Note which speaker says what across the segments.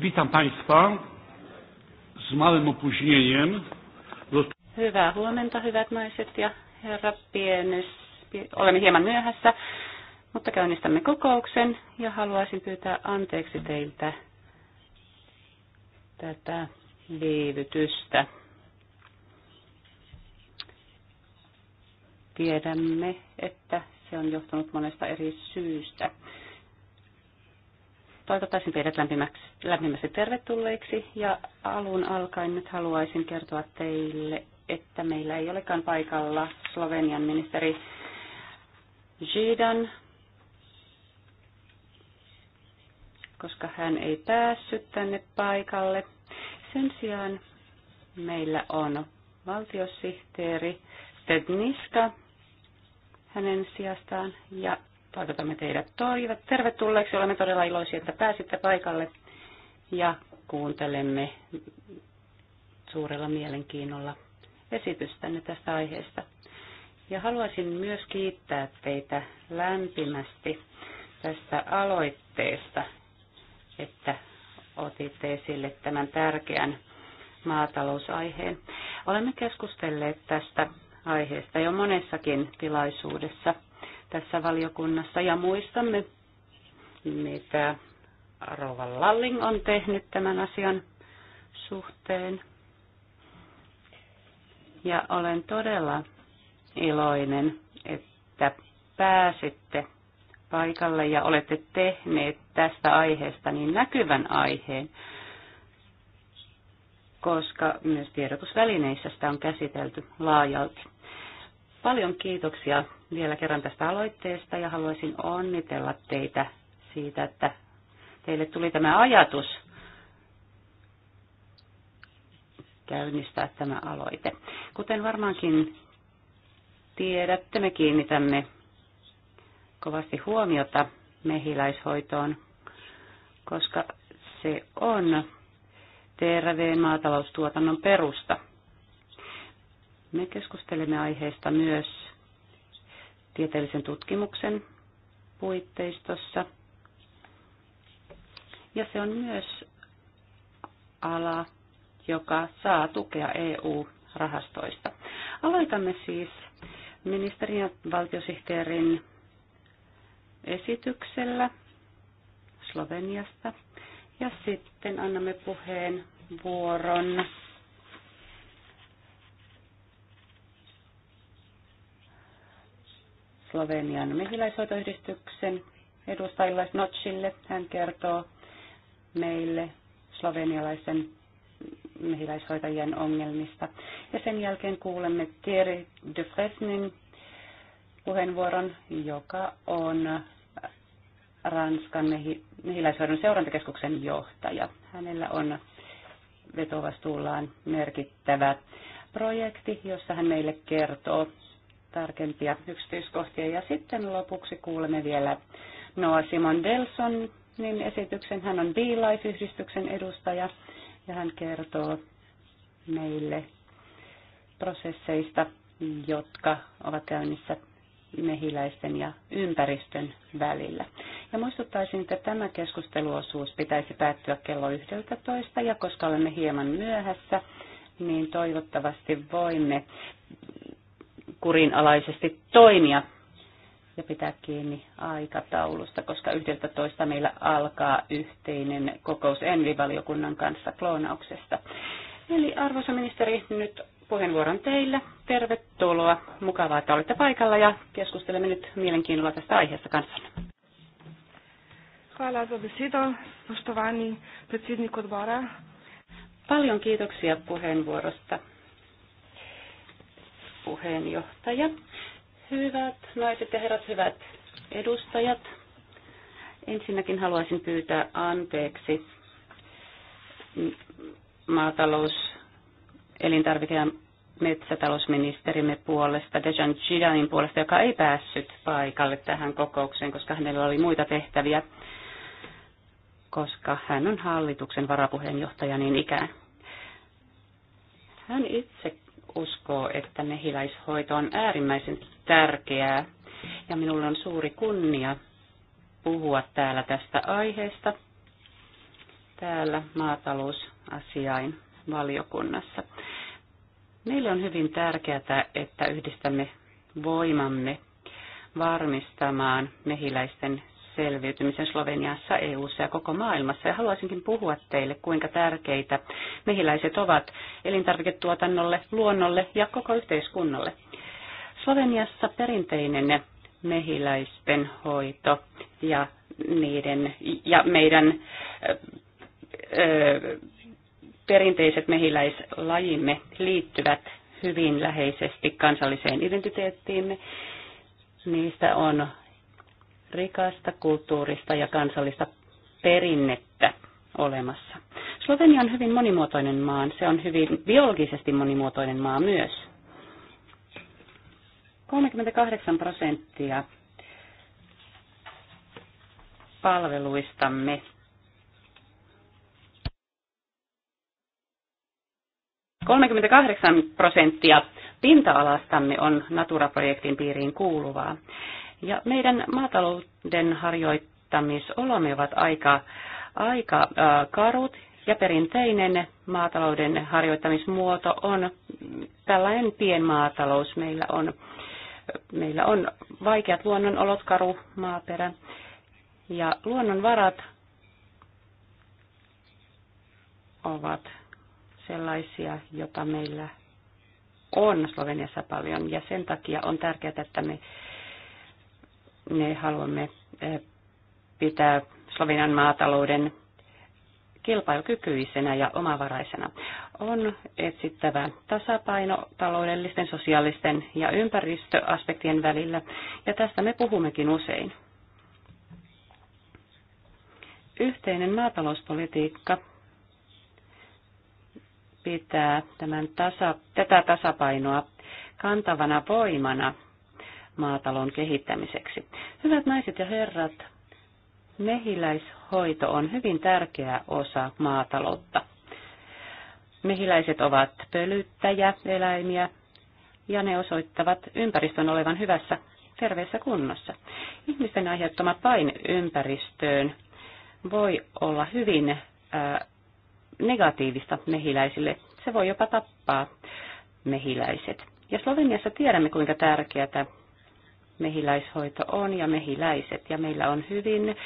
Speaker 1: Witam Państwa z małym opóźnieniem.
Speaker 2: Hyvää huomenta, hyvät naiset ja herra pienes. Olemme hieman myöhässä, mutta käynnistämme kokouksen ja haluaisin pyytää anteeksi teiltä tätä viivytystä. Tiedämme, että se on johtunut monesta eri syystä toivottaisin teidät lämpimäksi, lämpimästi tervetulleiksi ja alun alkaen nyt haluaisin kertoa teille, että meillä ei olekaan paikalla Slovenian ministeri Židan, koska hän ei päässyt tänne paikalle. Sen sijaan meillä on valtiosihteeri Ted Niska hänen sijastaan ja Toivotamme teidät tervetulleeksi. Olemme todella iloisia, että pääsitte paikalle ja kuuntelemme suurella mielenkiinnolla esitystänne tästä aiheesta. Ja haluaisin myös kiittää teitä lämpimästi tästä aloitteesta, että otitte esille tämän tärkeän maatalousaiheen. Olemme keskustelleet tästä aiheesta jo monessakin tilaisuudessa – tässä valiokunnassa ja muistamme, mitä Rova Lalling on tehnyt tämän asian suhteen. Ja olen todella iloinen, että pääsitte paikalle ja olette tehneet tästä aiheesta niin näkyvän aiheen, koska myös tiedotusvälineissä sitä on käsitelty laajalti. Paljon kiitoksia vielä kerran tästä aloitteesta ja haluaisin onnitella teitä siitä, että teille tuli tämä ajatus käynnistää tämä aloite. Kuten varmaankin tiedätte, me kiinnitämme kovasti huomiota mehiläishoitoon, koska se on terveen maataloustuotannon perusta. Me keskustelemme aiheesta myös tieteellisen tutkimuksen puitteistossa. Ja se on myös ala, joka saa tukea EU-rahastoista. Aloitamme siis ministerin ja valtiosihteerin esityksellä Sloveniasta ja sitten annamme puheen vuoron Slovenian mehiläishoitoyhdistyksen edustajille Notchille. Hän kertoo meille slovenialaisen mehiläishoitajien ongelmista. Ja sen jälkeen kuulemme Thierry de Fresnin puheenvuoron, joka on Ranskan mehiläishoidon seurantakeskuksen johtaja. Hänellä on vetovastuullaan merkittävä projekti, jossa hän meille kertoo tarkempia yksityiskohtia. Ja sitten lopuksi kuulemme vielä Noah Simon Delson niin esityksen. Hän on Biilaisyhdistyksen edustaja ja hän kertoo meille prosesseista, jotka ovat käynnissä mehiläisten ja ympäristön välillä. Ja muistuttaisin, että tämä keskusteluosuus pitäisi päättyä kello 11 ja koska olemme hieman myöhässä, niin toivottavasti voimme kurinalaisesti toimia ja pitää kiinni aikataulusta, koska 11 meillä alkaa yhteinen kokous Envi-valiokunnan kanssa kloonauksesta.
Speaker 3: Eli arvoisa
Speaker 2: ministeri, nyt puheenvuoron teillä. Tervetuloa. Mukavaa, että olette paikalla ja keskustelemme nyt mielenkiinnolla tästä aiheesta kanssanne.
Speaker 3: Hvala za besedo, spoštovani predsednik odbora.
Speaker 2: Paljon kiitoksia puheenvuorosta, puheenjohtaja. Hyvät naiset ja herrat, hyvät edustajat. Ensinnäkin haluaisin pyytää anteeksi maatalous, elintarvike- ja metsätalousministerimme puolesta, Dejan Chidanin puolesta, joka ei päässyt paikalle tähän kokoukseen, koska hänellä oli muita tehtäviä, koska hän on hallituksen varapuheenjohtaja niin ikään. Hän itse uskoo, että mehiläishoito on äärimmäisen tärkeää. Ja minulla on suuri kunnia puhua täällä tästä aiheesta täällä maatalousasiain valiokunnassa. Meille on hyvin tärkeää, että yhdistämme voimamme varmistamaan mehiläisten selviytymisen Sloveniassa, EU:ssa ja koko maailmassa. Ja haluaisinkin puhua teille, kuinka tärkeitä mehiläiset ovat elintarviketuotannolle, luonnolle ja koko yhteiskunnalle. Sloveniassa perinteinen mehiläisten hoito ja, niiden, ja meidän ö, perinteiset mehiläislajimme liittyvät hyvin läheisesti kansalliseen identiteettiimme. Niistä on rikasta kulttuurista ja kansallista perinnettä olemassa. Slovenia on hyvin monimuotoinen maa. Se on hyvin biologisesti monimuotoinen maa myös. 38 prosenttia palveluistamme Kolmekymmentäkahdeksan prosenttia pinta-alastamme on Natura-projektin piiriin kuuluvaa. Ja meidän maatalouden harjoittamisolomme ovat aika, aika karut ja perinteinen maatalouden harjoittamismuoto on tällainen pienmaatalous. Meillä on, meillä on vaikeat luonnonolot, karu maaperä ja luonnonvarat ovat sellaisia, joita meillä on Sloveniassa paljon ja sen takia on tärkeää, että me me haluamme eh, pitää Slovenian maatalouden kilpailukykyisenä ja omavaraisena. On etsittävä tasapaino taloudellisten, sosiaalisten ja ympäristöaspektien välillä, ja tästä me puhummekin usein. Yhteinen maatalouspolitiikka pitää tämän tasa, tätä tasapainoa kantavana voimana – maatalon kehittämiseksi. Hyvät naiset ja herrat, mehiläishoito on hyvin tärkeä osa maataloutta. Mehiläiset ovat pölyttäjä eläimiä ja ne osoittavat ympäristön olevan hyvässä terveessä kunnossa. Ihmisten aiheuttama paine ympäristöön voi olla hyvin ää, äh, negatiivista mehiläisille. Se voi jopa tappaa mehiläiset. Ja Sloveniassa tiedämme, kuinka tärkeää mehiläishoito on ja mehiläiset. Ja meillä on hyvin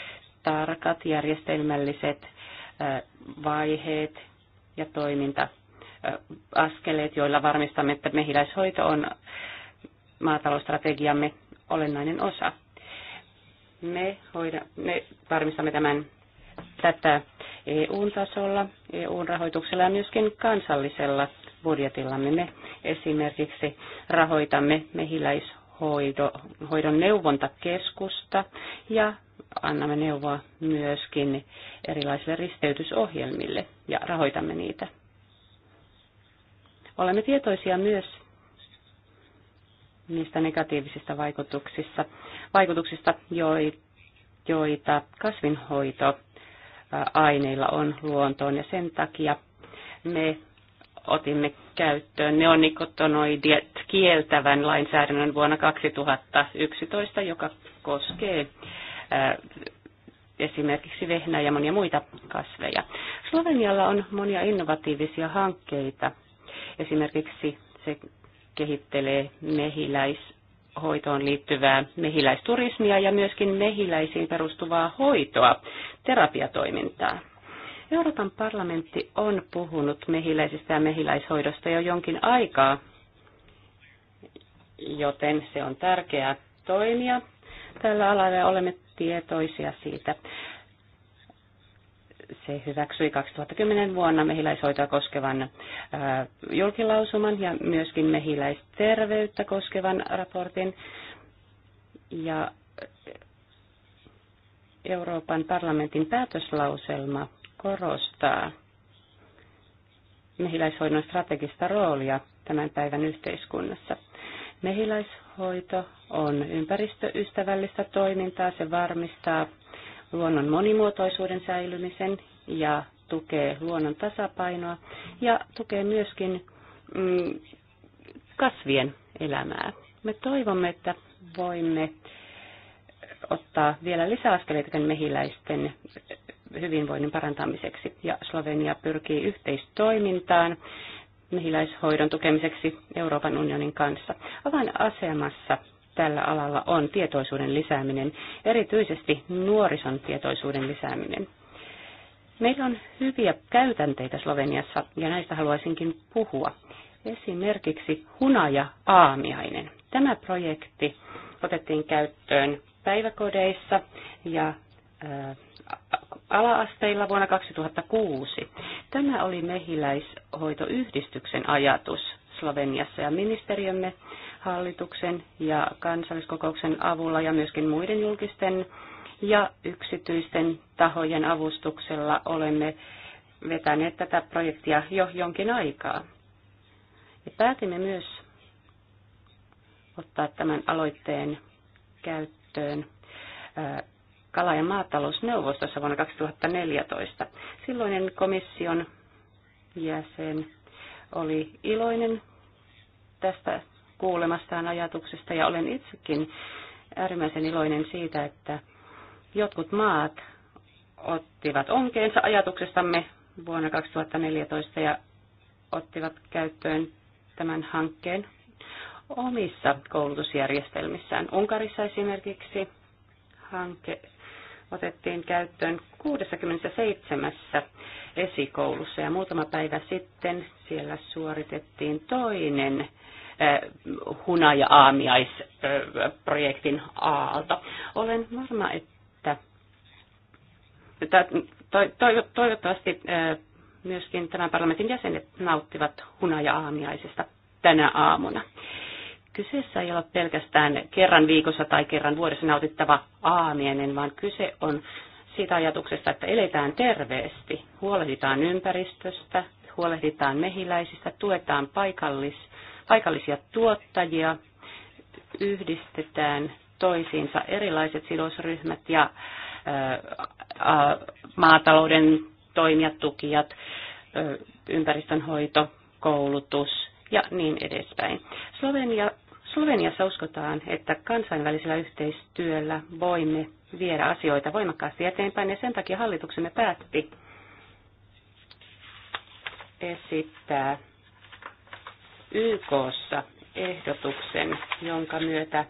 Speaker 2: tarkat järjestelmälliset vaiheet ja toiminta-askeleet, joilla varmistamme, että mehiläishoito on maatalousstrategiamme olennainen osa. Me, hoida, me varmistamme tämän tätä EU-tasolla, EU-rahoituksella ja myöskin kansallisella budjetillamme. Me esimerkiksi rahoitamme mehiläishoitoa hoidon neuvontakeskusta ja annamme neuvoa myöskin erilaisille risteytysohjelmille ja rahoitamme niitä. Olemme tietoisia myös niistä negatiivisista vaikutuksista, vaikutuksista joita kasvinhoitoaineilla on luontoon ja sen takia me otimme käyttöön neonikotonoidia, kieltävän lainsäädännön vuonna 2011, joka koskee äh, esimerkiksi vehnää ja monia muita kasveja. Slovenialla on monia innovatiivisia hankkeita. Esimerkiksi se kehittelee mehiläishoitoon liittyvää mehiläisturismia ja myöskin mehiläisiin perustuvaa hoitoa, terapiatoimintaa. Euroopan parlamentti on puhunut mehiläisistä ja mehiläishoidosta jo jonkin aikaa, joten se on tärkeää toimia tällä alalla ja olemme tietoisia siitä. Se hyväksyi 2010 vuonna mehiläishoitoa koskevan julkilausuman ja myöskin mehiläisterveyttä koskevan raportin. Ja Euroopan parlamentin päätöslauselma korostaa mehiläishoidon strategista roolia tämän päivän yhteiskunnassa. Mehiläishoito on ympäristöystävällistä toimintaa. Se varmistaa luonnon monimuotoisuuden säilymisen ja tukee luonnon tasapainoa ja tukee myöskin mm, kasvien elämää. Me toivomme, että voimme ottaa vielä lisäaskeleita mehiläisten hyvinvoinnin parantamiseksi. Ja Slovenia pyrkii yhteistoimintaan mehiläishoidon tukemiseksi Euroopan unionin kanssa. Avainasemassa tällä alalla on tietoisuuden lisääminen, erityisesti nuorison tietoisuuden lisääminen. Meillä on hyviä käytänteitä Sloveniassa ja näistä haluaisinkin puhua. Esimerkiksi hunaja aamiainen. Tämä projekti otettiin käyttöön päiväkodeissa ja ala-asteilla vuonna 2006. Tämä oli mehiläishoitoyhdistyksen ajatus Sloveniassa ja ministeriömme hallituksen ja kansalliskokouksen avulla ja myöskin muiden julkisten ja yksityisten tahojen avustuksella olemme vetäneet tätä projektia jo jonkin aikaa. Ja päätimme myös ottaa tämän aloitteen käyttöön kala- ja maatalousneuvostossa vuonna 2014. Silloinen komission jäsen oli iloinen tästä kuulemastaan ajatuksesta ja olen itsekin äärimmäisen iloinen siitä, että jotkut maat ottivat onkeensa ajatuksestamme vuonna 2014 ja ottivat käyttöön tämän hankkeen omissa koulutusjärjestelmissään. Unkarissa esimerkiksi hanke otettiin käyttöön 67 esikoulussa ja muutama päivä sitten siellä suoritettiin toinen äh, huna- ja aamiaisprojektin äh, aalto. Olen varma, että toivottavasti äh, myöskin tämän parlamentin jäsenet nauttivat huna- ja aamiaisesta tänä aamuna. Kyseessä ei ole pelkästään kerran viikossa tai kerran vuodessa nautittava aamienen, vaan kyse on siitä ajatuksesta, että eletään terveesti, huolehditaan ympäristöstä, huolehditaan mehiläisistä, tuetaan paikallis, paikallisia tuottajia, yhdistetään toisiinsa erilaiset sidosryhmät ja ää, maatalouden toimijat, tukijat, ympäristönhoito, koulutus ja niin edespäin. Slovenia Sloveniassa uskotaan, että kansainvälisellä yhteistyöllä voimme viedä asioita voimakkaasti eteenpäin ja sen takia hallituksemme päätti esittää YKssa ehdotuksen, jonka myötä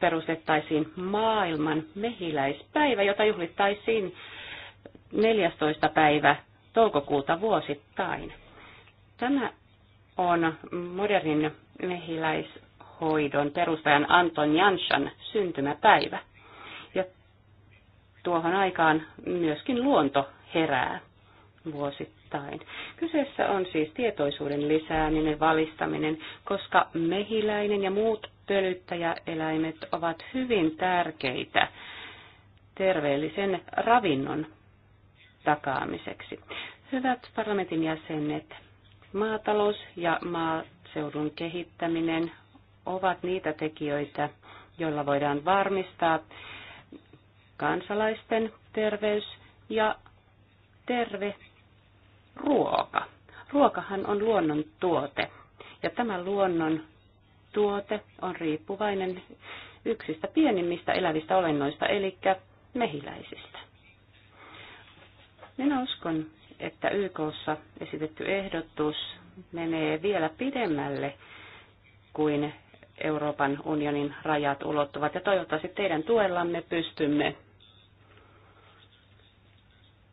Speaker 2: perustettaisiin maailman mehiläispäivä, jota juhlittaisiin 14. päivä toukokuuta vuosittain. Tämä on modernin mehiläishoidon perustajan Anton Janssan syntymäpäivä. Ja tuohon aikaan myöskin luonto herää vuosittain. Kyseessä on siis tietoisuuden lisääminen, valistaminen, koska mehiläinen ja muut pölyttäjäeläimet ovat hyvin tärkeitä terveellisen ravinnon takaamiseksi. Hyvät parlamentin jäsenet, maatalous ja maa, maaseudun kehittäminen ovat niitä tekijöitä, joilla voidaan varmistaa kansalaisten terveys ja terve ruoka. Ruokahan on luonnon tuote ja tämä luonnon tuote on riippuvainen yksistä pienimmistä elävistä olennoista, eli mehiläisistä. Minä uskon, että YKssa esitetty ehdotus menee vielä pidemmälle kuin Euroopan unionin rajat ulottuvat. Ja toivottavasti teidän tuellamme pystymme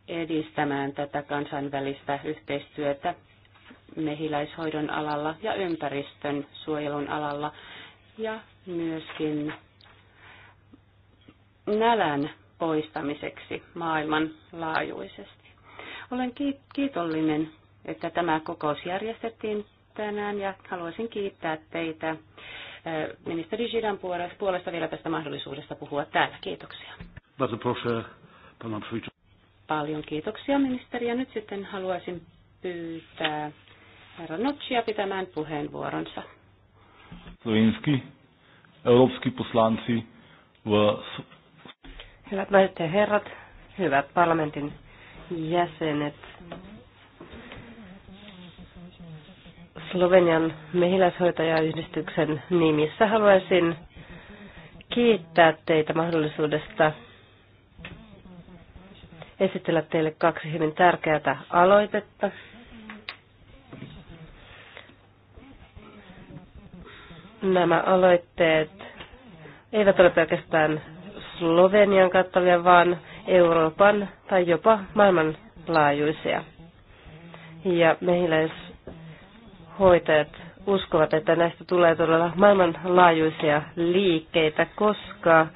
Speaker 2: edistämään tätä kansainvälistä yhteistyötä mehiläishoidon alalla ja ympäristön suojelun alalla ja myöskin nälän poistamiseksi maailmanlaajuisesti. Olen kiitollinen että tämä kokous järjestettiin tänään ja haluaisin kiittää teitä äh, ministeri Gidan puolesta vielä tästä mahdollisuudesta puhua täällä. Kiitoksia. Paljon kiitoksia ministeri ja nyt sitten haluaisin pyytää herra Nocia pitämään puheenvuoronsa.
Speaker 1: Slovenski, Euroopski poslanci v...
Speaker 3: Hyvät naiset ja herrat, hyvät parlamentin jäsenet, Slovenian mehiläishoitajayhdistyksen nimissä haluaisin kiittää teitä mahdollisuudesta esitellä teille kaksi hyvin tärkeää aloitetta. Nämä aloitteet eivät ole pelkästään Slovenian kattavia, vaan Euroopan tai jopa maailmanlaajuisia. Ja mehiläis hoitajat uskovat, että näistä tulee todella maailmanlaajuisia liikkeitä, koska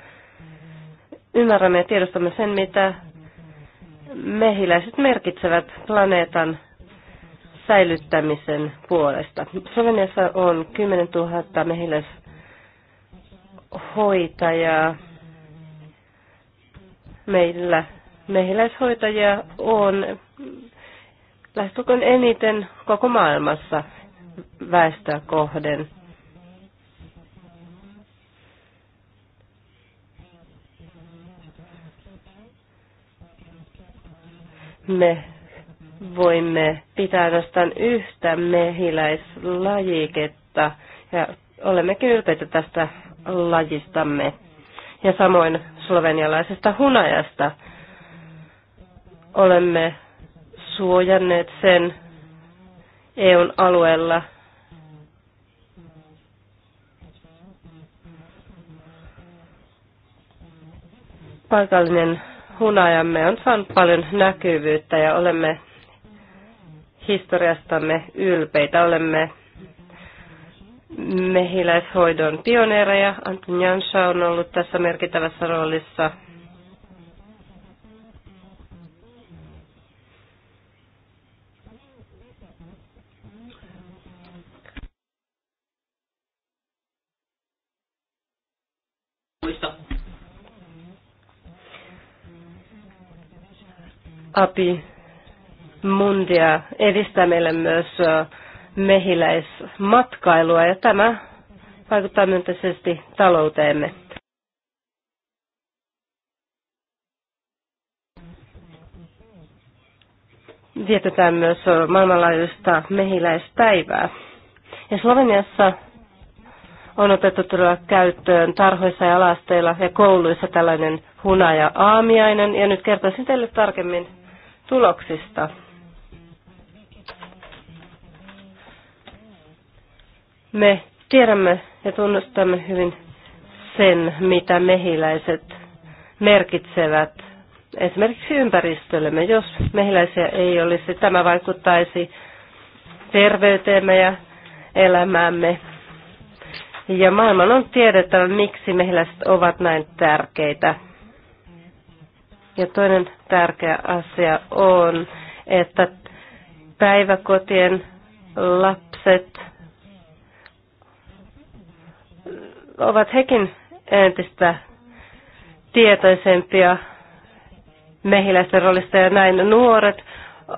Speaker 3: ymmärrämme ja tiedostamme sen, mitä mehiläiset merkitsevät planeetan säilyttämisen puolesta. Sloveniassa on 10 000 mehiläishoitajaa. Meillä mehiläishoitajia on lähestulkoon eniten koko maailmassa väestöä kohden. Me voimme pitää tästä yhtä mehiläislajiketta ja olemmekin ylpeitä tästä lajistamme. Ja samoin slovenialaisesta hunajasta olemme suojanneet sen EUn alueella. Paikallinen hunajamme on saanut paljon näkyvyyttä ja olemme historiastamme ylpeitä. Olemme mehiläishoidon pioneereja. Anton Jansa on ollut tässä merkittävässä roolissa API Mundia edistää meille myös mehiläismatkailua ja tämä vaikuttaa myönteisesti talouteemme. Vietetään myös maailmanlaajuista mehiläispäivää. Ja Sloveniassa on otettu todella käyttöön tarhoissa ja alasteilla ja kouluissa tällainen hunaja aamiainen. Ja nyt kertoisin teille tarkemmin tuloksista. Me tiedämme ja tunnustamme hyvin sen, mitä mehiläiset merkitsevät esimerkiksi ympäristöllemme. Jos mehiläisiä ei olisi, tämä vaikuttaisi terveyteemme ja elämäämme. Ja maailman on tiedettävä, miksi mehiläiset ovat näin tärkeitä. Ja toinen tärkeä asia on, että päiväkotien lapset ovat hekin entistä tietoisempia mehiläisten roolista ja näin nuoret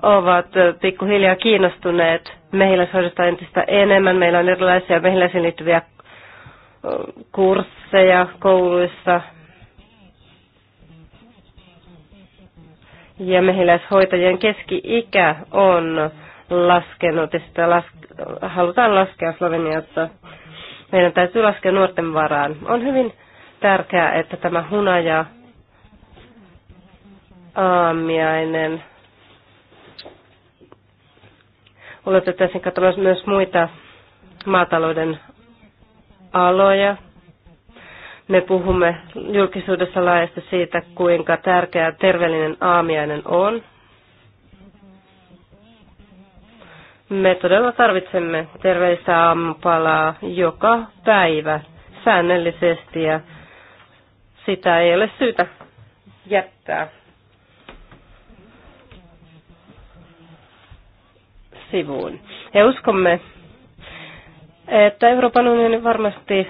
Speaker 3: ovat pikkuhiljaa kiinnostuneet mehiläishoidosta entistä enemmän. Meillä on erilaisia mehiläisiin liittyviä kursseja kouluissa ja mehiläishoitajien keski-ikä on laskenut ja sitä las- halutaan laskea Sloveniassa. Meidän täytyy laskea nuorten varaan. On hyvin tärkeää, että tämä hunaja aamiainen ulotettaisiin katsomaan myös muita maatalouden aloja. Me puhumme julkisuudessa laajasti siitä, kuinka tärkeää terveellinen aamiainen on. Me todella tarvitsemme terveellistä aamupalaa joka päivä säännöllisesti ja sitä ei ole syytä jättää sivuun. Ja uskomme, että Euroopan unioni varmasti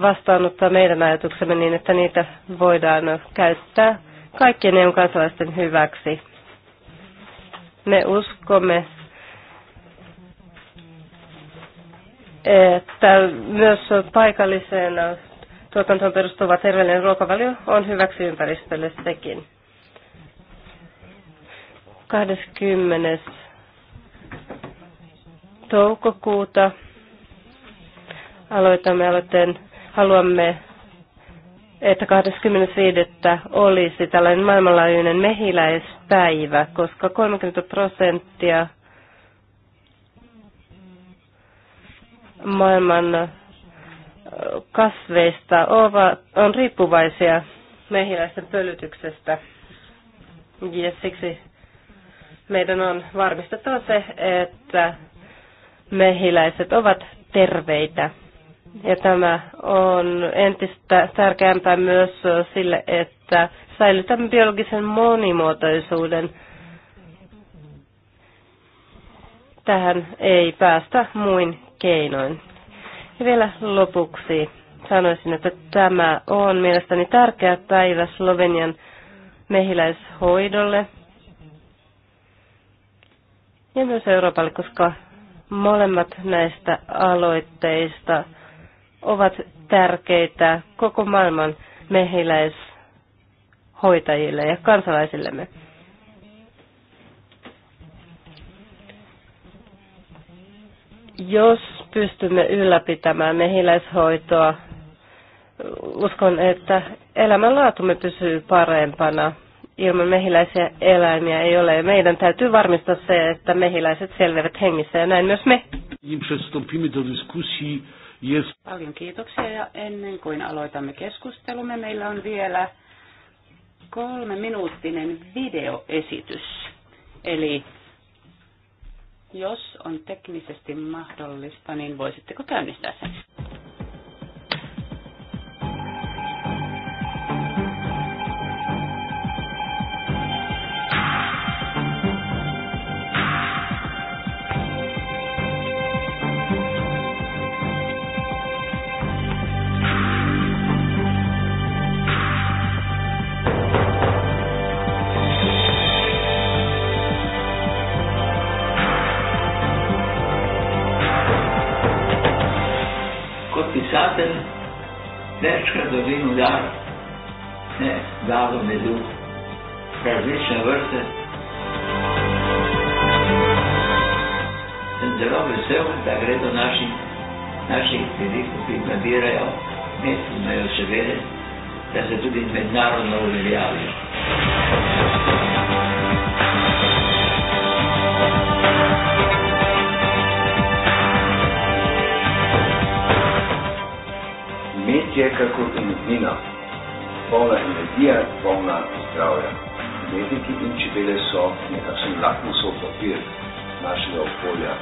Speaker 3: vastaanottaa meidän ajatuksemme niin, että niitä voidaan käyttää kaikkien EU kansalaisten hyväksi. Me uskomme, että myös paikalliseen tuotantoon perustuva terveellinen ruokavalio on hyväksi ympäristölle sekin. 20. toukokuuta aloitamme aloitteen Haluamme, että 25. olisi tällainen maailmanlaajuinen mehiläispäivä, koska 30 prosenttia maailman kasveista on riippuvaisia mehiläisten pölytyksestä. Ja siksi meidän on varmistettava se, että mehiläiset ovat terveitä. Ja tämä on entistä tärkeämpää myös sille, että säilytämme biologisen monimuotoisuuden. Tähän ei päästä muin keinoin. Ja vielä lopuksi sanoisin, että tämä on mielestäni tärkeä päivä Slovenian mehiläishoidolle ja myös Euroopalle, koska molemmat näistä aloitteista – ovat tärkeitä koko maailman mehiläishoitajille ja kansalaisillemme. Jos pystymme ylläpitämään mehiläishoitoa, uskon, että elämänlaatumme pysyy parempana. Ilman mehiläisiä eläimiä ei ole. Meidän täytyy varmistaa se, että mehiläiset selviävät hengissä ja näin myös me.
Speaker 1: Niin Yes.
Speaker 3: Paljon kiitoksia
Speaker 1: ja ennen
Speaker 2: kuin aloitamme keskustelumme, meillä on vielä kolme minuuttinen videoesitys. Eli jos on teknisesti mahdollista, niin voisitteko käynnistää sen?
Speaker 4: vino um gado, né? gado, medu, različne vrste. Sem zelo vesel, da gredo naši, naši filikupi nabirajo mesto, imajo še vede, da se tudi mednarodno uveljavijo. Neće kako inzina, polna energija, polna zdravja. Mediki in čebele so nekakšen lakmusov papir našega okolja,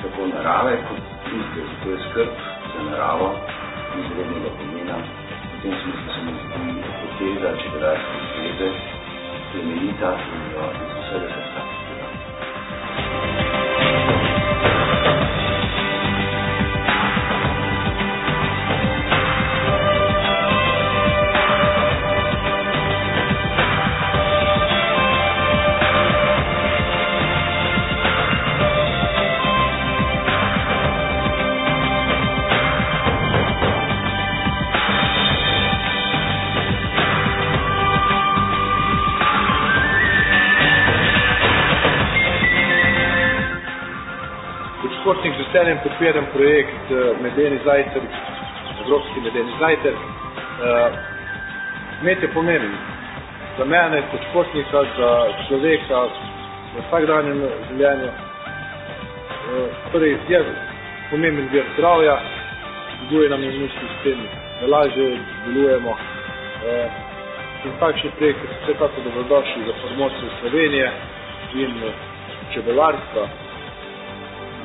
Speaker 4: tako narave kot tiste, zato je skrb za naravo izrednega pomena. V tem smislu se mi zdi proteza čebelarske zveze plemenita in jo iz vsega srca
Speaker 1: športnik z veseljem podpiram projekt eh, Medeni zajcer, Evropski medeni zajcer. Eh, med je pomeni, Za mene, kot športnika, za človeka, v vsakdanjem življenju. Eh, torej, je pomemben vir zdravja, zguje nam imunski sistem, da lažje delujemo. In takšni projekti so vse tako dobrodošli za promocijo Slovenije in čebelarstva.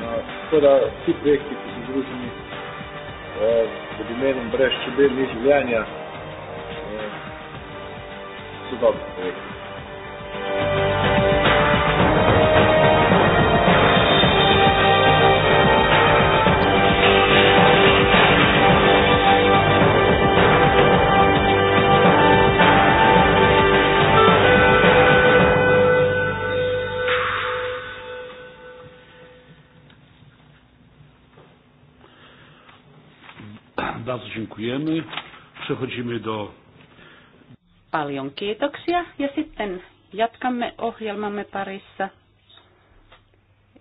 Speaker 1: Tako da vsi projekti, ki so združeni pod imenom Brez čebel ni življenja,
Speaker 4: so dobri projekti.
Speaker 1: Dziękujemy. Przechodzimy do... Paljon kiitoksia ja sitten
Speaker 2: jatkamme ohjelmamme parissa.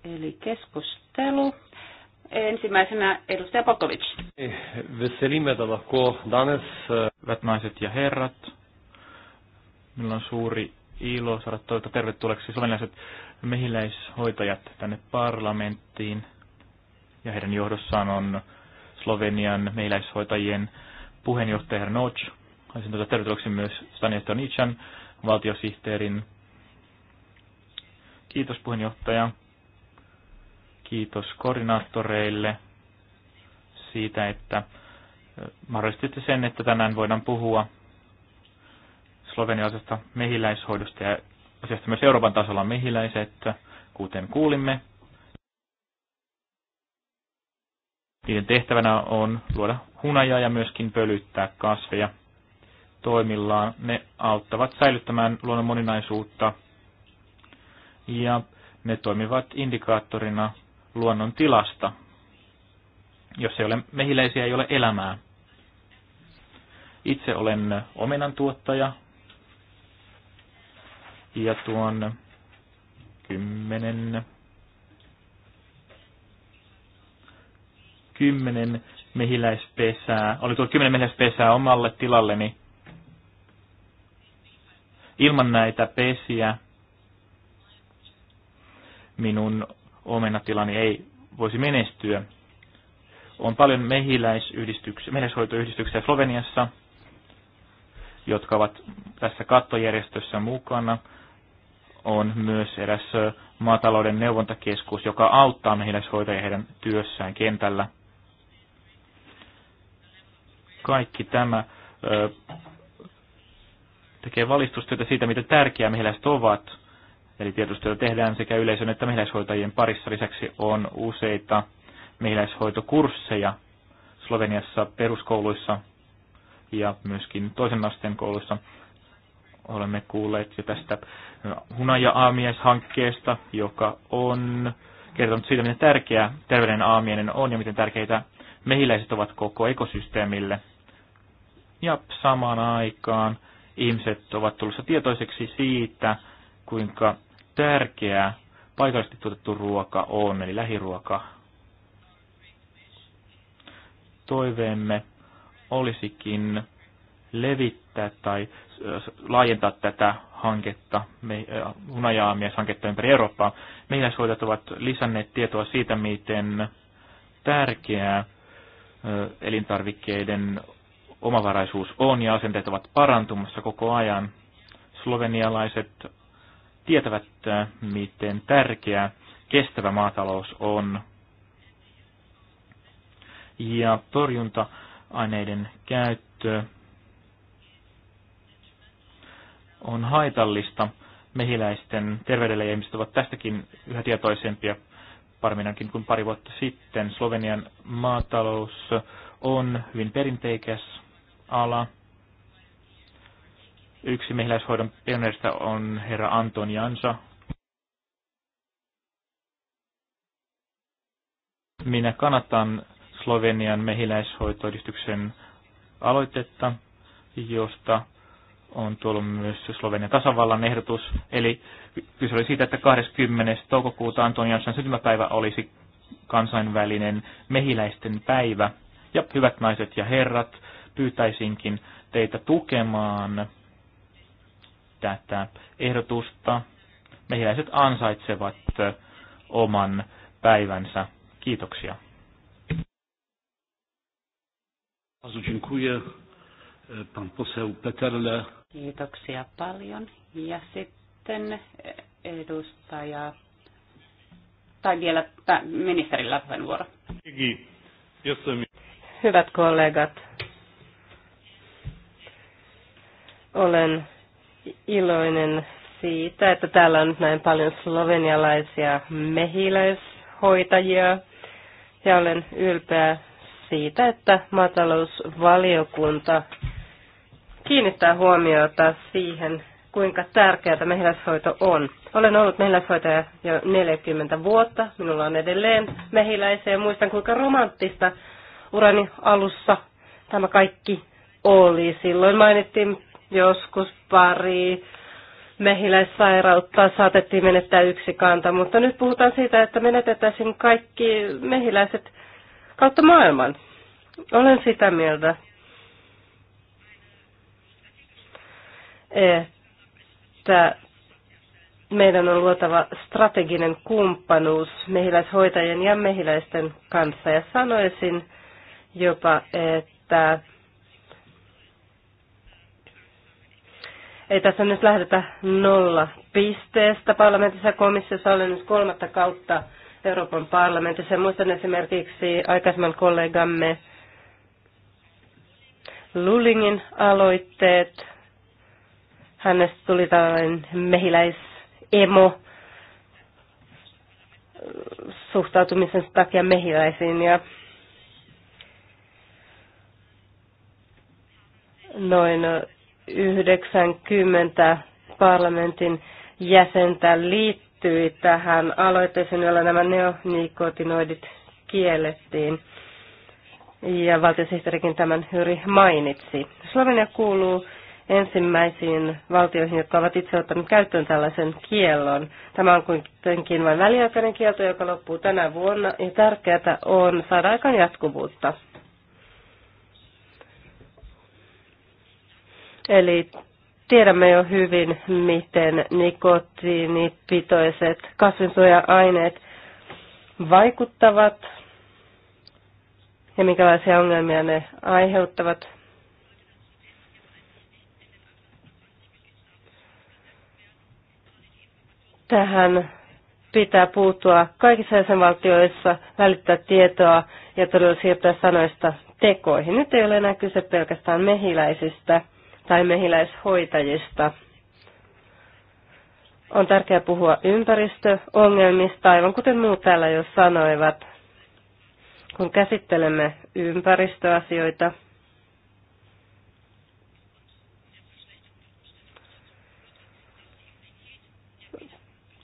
Speaker 2: Eli keskustelu. Ensimmäisenä edustaja Pokovic.
Speaker 5: Veselimme lahko danes. Hyvät naiset ja herrat, minulla on suuri ilo saada toivota tervetulleeksi suomalaiset mehiläishoitajat tänne parlamenttiin. Ja heidän johdossaan on Slovenian meiläishoitajien puheenjohtaja Noc. Haluaisin tuota tervetuloksi myös Stanja Stonichan, valtiosihteerin. Kiitos puheenjohtaja. Kiitos koordinaattoreille siitä, että mahdollistitte sen, että tänään voidaan puhua slovenialaisesta mehiläishoidosta ja asiasta myös Euroopan tasolla mehiläiset, kuten kuulimme. Niiden tehtävänä on luoda hunajaa ja myöskin pölyttää kasveja. Toimillaan ne auttavat säilyttämään luonnon moninaisuutta ja ne toimivat indikaattorina luonnon tilasta. Jos ei ole mehiläisiä, ei ole elämää. Itse olen omenan tuottaja ja tuon kymmenen kymmenen mehiläispesää, oli tuo kymmenen mehiläispesää omalle tilalleni. Ilman näitä pesiä minun omenatilani ei voisi menestyä. On paljon mehiläisyhdistyksiä, mehiläishoitoyhdistyksiä Sloveniassa, jotka ovat tässä kattojärjestössä mukana. On myös eräs maatalouden neuvontakeskus, joka auttaa mehiläishoitajia heidän työssään kentällä. Kaikki tämä ö, tekee valistustyötä siitä, mitä tärkeää mehiläiset ovat. Eli tietystyötä tehdään sekä yleisön että mehiläishoitajien parissa. Lisäksi on useita mehiläishoitokursseja Sloveniassa peruskouluissa ja myöskin toisen asteen kouluissa. Olemme kuulleet jo tästä hunaja aamieshankkeesta, joka on kertonut siitä, miten tärkeä terveyden aamienen on ja miten tärkeitä mehiläiset ovat koko ekosysteemille – ja samaan aikaan ihmiset ovat tulossa tietoiseksi siitä, kuinka tärkeää paikallisesti tuotettu ruoka on, eli lähiruoka. Toiveemme olisikin levittää tai äh, laajentaa tätä hanketta, hunajaamieshanketta äh, ympäri Eurooppaa. Mehiläishoitajat ovat lisänneet tietoa siitä, miten tärkeää äh, elintarvikkeiden omavaraisuus on ja asenteet ovat parantumassa koko ajan. Slovenialaiset tietävät, äh, miten tärkeä kestävä maatalous on. Ja torjunta-aineiden käyttö on haitallista mehiläisten terveydelle ihmiset ovat tästäkin yhä tietoisempia parminankin kuin pari vuotta sitten. Slovenian maatalous on hyvin perinteikäs ala. Yksi mehiläishoidon pioneerista on herra Anton Jansa. Minä kannatan Slovenian mehiläishoitoyhdistyksen aloitetta, josta on tullut myös Slovenian tasavallan ehdotus. Eli kyse oli siitä, että 20. toukokuuta Anton Janssan syntymäpäivä olisi kansainvälinen mehiläisten päivä. Ja hyvät naiset ja herrat, pyytäisinkin teitä tukemaan tätä ehdotusta. Mehiläiset ansaitsevat oman päivänsä. Kiitoksia. E,
Speaker 2: Kiitoksia paljon. Ja sitten edustaja, tai vielä ministerillä
Speaker 3: vuoro. Hyvät kollegat, Olen iloinen siitä, että täällä on nyt näin paljon slovenialaisia mehiläishoitajia ja olen ylpeä siitä, että maatalousvaliokunta kiinnittää huomiota siihen, kuinka tärkeää mehiläishoito on. Olen ollut mehiläishoitaja jo 40 vuotta. Minulla on edelleen mehiläisiä ja muistan, kuinka romanttista urani alussa tämä kaikki oli. Silloin mainittiin joskus pari mehiläissairautta saatettiin menettää yksi kanta, mutta nyt puhutaan siitä, että menetettäisiin kaikki mehiläiset kautta maailman. Olen sitä mieltä, että meidän on luotava strateginen kumppanuus mehiläishoitajien ja mehiläisten kanssa. Ja sanoisin jopa, että Ei tässä nyt lähdetä nolla pisteestä parlamentissa ja komissiossa. Olen nyt kolmatta kautta Euroopan parlamentissa. Muistan esimerkiksi aikaisemman kollegamme Lulingin aloitteet. Hänestä tuli tällainen mehiläisemo suhtautumisen takia mehiläisiin. Ja noin 90 parlamentin jäsentä liittyi tähän aloitteeseen, jolla nämä neonikotinoidit kiellettiin. Ja valtiosihteerikin tämän juuri mainitsi. Slovenia kuuluu ensimmäisiin valtioihin, jotka ovat itse ottaneet käyttöön tällaisen kiellon. Tämä on kuitenkin vain väliaikainen kielto, joka loppuu tänä vuonna, ja tärkeää on saada aikaan jatkuvuutta. Eli tiedämme jo hyvin, miten nikotiinipitoiset kasvinsuoja-aineet vaikuttavat ja minkälaisia ongelmia ne aiheuttavat. Tähän pitää puuttua kaikissa jäsenvaltioissa, välittää tietoa ja todella siirtyä sanoista tekoihin. Nyt ei ole enää kyse pelkästään mehiläisistä tai mehiläishoitajista. On tärkeää puhua ympäristöongelmista, aivan kuten muut täällä jo sanoivat, kun käsittelemme ympäristöasioita.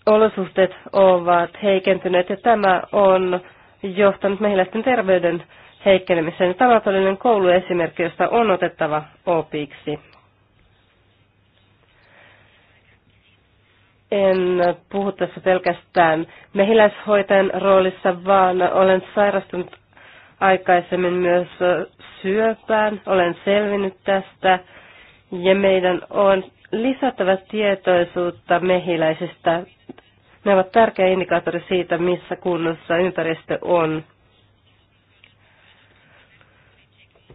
Speaker 3: Olosuhteet ovat heikentyneet ja tämä on johtanut mehiläisten terveyden Heikkenemisen Tämä on todellinen kouluesimerkki, josta on otettava opiksi. En puhu tässä pelkästään mehiläishoitajan roolissa, vaan olen sairastunut aikaisemmin myös syöpään. Olen selvinnyt tästä ja meidän on lisättävä tietoisuutta mehiläisistä. Ne ovat tärkeä indikaattori siitä, missä kunnossa ympäristö on.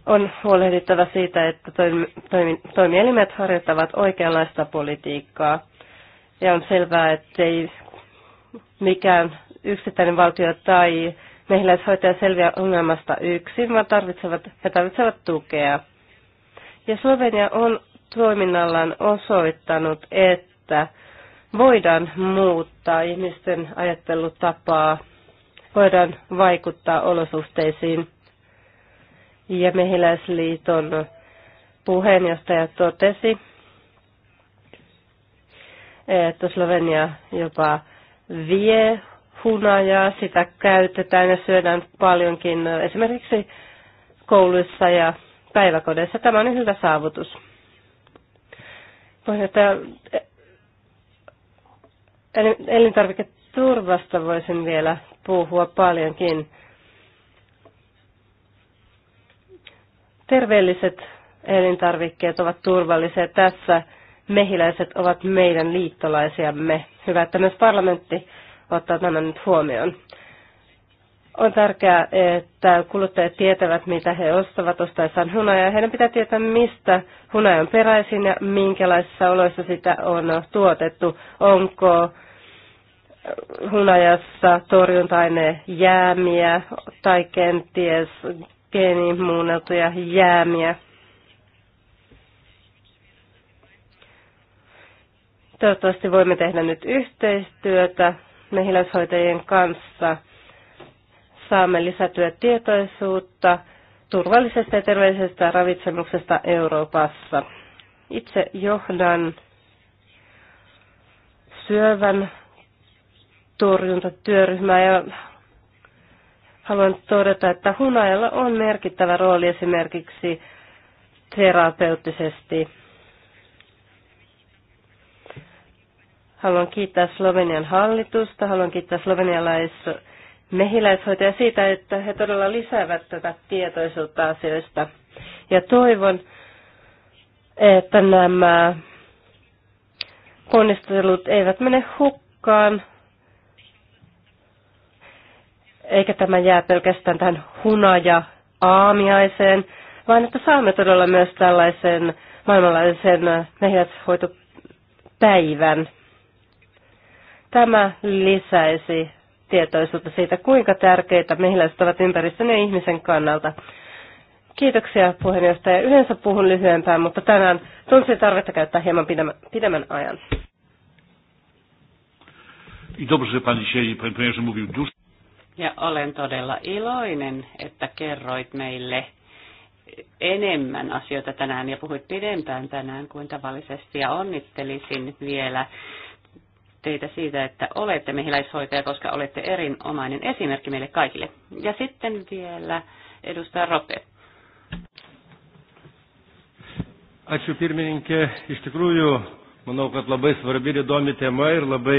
Speaker 3: On huolehdittava siitä, että toimielimet harjoittavat oikeanlaista politiikkaa. Ja on selvää, että ei mikään yksittäinen valtio tai mehiläishoitaja selviä ongelmasta yksin, vaan tarvitsevat, he tarvitsevat tukea. Ja Slovenia on toiminnallaan osoittanut, että voidaan muuttaa ihmisten ajattelutapaa, voidaan vaikuttaa olosuhteisiin ja Mehiläisliiton puheenjohtaja totesi, että Slovenia jopa vie hunajaa, sitä käytetään ja syödään paljonkin esimerkiksi kouluissa ja päiväkodeissa. Tämä on hyvä saavutus. Puheenjohtaja, elintarviketurvasta voisin vielä puhua paljonkin. Terveelliset elintarvikkeet ovat turvallisia. Tässä mehiläiset ovat meidän liittolaisiamme. Hyvä, että myös parlamentti ottaa tämän nyt huomioon. On tärkeää, että kuluttajat tietävät, mitä he ostavat ostaessaan hunajaa. Heidän pitää tietää, mistä hunaja on peräisin ja minkälaisissa oloissa sitä on tuotettu. Onko hunajassa torjunta-aine jäämiä tai kenties geenimuunneltuja jäämiä. Toivottavasti voimme tehdä nyt yhteistyötä mehiläishoitajien kanssa. Saamme lisätyä tietoisuutta turvallisesta ja terveellisestä ravitsemuksesta Euroopassa. Itse johdan syövän torjuntatyöryhmää ja Haluan todeta, että hunajalla on merkittävä rooli esimerkiksi terapeuttisesti. Haluan kiittää Slovenian hallitusta, haluan kiittää slovenialaisia mehiläishoitajia siitä, että he todella lisäävät tätä tietoisuutta asioista. Ja toivon, että nämä ponnistelut eivät mene hukkaan, eikä tämä jää pelkästään tähän hunaja aamiaiseen, vaan että saamme todella myös tällaisen maailmanlaisen mehiläishoitopäivän. Tämä lisäisi tietoisuutta siitä, kuinka tärkeitä mehiläiset ovat ympäristön ja ihmisen kannalta. Kiitoksia puheenjohtaja. Yleensä puhun lyhyempään, mutta tänään tunsin tarvetta käyttää hieman pidemmän ajan.
Speaker 1: I dobrze, że panie premierze, mówił dużo.
Speaker 2: Ja olen todella iloinen, että kerroit meille enemmän asioita tänään ja puhuit pidempään tänään kuin tavallisesti. Ja onnittelisin vielä teitä siitä, että olette mehiläishoitaja, koska olette erinomainen esimerkki meille kaikille. Ja sitten vielä edustaja Rope.
Speaker 5: Ačiū pirmininkė, iš tikrųjų, manau, kad labai svarbi ir įdomi tema ir labai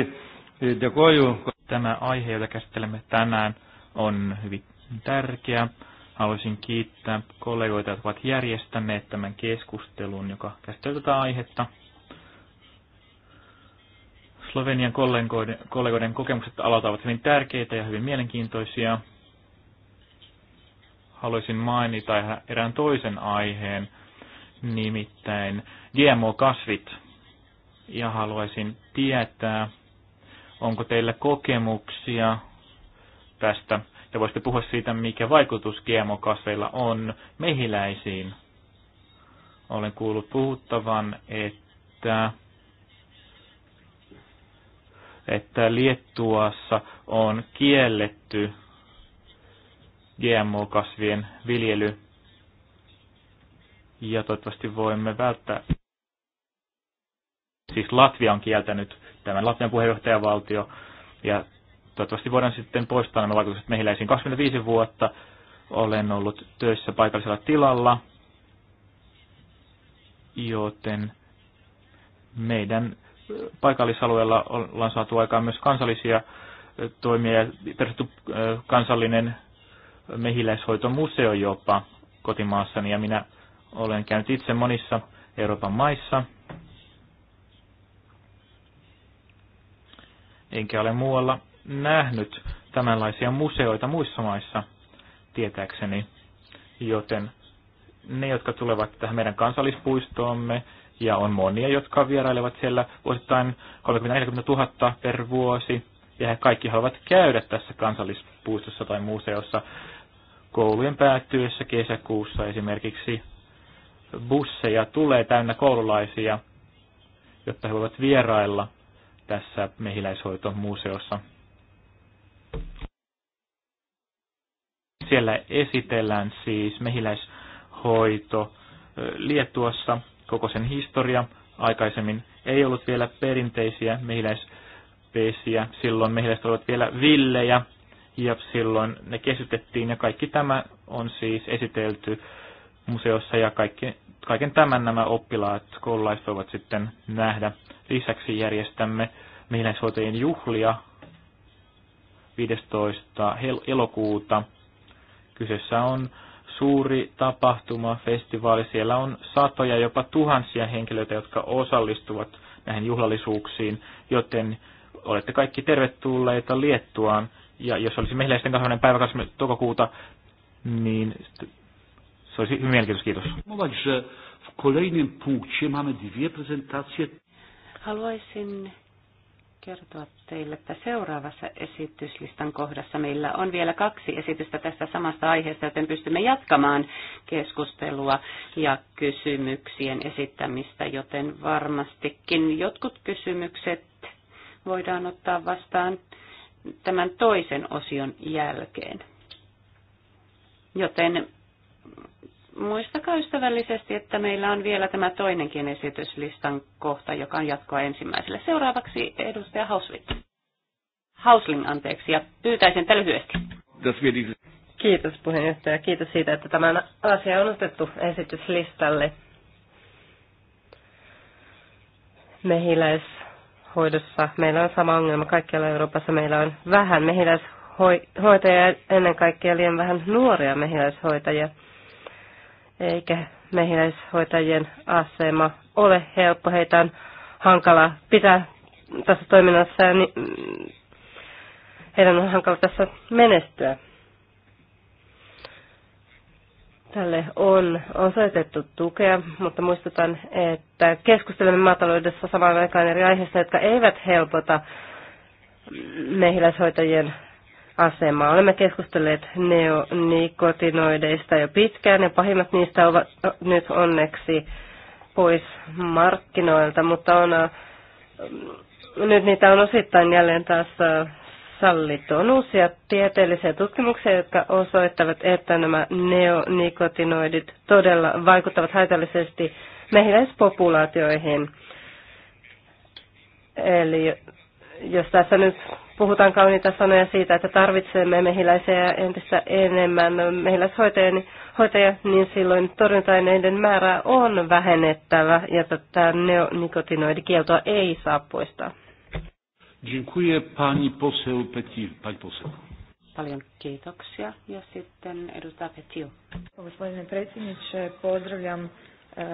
Speaker 5: e, dėkoju tämä aihe, jota käsittelemme tänään, on hyvin tärkeä. Haluaisin kiittää kollegoita, jotka ovat järjestäneet tämän keskustelun, joka käsittelee tätä aihetta. Slovenian kollegoiden, kollegoiden kokemukset alalta ovat hyvin tärkeitä ja hyvin mielenkiintoisia. Haluaisin mainita erään toisen aiheen, nimittäin GMO-kasvit. Ja haluaisin tietää, Onko teillä kokemuksia tästä? Ja voisitte puhua siitä, mikä vaikutus GMO-kasveilla on mehiläisiin. Olen kuullut puhuttavan, että että Liettuassa on kielletty GMO-kasvien viljely. Ja toivottavasti voimme välttää Siis Latvia on kieltänyt tämän Latvian puheenjohtajavaltio, ja toivottavasti voidaan sitten poistaa nämä vaikutukset mehiläisiin. 25 vuotta olen ollut töissä paikallisella tilalla, joten meidän paikallisalueella ollaan saatu aikaan myös kansallisia toimia ja perustettu kansallinen mehiläishoitomuseo jopa kotimaassani ja minä olen käynyt itse monissa Euroopan maissa enkä ole muualla nähnyt tämänlaisia museoita muissa maissa tietääkseni, joten ne, jotka tulevat tähän meidän kansallispuistoomme, ja on monia, jotka vierailevat siellä vuosittain 30-40 000 per vuosi, ja he kaikki haluavat käydä tässä kansallispuistossa tai museossa koulujen päättyessä kesäkuussa esimerkiksi. Busseja tulee täynnä koululaisia, jotta he voivat vierailla tässä mehiläishoitomuseossa. Siellä esitellään siis mehiläishoito Liettuossa, koko sen historia. Aikaisemmin ei ollut vielä perinteisiä mehiläispesiä, silloin mehiläiset olivat vielä villejä ja silloin ne kesytettiin ja kaikki tämä on siis esitelty museossa ja kaikki, kaiken tämän nämä oppilaat, koululaiset voivat sitten nähdä. Lisäksi järjestämme mehiläishoitajien juhlia 15. elokuuta. Kyseessä on suuri tapahtuma, festivaali. Siellä on satoja, jopa tuhansia henkilöitä, jotka osallistuvat näihin juhlallisuuksiin, joten olette kaikki tervetulleita Liettuaan. Ja jos olisi mehiläisten kansainvälinen päivä toukokuuta, niin se olisi hyvin mielenkiintoista. Kiitos. w
Speaker 1: kolejnym punkcie mamy dwie prezentacje.
Speaker 2: Haluaisin kertoa teille, että seuraavassa esityslistan kohdassa meillä on vielä kaksi esitystä tästä samasta aiheesta, joten pystymme jatkamaan keskustelua ja kysymyksien esittämistä, joten varmastikin jotkut kysymykset voidaan ottaa vastaan tämän toisen osion jälkeen. Joten muistakaa ystävällisesti, että meillä on vielä tämä toinenkin esityslistan kohta, joka on jatkoa ensimmäiselle. Seuraavaksi edustaja Hausling.
Speaker 3: Hausling, anteeksi, ja pyytäisin että lyhyesti. Kiitos puheenjohtaja. Kiitos siitä, että tämä asia on otettu esityslistalle. Mehiläishoidossa meillä on sama ongelma kaikkialla Euroopassa. Meillä on vähän mehiläishoitajia, ennen kaikkea liian vähän nuoria mehiläishoitajia eikä mehiläishoitajien asema ole helppo. Heitä on hankala pitää tässä toiminnassa ja heidän on hankala tässä menestyä. Tälle on osoitettu tukea, mutta muistutan, että keskustelemme maataloudessa samaan aikaan eri aiheista, jotka eivät helpota mehiläishoitajien asemaa. Olemme keskustelleet neonikotinoideista jo pitkään ja pahimmat niistä ovat nyt onneksi pois markkinoilta, mutta on, äh, nyt niitä on osittain jälleen taas äh, sallittu. On uusia tieteellisiä tutkimuksia, jotka osoittavat, että nämä neonikotinoidit todella vaikuttavat haitallisesti mehiläispopulaatioihin. Eli jos tässä nyt puhutaan kauniita sanoja siitä, että tarvitsemme mehiläisiä entistä enemmän mehiläishoitajia, niin silloin torjunta-aineiden määrää on vähennettävä ja tätä neonikotinoidikieltoa ei saa poistaa.
Speaker 1: Dziękuję pani poseł Petir, pani poseł.
Speaker 3: Paljon kiitoksia. Ja
Speaker 2: sitten edustaja Petiu. Gospodine predsjedniče, pozdravljam E,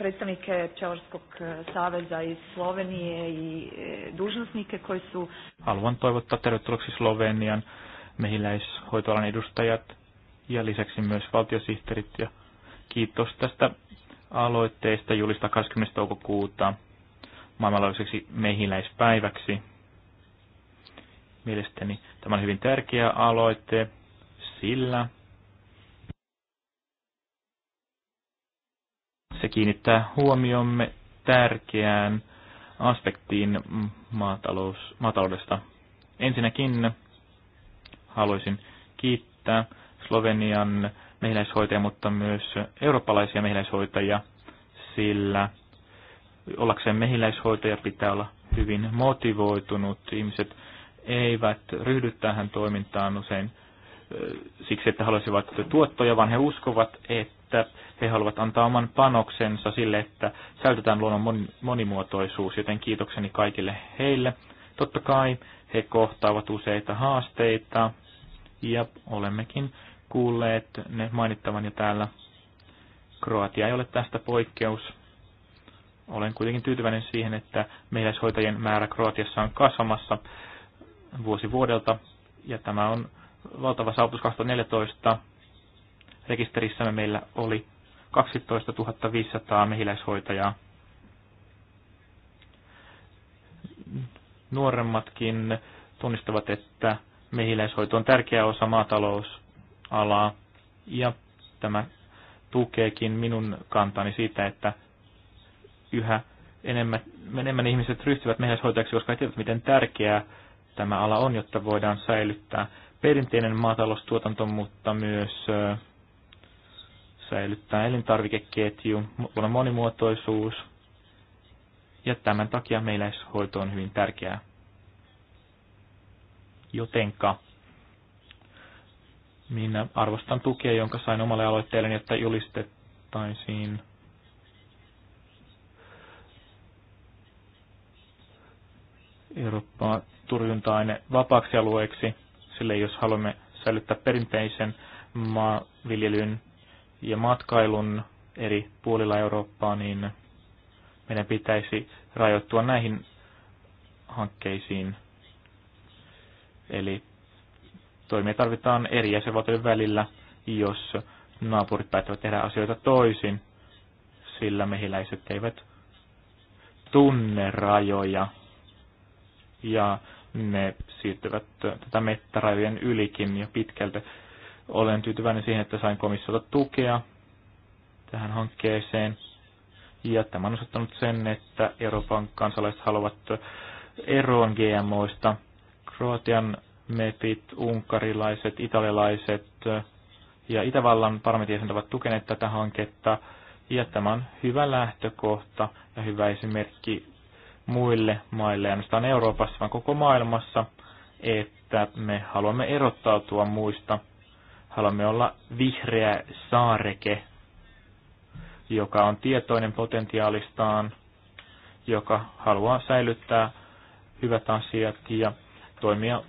Speaker 2: predstavnike Pčelarskog e, saveza iz Slovenije i e, dužnosnike koji
Speaker 5: su... Haluan toivottaa tervetulleeksi Slovenian mehiläishoitoalan edustajat ja lisäksi myös valtiosihteerit ja kiitos tästä aloitteesta julista 20. toukokuuta maailmanlaajuiseksi mehiläispäiväksi. Mielestäni tämä on hyvin tärkeä aloite, sillä Se kiinnittää huomiomme tärkeään aspektiin maatalous, maataloudesta. Ensinnäkin haluaisin kiittää Slovenian mehiläishoitajia, mutta myös eurooppalaisia mehiläishoitajia, sillä ollakseen mehiläishoitaja pitää olla hyvin motivoitunut. Ihmiset eivät ryhdy tähän toimintaan usein siksi, että haluaisivat tuottoja, vaan he uskovat, että että he haluavat antaa oman panoksensa sille, että säilytetään luonnon monimuotoisuus, joten kiitokseni kaikille heille. Totta kai he kohtaavat useita haasteita ja olemmekin kuulleet ne mainittavan jo täällä. Kroatia ei ole tästä poikkeus. Olen kuitenkin tyytyväinen siihen, että mehiläishoitajien määrä Kroatiassa on kasvamassa vuosi vuodelta ja tämä on valtava saavutus 2014 rekisterissämme meillä oli 12 500 mehiläishoitajaa. Nuoremmatkin tunnistavat, että mehiläishoito on tärkeä osa maatalousalaa ja tämä tukeekin minun kantani siitä, että yhä enemmän, enemmän ihmiset ryhtyvät mehiläishoitajaksi, koska he tietävät, miten tärkeää tämä ala on, jotta voidaan säilyttää perinteinen maataloustuotanto, mutta myös säilyttää elintarvikeketju, luoda monimuotoisuus, ja tämän takia hoito on hyvin tärkeää. Jotenka minä arvostan tukea, jonka sain omalle aloitteelleni, että julistettaisiin Eurooppaa turjunta-aine vapaaksi alueeksi, sillä jos haluamme säilyttää perinteisen maanviljelyn ja matkailun eri puolilla Eurooppaa, niin meidän pitäisi rajoittua näihin hankkeisiin. Eli toimia tarvitaan eri jäsenvaltojen välillä, jos naapurit päättävät tehdä asioita toisin, sillä mehiläiset eivät tunne rajoja ja ne siirtyvät tätä mettärajojen ylikin jo pitkältä. Olen tyytyväinen siihen, että sain komissiolta tukea tähän hankkeeseen. Ja tämä on osoittanut sen, että Euroopan kansalaiset haluavat eroon GMOista. Kroatian MEPit, unkarilaiset, italialaiset ja Itävallan parlamentin ovat tukeneet tätä hanketta. Ja tämä on hyvä lähtökohta ja hyvä esimerkki muille maille, ainoastaan Euroopassa, vaan koko maailmassa, että me haluamme erottautua muista Haluamme olla vihreä saareke, joka on tietoinen potentiaalistaan, joka haluaa säilyttää hyvät asiat ja toimia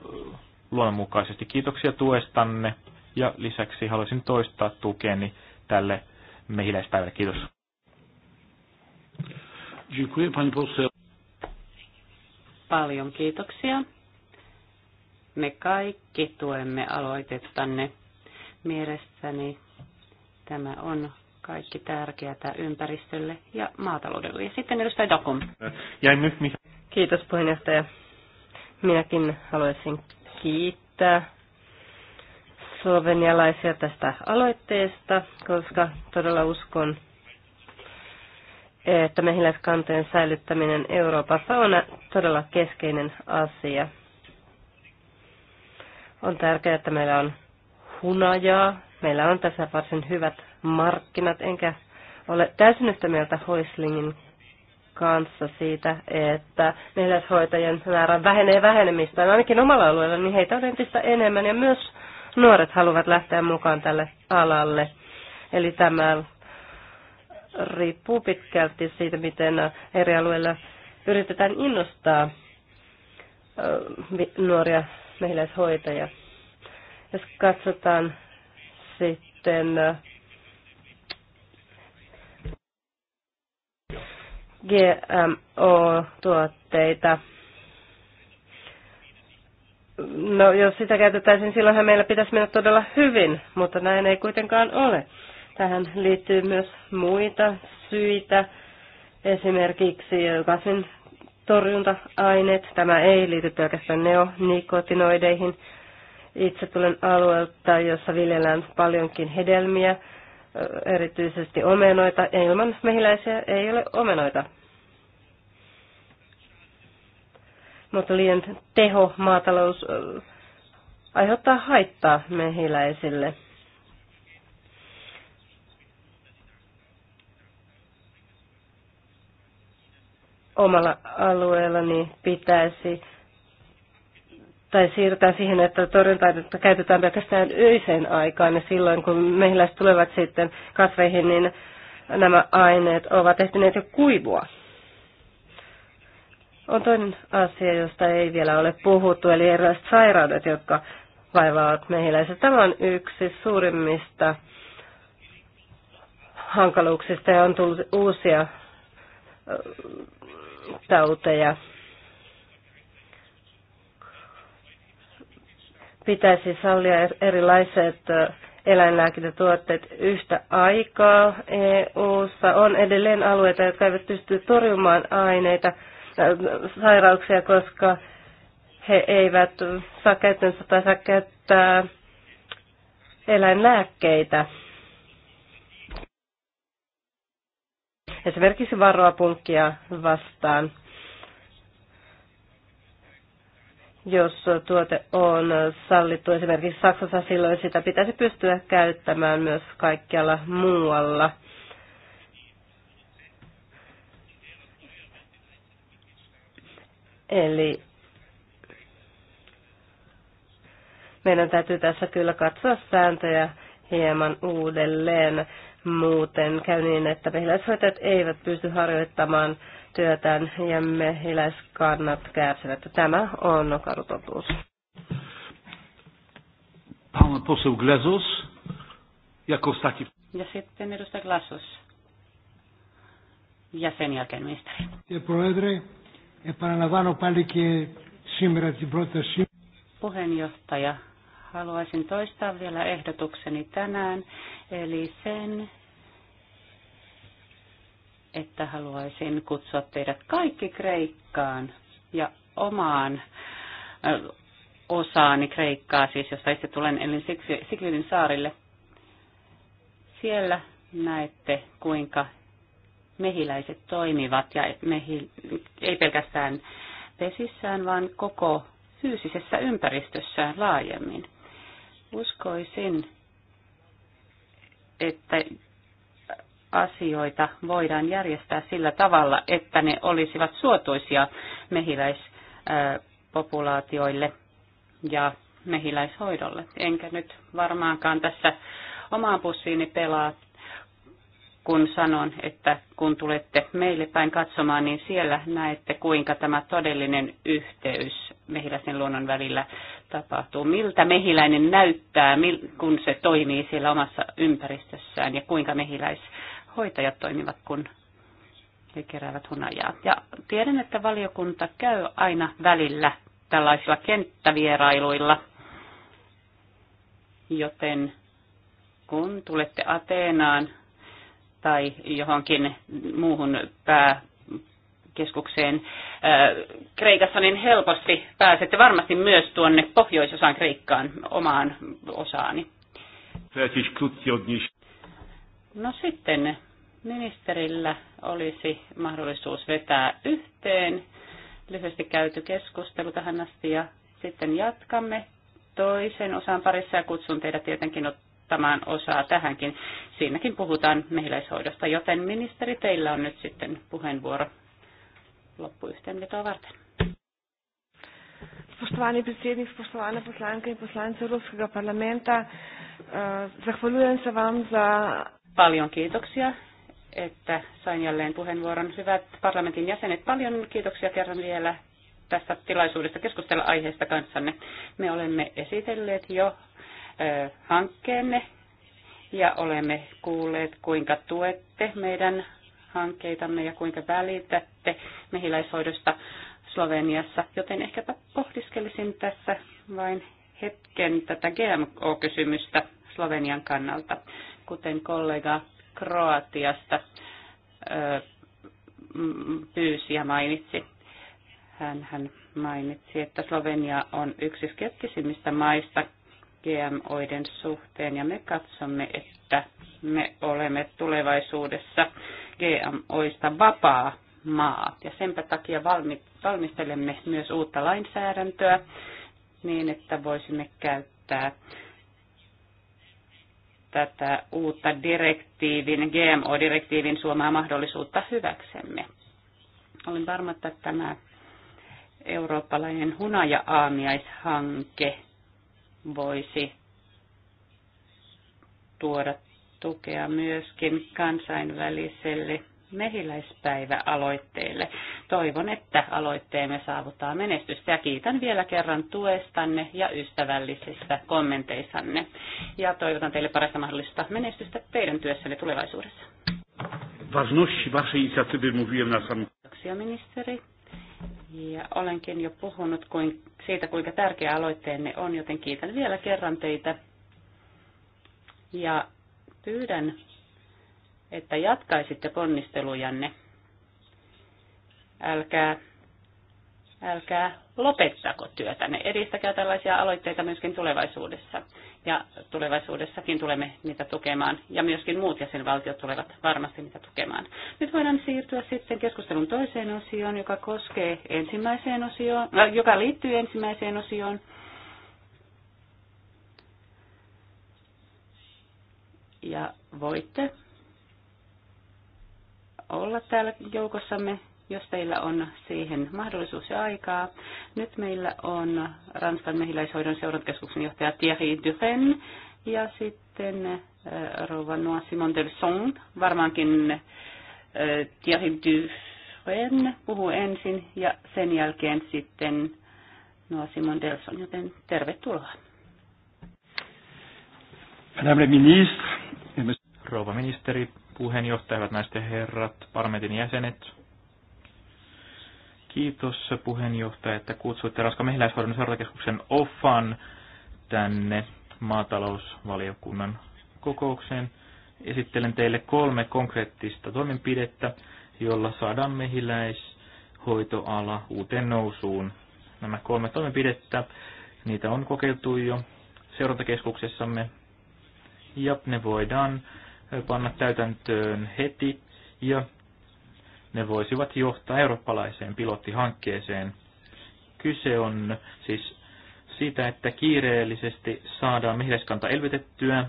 Speaker 5: luonnonmukaisesti. Kiitoksia tuestanne ja lisäksi haluaisin toistaa tukeni tälle mehiläispäivälle. Kiitos.
Speaker 2: Paljon kiitoksia. Me kaikki tuemme aloitettanne Mielestäni tämä on kaikki tärkeää ympäristölle ja
Speaker 3: maataloudelle. Ja sitten edustaja Dokum. Kiitos puheenjohtaja. Minäkin haluaisin kiittää slovenialaisia tästä aloitteesta, koska todella uskon, että mehiläiskantojen säilyttäminen Euroopassa on todella keskeinen asia. On tärkeää, että meillä on hunajaa. Meillä on tässä varsin hyvät markkinat, enkä ole täysin yhtä mieltä Hoislingin kanssa siitä, että mielenhoitajien määrä vähenee vähenemistä. No ainakin omalla alueella niin heitä on entistä enemmän ja myös nuoret haluavat lähteä mukaan tälle alalle. Eli tämä riippuu pitkälti siitä, miten eri alueilla yritetään innostaa nuoria mehiläishoitajia. Jos katsotaan sitten GMO-tuotteita, No jos sitä käytettäisiin, silloinhan meillä pitäisi mennä todella hyvin, mutta näin ei kuitenkaan ole. Tähän liittyy myös muita syitä, esimerkiksi kasvin torjunta-aineet. Tämä ei liity pelkästään neonikotinoideihin, itse tulen alueelta, jossa viljellään paljonkin hedelmiä, erityisesti omenoita, ja ilman mehiläisiä ei ole omenoita. Mutta liian teho maatalous aiheuttaa haittaa mehiläisille. Omalla alueellani pitäisi tai siirrytään siihen, että torjuntaidetta käytetään pelkästään öiseen aikaan ja silloin kun mehiläiset tulevat sitten kasveihin, niin nämä aineet ovat ehtineet jo kuivua. On toinen asia, josta ei vielä ole puhuttu, eli erilaiset sairaudet, jotka vaivaavat mehiläiset. Tämä on yksi suurimmista hankaluuksista ja on tullut uusia tauteja pitäisi sallia er-, erilaiset eläinlääkintätuotteet yhtä aikaa. EU:ssa on edelleen alueita, jotka eivät pysty torjumaan aineita, sairauksia, koska he eivät saa käyttöönsä tai saa käyttää eläinlääkkeitä. Esimerkiksi varoapunkkia vastaan. Jos tuote on sallittu esimerkiksi Saksassa, silloin sitä pitäisi pystyä käyttämään myös kaikkialla muualla. Eli meidän täytyy tässä kyllä katsoa sääntöjä hieman uudelleen. Muuten käy niin, että mehiläishoitajat eivät pysty harjoittamaan työtään ja mehiläiskannat kärsivät. Tämä on totuus.
Speaker 1: Pan poseł Glezos, jako ostatni.
Speaker 2: Ja sitten edustaja Glasus. Ja sen jälkeen ministeri.
Speaker 4: Ja proedre, επαναλαμβάνω πάλι και σήμερα
Speaker 1: την πρόταση.
Speaker 2: Puheenjohtaja, haluaisin toistaa vielä ehdotukseni tänään, eli sen, että haluaisin kutsua teidät kaikki Kreikkaan ja omaan osaani Kreikkaa, siis josta itse tulen, eli Siklidin saarille. Siellä näette, kuinka mehiläiset toimivat, ja mehi, ei pelkästään vesissään, vaan koko fyysisessä ympäristössään laajemmin. Uskoisin, että asioita voidaan järjestää sillä tavalla, että ne olisivat suotuisia mehiläispopulaatioille ja mehiläishoidolle. Enkä nyt varmaankaan tässä omaan pussiini pelaa, kun sanon, että kun tulette meille päin katsomaan, niin siellä näette, kuinka tämä todellinen yhteys mehiläisen luonnon välillä tapahtuu. Miltä mehiläinen näyttää, kun se toimii siellä omassa ympäristössään ja kuinka mehiläis hoitajat toimivat, kun he keräävät hunajaa. Ja tiedän, että valiokunta käy aina välillä tällaisilla kenttävierailuilla, joten kun tulette Ateenaan tai johonkin muuhun pääkeskukseen äh, Kreikassa, niin helposti pääsette varmasti myös tuonne pohjoisosaan Kreikkaan omaan osaani. No sitten ministerillä olisi mahdollisuus vetää yhteen lyhyesti käyty keskustelu tähän asti ja sitten jatkamme toisen osan parissa ja kutsun teidät tietenkin ottamaan osaa tähänkin. Siinäkin puhutaan mehiläishoidosta, joten ministeri, teillä on nyt sitten puheenvuoro loppuyhteenvetoa varten.
Speaker 1: Spoštovani predsednik, spoštovane poslanke in poslanci Evropskega parlamenta, eh, zahvaljujem se vam za
Speaker 2: Paljon kiitoksia, että sain jälleen puheenvuoron. Hyvät parlamentin jäsenet, paljon kiitoksia kerran vielä tästä tilaisuudesta keskustella aiheesta kanssanne. Me olemme esitelleet jo hankkeenne ja olemme kuulleet, kuinka tuette meidän hankkeitamme ja kuinka välitätte mehiläishoidosta Sloveniassa, joten ehkäpä pohdiskelisin tässä vain hetken tätä GMO-kysymystä Slovenian kannalta kuten kollega Kroatiasta pyysi ja mainitsi. Hän, hän mainitsi, että Slovenia on yksi skeptisimmistä maista GMOiden suhteen ja me katsomme, että me olemme tulevaisuudessa GMOista vapaa maa. Ja senpä takia valmistelemme myös uutta lainsäädäntöä niin, että voisimme käyttää tätä uutta direktiivin, GMO-direktiivin suomaa mahdollisuutta hyväksemme. Olin varma, että tämä eurooppalainen hunaja-aamiaishanke voisi tuoda tukea myöskin kansainväliselle mehiläispäiväaloitteelle. Toivon, että aloitteemme saavuttaa menestystä ja kiitän vielä kerran tuestanne ja ystävällisistä kommenteissanne. Ja toivotan teille parasta mahdollista menestystä teidän työssänne tulevaisuudessa.
Speaker 1: Kiitoksia
Speaker 2: ministeri. Ja olenkin jo puhunut kuin, siitä, kuinka tärkeä aloitteenne on, joten kiitän vielä kerran teitä. Ja pyydän, että jatkaisitte ponnistelujanne älkää, älkää lopettako ne Edistäkää tällaisia aloitteita myöskin tulevaisuudessa. Ja tulevaisuudessakin tulemme niitä tukemaan. Ja myöskin muut jäsenvaltiot tulevat varmasti niitä tukemaan. Nyt voidaan siirtyä sitten keskustelun toiseen osioon, joka koskee ensimmäiseen osioon, äh, joka liittyy ensimmäiseen osioon. ja voitte olla täällä joukossamme jos teillä on siihen mahdollisuus ja aikaa. Nyt meillä on Ranskan mehiläishoidon seurantakeskuksen johtaja Thierry Duren ja sitten äh, rouva Noa Simon Delson, varmaankin äh, Thierry Duren puhuu ensin ja sen jälkeen sitten Noa Simon Delson, joten tervetuloa.
Speaker 5: Madame ministre, rouva ministeri, puheenjohtajat, naisten herrat, parlamentin jäsenet, Kiitos puheenjohtaja, että kutsuitte Ranskan mehiläishoidon seurantakeskuksen OFAN tänne maatalousvaliokunnan kokoukseen. Esittelen teille kolme konkreettista toimenpidettä, jolla saadaan mehiläishoitoala uuteen nousuun. Nämä kolme toimenpidettä, niitä on kokeiltu jo seurantakeskuksessamme ja ne voidaan panna täytäntöön heti ja ne voisivat johtaa eurooppalaiseen pilottihankkeeseen. Kyse on siis siitä, että kiireellisesti saadaan mehiläiskanta elvytettyä,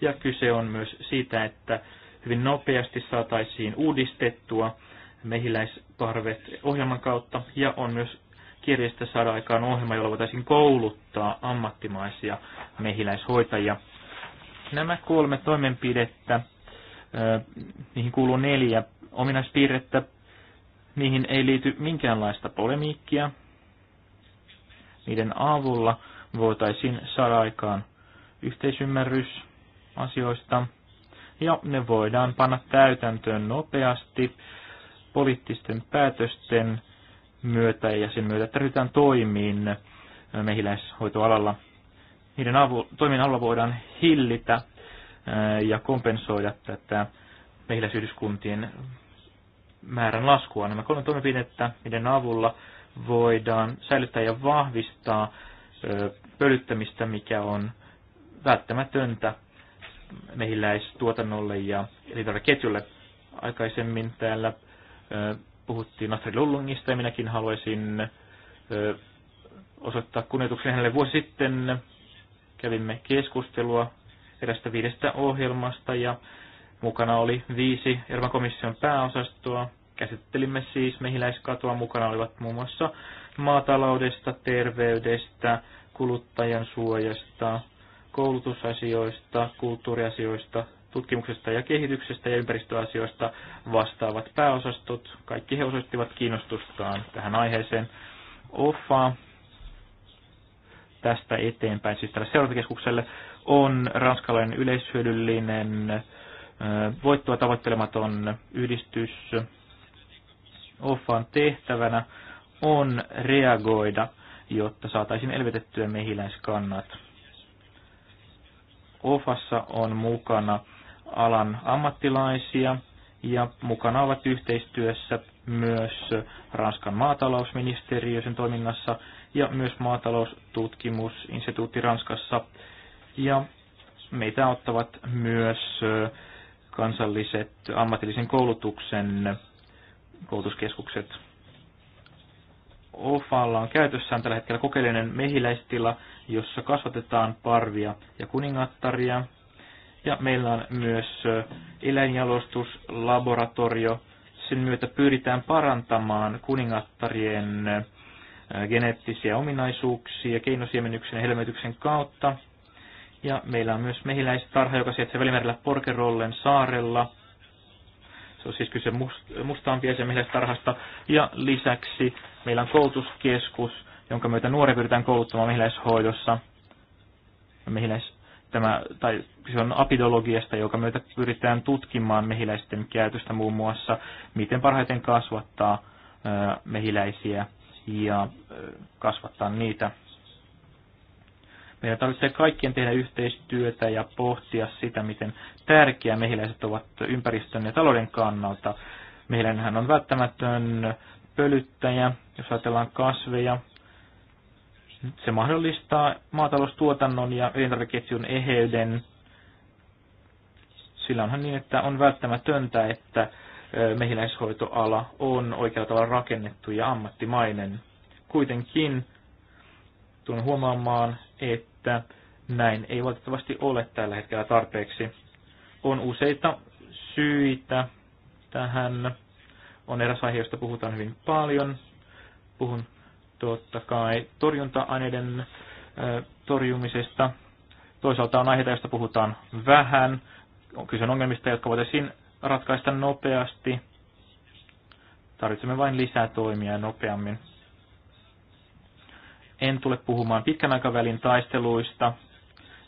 Speaker 5: ja kyse on myös siitä, että hyvin nopeasti saataisiin uudistettua mehiläisparvet ohjelman kautta, ja on myös kirjasta saada aikaan ohjelma, jolla voitaisiin kouluttaa ammattimaisia mehiläishoitajia. Nämä kolme toimenpidettä, niihin kuuluu neljä ominaispiirrettä. Niihin ei liity minkäänlaista polemiikkia. Niiden avulla voitaisiin saada aikaan yhteisymmärrys asioista, ja ne voidaan panna täytäntöön nopeasti poliittisten päätösten myötä ja sen myötä, tarvitaan toimiin mehiläishoitoalalla. Niiden avu, toimin alla voidaan hillitä ja kompensoida tätä mehiläisyhdyskuntien määrän laskua. Nämä kolme toimenpidettä, niiden avulla voidaan säilyttää ja vahvistaa pölyttämistä, mikä on välttämätöntä mehiläistuotannolle ja elintarviketjulle. Aikaisemmin täällä puhuttiin Natri Lullungista ja minäkin haluaisin osoittaa kunnioituksen hänelle vuosi sitten. Kävimme keskustelua erästä viidestä ohjelmasta ja mukana oli viisi Euroopan komission pääosastoa Käsittelimme siis mehiläiskatoa. Mukana olivat muun muassa maataloudesta, terveydestä, kuluttajan suojasta, koulutusasioista, kulttuuriasioista, tutkimuksesta ja kehityksestä ja ympäristöasioista vastaavat pääosastot. Kaikki he osoittivat kiinnostustaan tähän aiheeseen. OFA tästä eteenpäin, siis tälle seurantakeskukselle, on ranskalainen yleishyödyllinen, voittoa tavoittelematon yhdistys, OFAn tehtävänä on reagoida, jotta saataisiin elvytettyä mehiläiskannat. OFassa on mukana alan ammattilaisia ja mukana ovat yhteistyössä myös Ranskan maatalousministeriö sen toiminnassa ja myös maataloustutkimusinstituutti Ranskassa. Ja meitä auttavat myös kansalliset ammatillisen koulutuksen koulutuskeskukset. OFAlla on käytössään tällä hetkellä kokeellinen mehiläistila, jossa kasvatetaan parvia ja kuningattaria. Ja meillä on myös eläinjalostuslaboratorio. Sen myötä pyritään parantamaan kuningattarien geneettisiä ominaisuuksia keinosiemennyksen ja helmetyksen kautta. Ja meillä on myös mehiläistarha, joka sijaitsee Välimerellä Porkerollen saarella – on siis kyse mustaan tarhasta Ja lisäksi meillä on koulutuskeskus, jonka myötä nuori pyritään kouluttamaan mehiläishoidossa. Mehiläis, tämä, tai se on apidologiasta, joka myötä pyritään tutkimaan mehiläisten käytöstä muun muassa, miten parhaiten kasvattaa mehiläisiä ja kasvattaa niitä meidän tarvitsee kaikkien tehdä yhteistyötä ja pohtia sitä, miten tärkeä mehiläiset ovat ympäristön ja talouden kannalta. Mehiläinenhän on välttämätön pölyttäjä, jos ajatellaan kasveja. Se mahdollistaa maataloustuotannon ja elintarvikeketjun eheyden. Sillä onhan niin, että on välttämätöntä, että mehiläishoitoala on oikealla tavalla rakennettu ja ammattimainen. Kuitenkin tulen huomaamaan, että näin ei valitettavasti ole tällä hetkellä tarpeeksi. On useita syitä tähän. On eräs aihe, josta puhutaan hyvin paljon. Puhun totta kai torjunta-aineiden torjumisesta. Toisaalta on aiheita, joista puhutaan vähän. On kyse ongelmista, jotka voitaisiin ratkaista nopeasti. Tarvitsemme vain lisää toimia nopeammin. En tule puhumaan pitkän aikavälin taisteluista,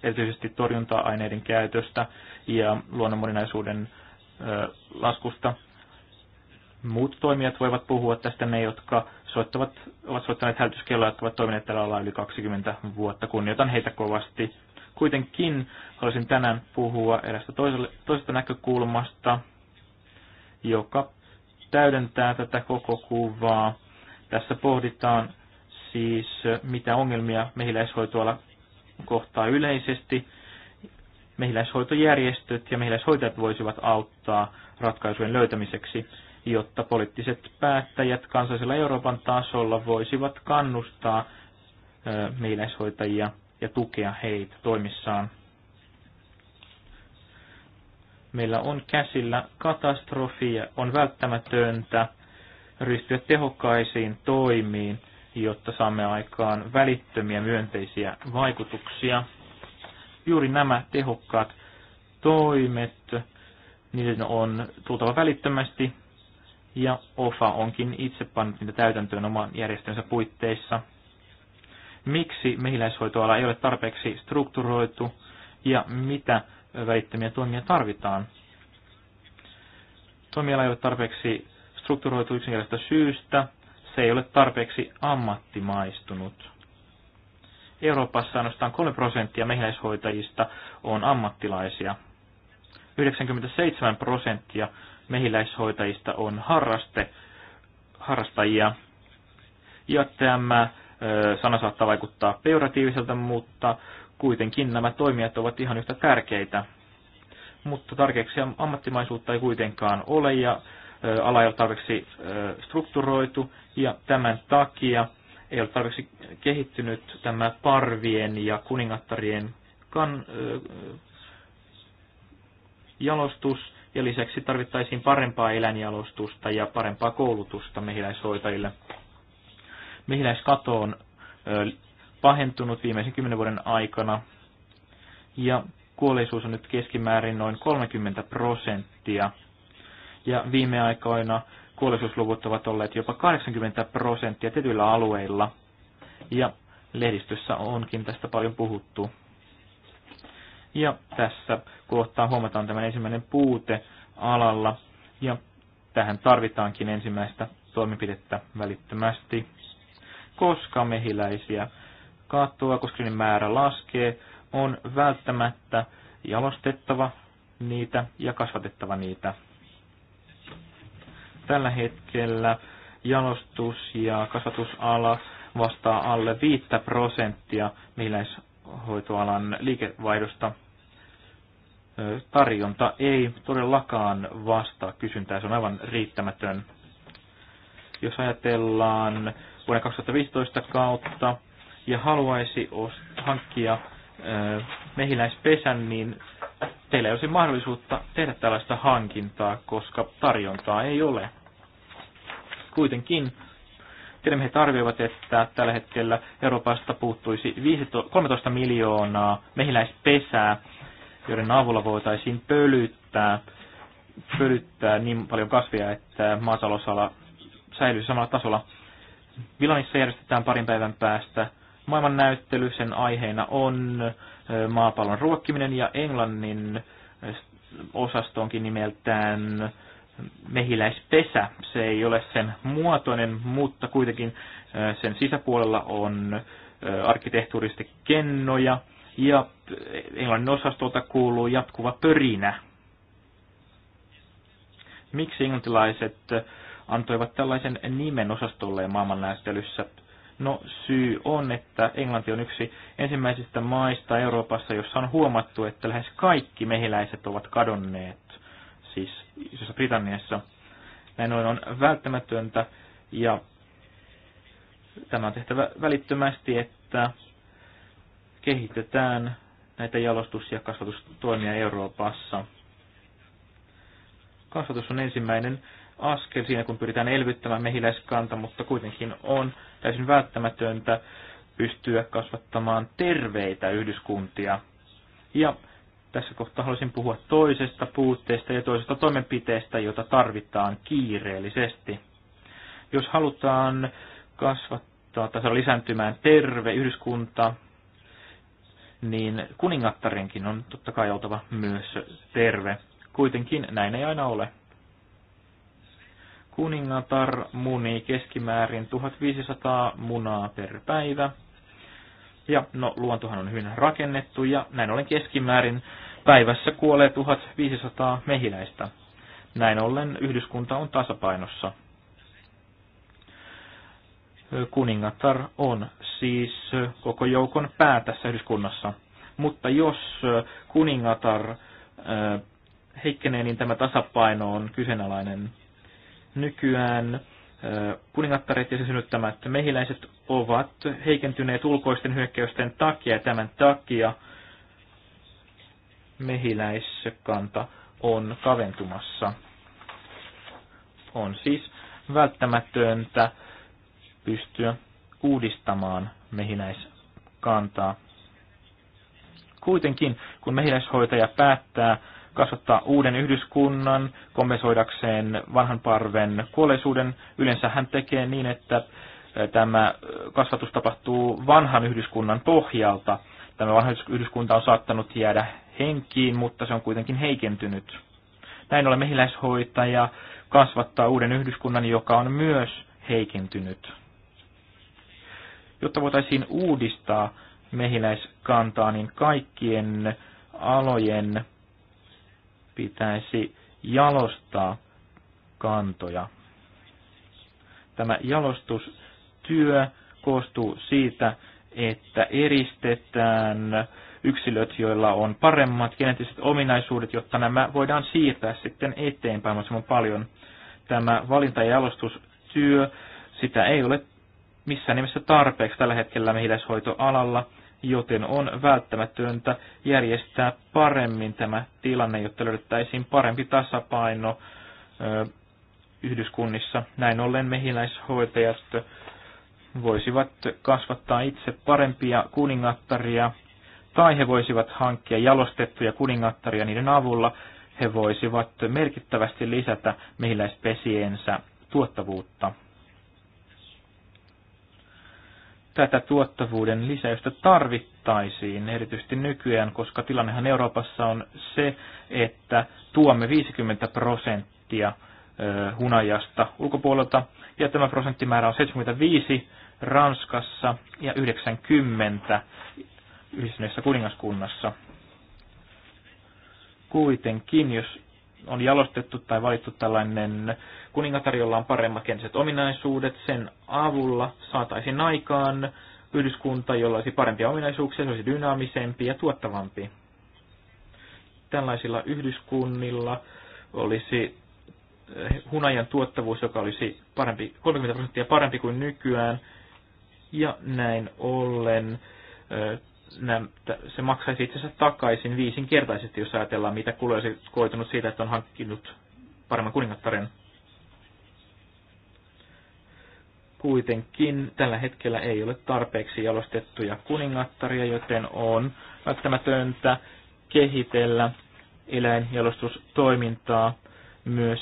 Speaker 5: erityisesti torjunta-aineiden käytöstä ja luonnon moninaisuuden laskusta. Muut toimijat voivat puhua tästä ne, jotka soittavat, ovat soittaneet hälytyskelloja, jotka ovat toimineet tällä alalla yli 20 vuotta. Kunnioitan heitä kovasti. Kuitenkin haluaisin tänään puhua erästä toiselle, toisesta näkökulmasta, joka täydentää tätä koko kuvaa. Tässä pohditaan siis äh, mitä ongelmia mehiläishoitoalla kohtaa yleisesti. Mehiläishoitojärjestöt ja mehiläishoitajat voisivat auttaa ratkaisujen löytämiseksi, jotta poliittiset päättäjät kansallisella Euroopan tasolla voisivat kannustaa äh, mehiläishoitajia ja tukea heitä toimissaan. Meillä on käsillä katastrofi ja on välttämätöntä ryhtyä tehokkaisiin toimiin jotta saamme aikaan välittömiä myönteisiä vaikutuksia. Juuri nämä tehokkaat toimet, niiden on tultava välittömästi ja OFA onkin itse pannut niitä täytäntöön oman järjestönsä puitteissa. Miksi mehiläishoitoala ei ole tarpeeksi strukturoitu ja mitä välittömiä toimia tarvitaan? Toimiala ei ole tarpeeksi strukturoitu yksinkertaisesta syystä, se ei ole tarpeeksi ammattimaistunut. Euroopassa ainoastaan 3 prosenttia mehiläishoitajista on ammattilaisia. 97 prosenttia mehiläishoitajista on harraste, harrastajia. Ja tämä sana saattaa vaikuttaa peoratiiviselta, mutta kuitenkin nämä toimijat ovat ihan yhtä tärkeitä. Mutta tarkeuksia ammattimaisuutta ei kuitenkaan ole ja ala ei ole tarpeeksi strukturoitu ja tämän takia ei ole tarpeeksi kehittynyt tämä parvien ja kuningattarien kan, jalostus ja lisäksi tarvittaisiin parempaa eläinjalostusta ja parempaa koulutusta mehiläishoitajille. Mehiläiskato on pahentunut viimeisen kymmenen vuoden aikana ja kuolleisuus on nyt keskimäärin noin 30 prosenttia ja viime aikoina kuolleisuusluvut ovat olleet jopa 80 prosenttia tietyillä alueilla, ja lehdistössä onkin tästä paljon puhuttu. Ja tässä kohtaa huomataan tämän ensimmäinen puute alalla, ja tähän tarvitaankin ensimmäistä toimenpidettä välittömästi, koska mehiläisiä katoaa, koska niiden määrä laskee, on välttämättä jalostettava niitä ja kasvatettava niitä. Tällä hetkellä jalostus- ja kasvatusala vastaa alle 5 prosenttia mieleishoitoalan liikevaihdosta. Tarjonta ei todellakaan vastaa kysyntää, se on aivan riittämätön. Jos ajatellaan vuoden 2015 kautta ja haluaisi hankkia mehiläispesän, niin teillä ei olisi mahdollisuutta tehdä tällaista hankintaa, koska tarjontaa ei ole. Kuitenkin tiedemiehet arvioivat, että tällä hetkellä Euroopasta puuttuisi 13 miljoonaa mehiläispesää, joiden avulla voitaisiin pölyttää, pölyttää niin paljon kasvia, että maatalousala säilyy samalla tasolla. Vilanissa järjestetään parin päivän päästä maailman näyttely. Sen aiheena on maapallon ruokkiminen ja Englannin osastonkin nimeltään mehiläispesä. Se ei ole sen muotoinen, mutta kuitenkin sen sisäpuolella on arkkitehtuurista kennoja ja englannin osastolta kuuluu jatkuva pörinä. Miksi englantilaiset antoivat tällaisen nimen osastolleen maailmannäyttelyssä? No syy on, että Englanti on yksi ensimmäisistä maista Euroopassa, jossa on huomattu, että lähes kaikki mehiläiset ovat kadonneet siis Isossa Britanniassa. Näin on välttämätöntä ja tämä on tehtävä välittömästi, että kehitetään näitä jalostus- ja kasvatustoimia Euroopassa. Kasvatus on ensimmäinen askel siinä, kun pyritään elvyttämään mehiläiskanta, mutta kuitenkin on täysin välttämätöntä pystyä kasvattamaan terveitä yhdyskuntia. Ja tässä kohtaa haluaisin puhua toisesta puutteesta ja toisesta toimenpiteestä, jota tarvitaan kiireellisesti. Jos halutaan kasvattaa tasa lisääntymään terve yhdyskunta, niin kuningattarenkin on totta kai oltava myös terve. Kuitenkin näin ei aina ole. Kuningatar muni keskimäärin 1500 munaa per päivä, ja no, luontohan on hyvin rakennettu ja näin ollen keskimäärin päivässä kuolee 1500 mehiläistä. Näin ollen yhdyskunta on tasapainossa. Kuningatar on siis koko joukon pää tässä yhdyskunnassa. Mutta jos kuningatar äh, heikkenee, niin tämä tasapaino on kyseenalainen. Nykyään kuningattaret ja se synnyttämät mehiläiset ovat heikentyneet ulkoisten hyökkäysten takia ja tämän takia mehiläiskanta on kaventumassa. On siis välttämätöntä pystyä uudistamaan mehiläiskantaa. Kuitenkin, kun mehiläishoitaja päättää kasvattaa uuden yhdyskunnan kompensoidakseen vanhan parven kuolleisuuden. Yleensä hän tekee niin, että tämä kasvatus tapahtuu vanhan yhdyskunnan pohjalta. Tämä vanha yhdyskunta on saattanut jäädä henkiin, mutta se on kuitenkin heikentynyt. Näin ollen mehiläishoitaja kasvattaa uuden yhdyskunnan, joka on myös heikentynyt. Jotta voitaisiin uudistaa mehiläiskantaa, niin kaikkien alojen pitäisi jalostaa kantoja. Tämä jalostustyö koostuu siitä, että eristetään yksilöt, joilla on paremmat geneettiset ominaisuudet, jotta nämä voidaan siirtää sitten eteenpäin mahdollisimman paljon. Tämä valinta- ja jalostustyö, sitä ei ole missään nimessä tarpeeksi tällä hetkellä mehiläishoitoalalla, joten on välttämätöntä järjestää paremmin tämä tilanne, jotta löydettäisiin parempi tasapaino Yhdyskunnissa. Näin ollen mehiläishoitajat voisivat kasvattaa itse parempia kuningattaria, tai he voisivat hankkia jalostettuja kuningattaria niiden avulla. He voisivat merkittävästi lisätä mehiläispesiensä tuottavuutta. tätä tuottavuuden lisäystä tarvittaisiin, erityisesti nykyään, koska tilannehan Euroopassa on se, että tuomme 50 prosenttia hunajasta ulkopuolelta, ja tämä prosenttimäärä on 75 Ranskassa ja 90 Yhdistyneessä kuningaskunnassa. Kuitenkin, jos on jalostettu tai valittu tällainen kuningatar, jolla on paremmat geeniset ominaisuudet. Sen avulla saataisiin aikaan yhdyskunta, jolla olisi parempia ominaisuuksia, se olisi dynaamisempi ja tuottavampi. Tällaisilla yhdyskunnilla olisi eh, hunajan tuottavuus, joka olisi parempi, 30 prosenttia parempi kuin nykyään, ja näin ollen eh, se maksaisi asiassa takaisin viisinkertaisesti, jos ajatellaan, mitä kuluja olisi koitunut siitä, että on hankkinut paremman kuningattaren. Kuitenkin tällä hetkellä ei ole tarpeeksi jalostettuja kuningattaria, joten on välttämätöntä kehitellä eläinjalostustoimintaa myös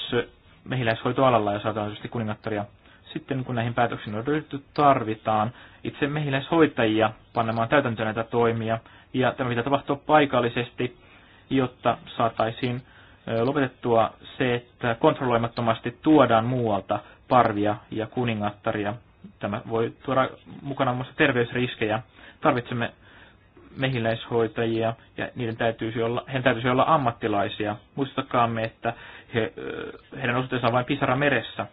Speaker 5: mehiläishoitoalalla, ja saadaan kuningattaria sitten, kun näihin päätöksiin on ryhdytty, tarvitaan itse mehiläishoitajia panemaan täytäntöön näitä toimia. Ja tämä pitää tapahtua paikallisesti, jotta saataisiin lopetettua se, että kontrolloimattomasti tuodaan muualta parvia ja kuningattaria. Tämä voi tuoda mukana muassa terveysriskejä. Tarvitsemme mehiläishoitajia ja niiden täytyisi olla, heidän täytyisi olla ammattilaisia. Muistakaamme, että he, heidän osuutensa on vain pisara meressä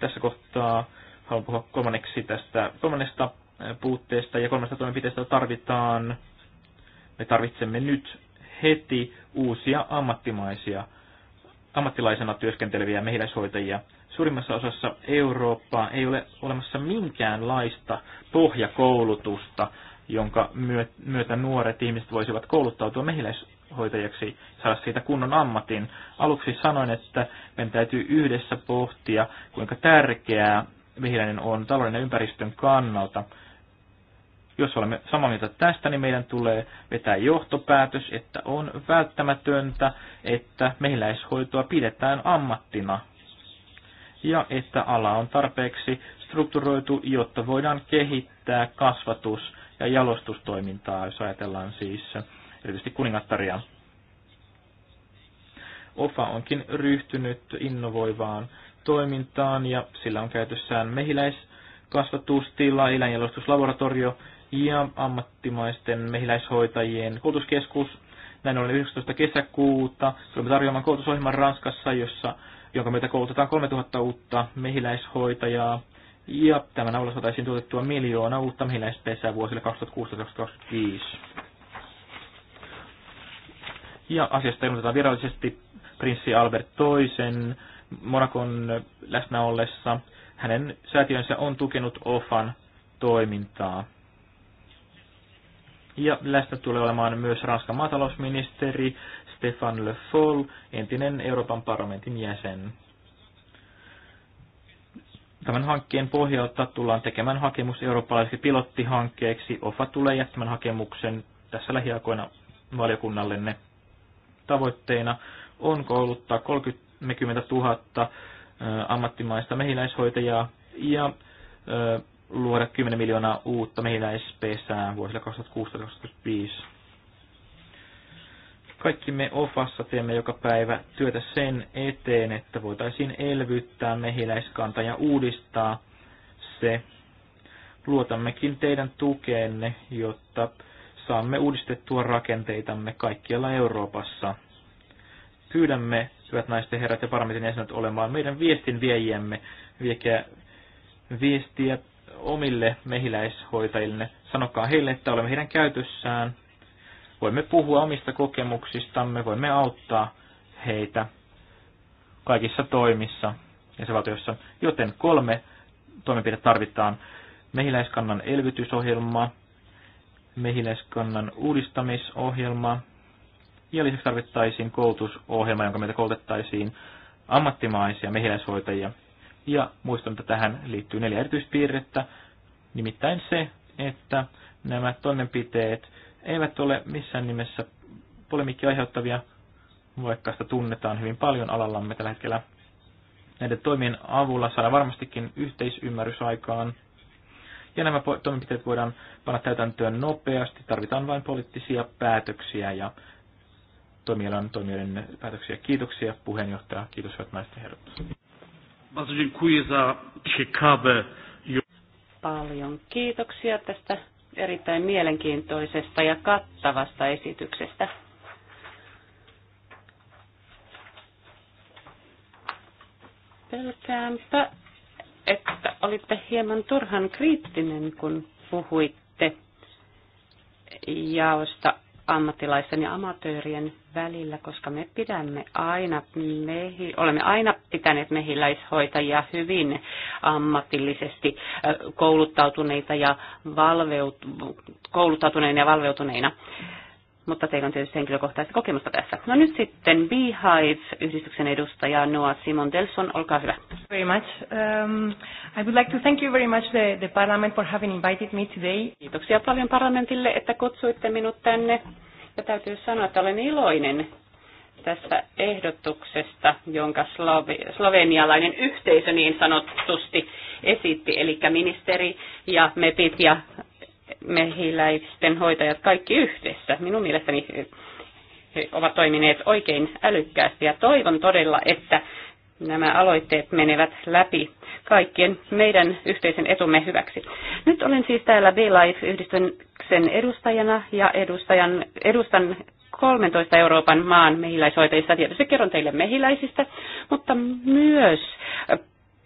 Speaker 5: tässä kohtaa haluan puhua kolmanneksi tästä kolmannesta puutteesta ja kolmesta toimenpiteestä tarvitaan, me tarvitsemme nyt heti uusia ammattimaisia, ammattilaisena työskenteleviä mehiläishoitajia. Suurimmassa osassa Eurooppaa ei ole olemassa minkäänlaista pohjakoulutusta, jonka myötä nuoret ihmiset voisivat kouluttautua mehiläishoitajia hoitajaksi, saada siitä kunnon ammatin. Aluksi sanoin, että meidän täytyy yhdessä pohtia, kuinka tärkeää vihreinen on talouden ja ympäristön kannalta. Jos olemme samaa mieltä tästä, niin meidän tulee vetää johtopäätös, että on välttämätöntä, että mehiläishoitoa pidetään ammattina ja että ala on tarpeeksi strukturoitu, jotta voidaan kehittää kasvatus- ja jalostustoimintaa, jos ajatellaan siis erityisesti kuningattaria. OFA onkin ryhtynyt innovoivaan toimintaan ja sillä on käytössään mehiläiskasvatustila, eläinjalostuslaboratorio ja ammattimaisten mehiläishoitajien koulutuskeskus. Näin ollen 19. kesäkuuta tulemme tarjoamaan koulutusohjelman Ranskassa, jossa, jonka myötä koulutetaan 3000 uutta mehiläishoitajaa. Ja tämän avulla saataisiin tuotettua miljoona uutta mehiläispesää vuosille 2016-2025. Ja asiasta ilmoitetaan virallisesti prinssi Albert toisen Monakon läsnä ollessa. Hänen säätiönsä on tukenut OFAN toimintaa. Ja läsnä tulee olemaan myös Ranskan maatalousministeri Stefan Le Foll, entinen Euroopan parlamentin jäsen. Tämän hankkeen pohjalta tullaan tekemään hakemus eurooppalaiseksi pilottihankkeeksi. OFA tulee jättämään hakemuksen tässä lähiaikoina valiokunnallenne tavoitteena on kouluttaa 30 000 ammattimaista mehiläishoitajaa ja luoda 10 miljoonaa uutta mehiläispesää vuosille 2016-2025. Kaikki me OFassa teemme joka päivä työtä sen eteen, että voitaisiin elvyttää mehiläiskanta ja uudistaa se. Luotammekin teidän tukeenne, jotta saamme uudistettua rakenteitamme kaikkialla Euroopassa. Pyydämme, hyvät naiset ja herrat ja parlamentin jäsenet, olemaan meidän viestin viejiemme, viekää viestiä omille mehiläishoitajille. Sanokaa heille, että olemme heidän käytössään. Voimme puhua omista kokemuksistamme, voimme auttaa heitä kaikissa toimissa valtiossa. Joten kolme toimenpide tarvitaan. Mehiläiskannan elvytysohjelma mehiläiskannan uudistamisohjelma. Ja lisäksi tarvittaisiin koulutusohjelma, jonka meitä koulutettaisiin ammattimaisia mehiläishoitajia. Ja muistan, että tähän liittyy neljä erityispiirrettä. Nimittäin se, että nämä toimenpiteet eivät ole missään nimessä polemikki aiheuttavia, vaikka sitä tunnetaan hyvin paljon alallamme tällä hetkellä. Näiden toimien avulla saadaan varmastikin yhteisymmärrys aikaan – ja nämä toimenpiteet voidaan panna täytäntöön nopeasti. Tarvitaan vain poliittisia päätöksiä ja toimialan toimijoiden päätöksiä. Kiitoksia puheenjohtaja. Kiitos hyvät naiset ja herrat.
Speaker 2: Paljon kiitoksia tästä erittäin mielenkiintoisesta ja kattavasta esityksestä. Pelkäänpä, että olitte hieman turhan kriittinen, kun puhuitte jaosta ammattilaisten ja amatöörien välillä, koska me pidämme aina mehi, olemme aina pitäneet mehiläishoitajia hyvin ammatillisesti kouluttautuneita ja valveut, kouluttautuneina ja valveutuneina mutta teillä on tietysti henkilökohtaista kokemusta tässä. No nyt sitten Beehive-yhdistyksen edustaja Noa Simon Delson, olkaa hyvä. Very much. Um, I would like to thank you very much the, the parliament for having invited me today. Kiitoksia paljon parlamentille, että kutsuitte minut tänne. Ja täytyy sanoa, että olen iloinen tästä ehdotuksesta, jonka slovenialainen yhteisö niin sanotusti esitti, eli ministeri ja MEPit ja mehiläisten hoitajat kaikki yhdessä. Minun mielestäni he ovat toimineet oikein älykkäästi ja toivon todella, että nämä aloitteet menevät läpi kaikkien meidän yhteisen etumme hyväksi. Nyt olen siis täällä life yhdistyksen edustajana ja edustajan, edustan 13 Euroopan maan mehiläishoitajista. Tietysti kerron teille mehiläisistä, mutta myös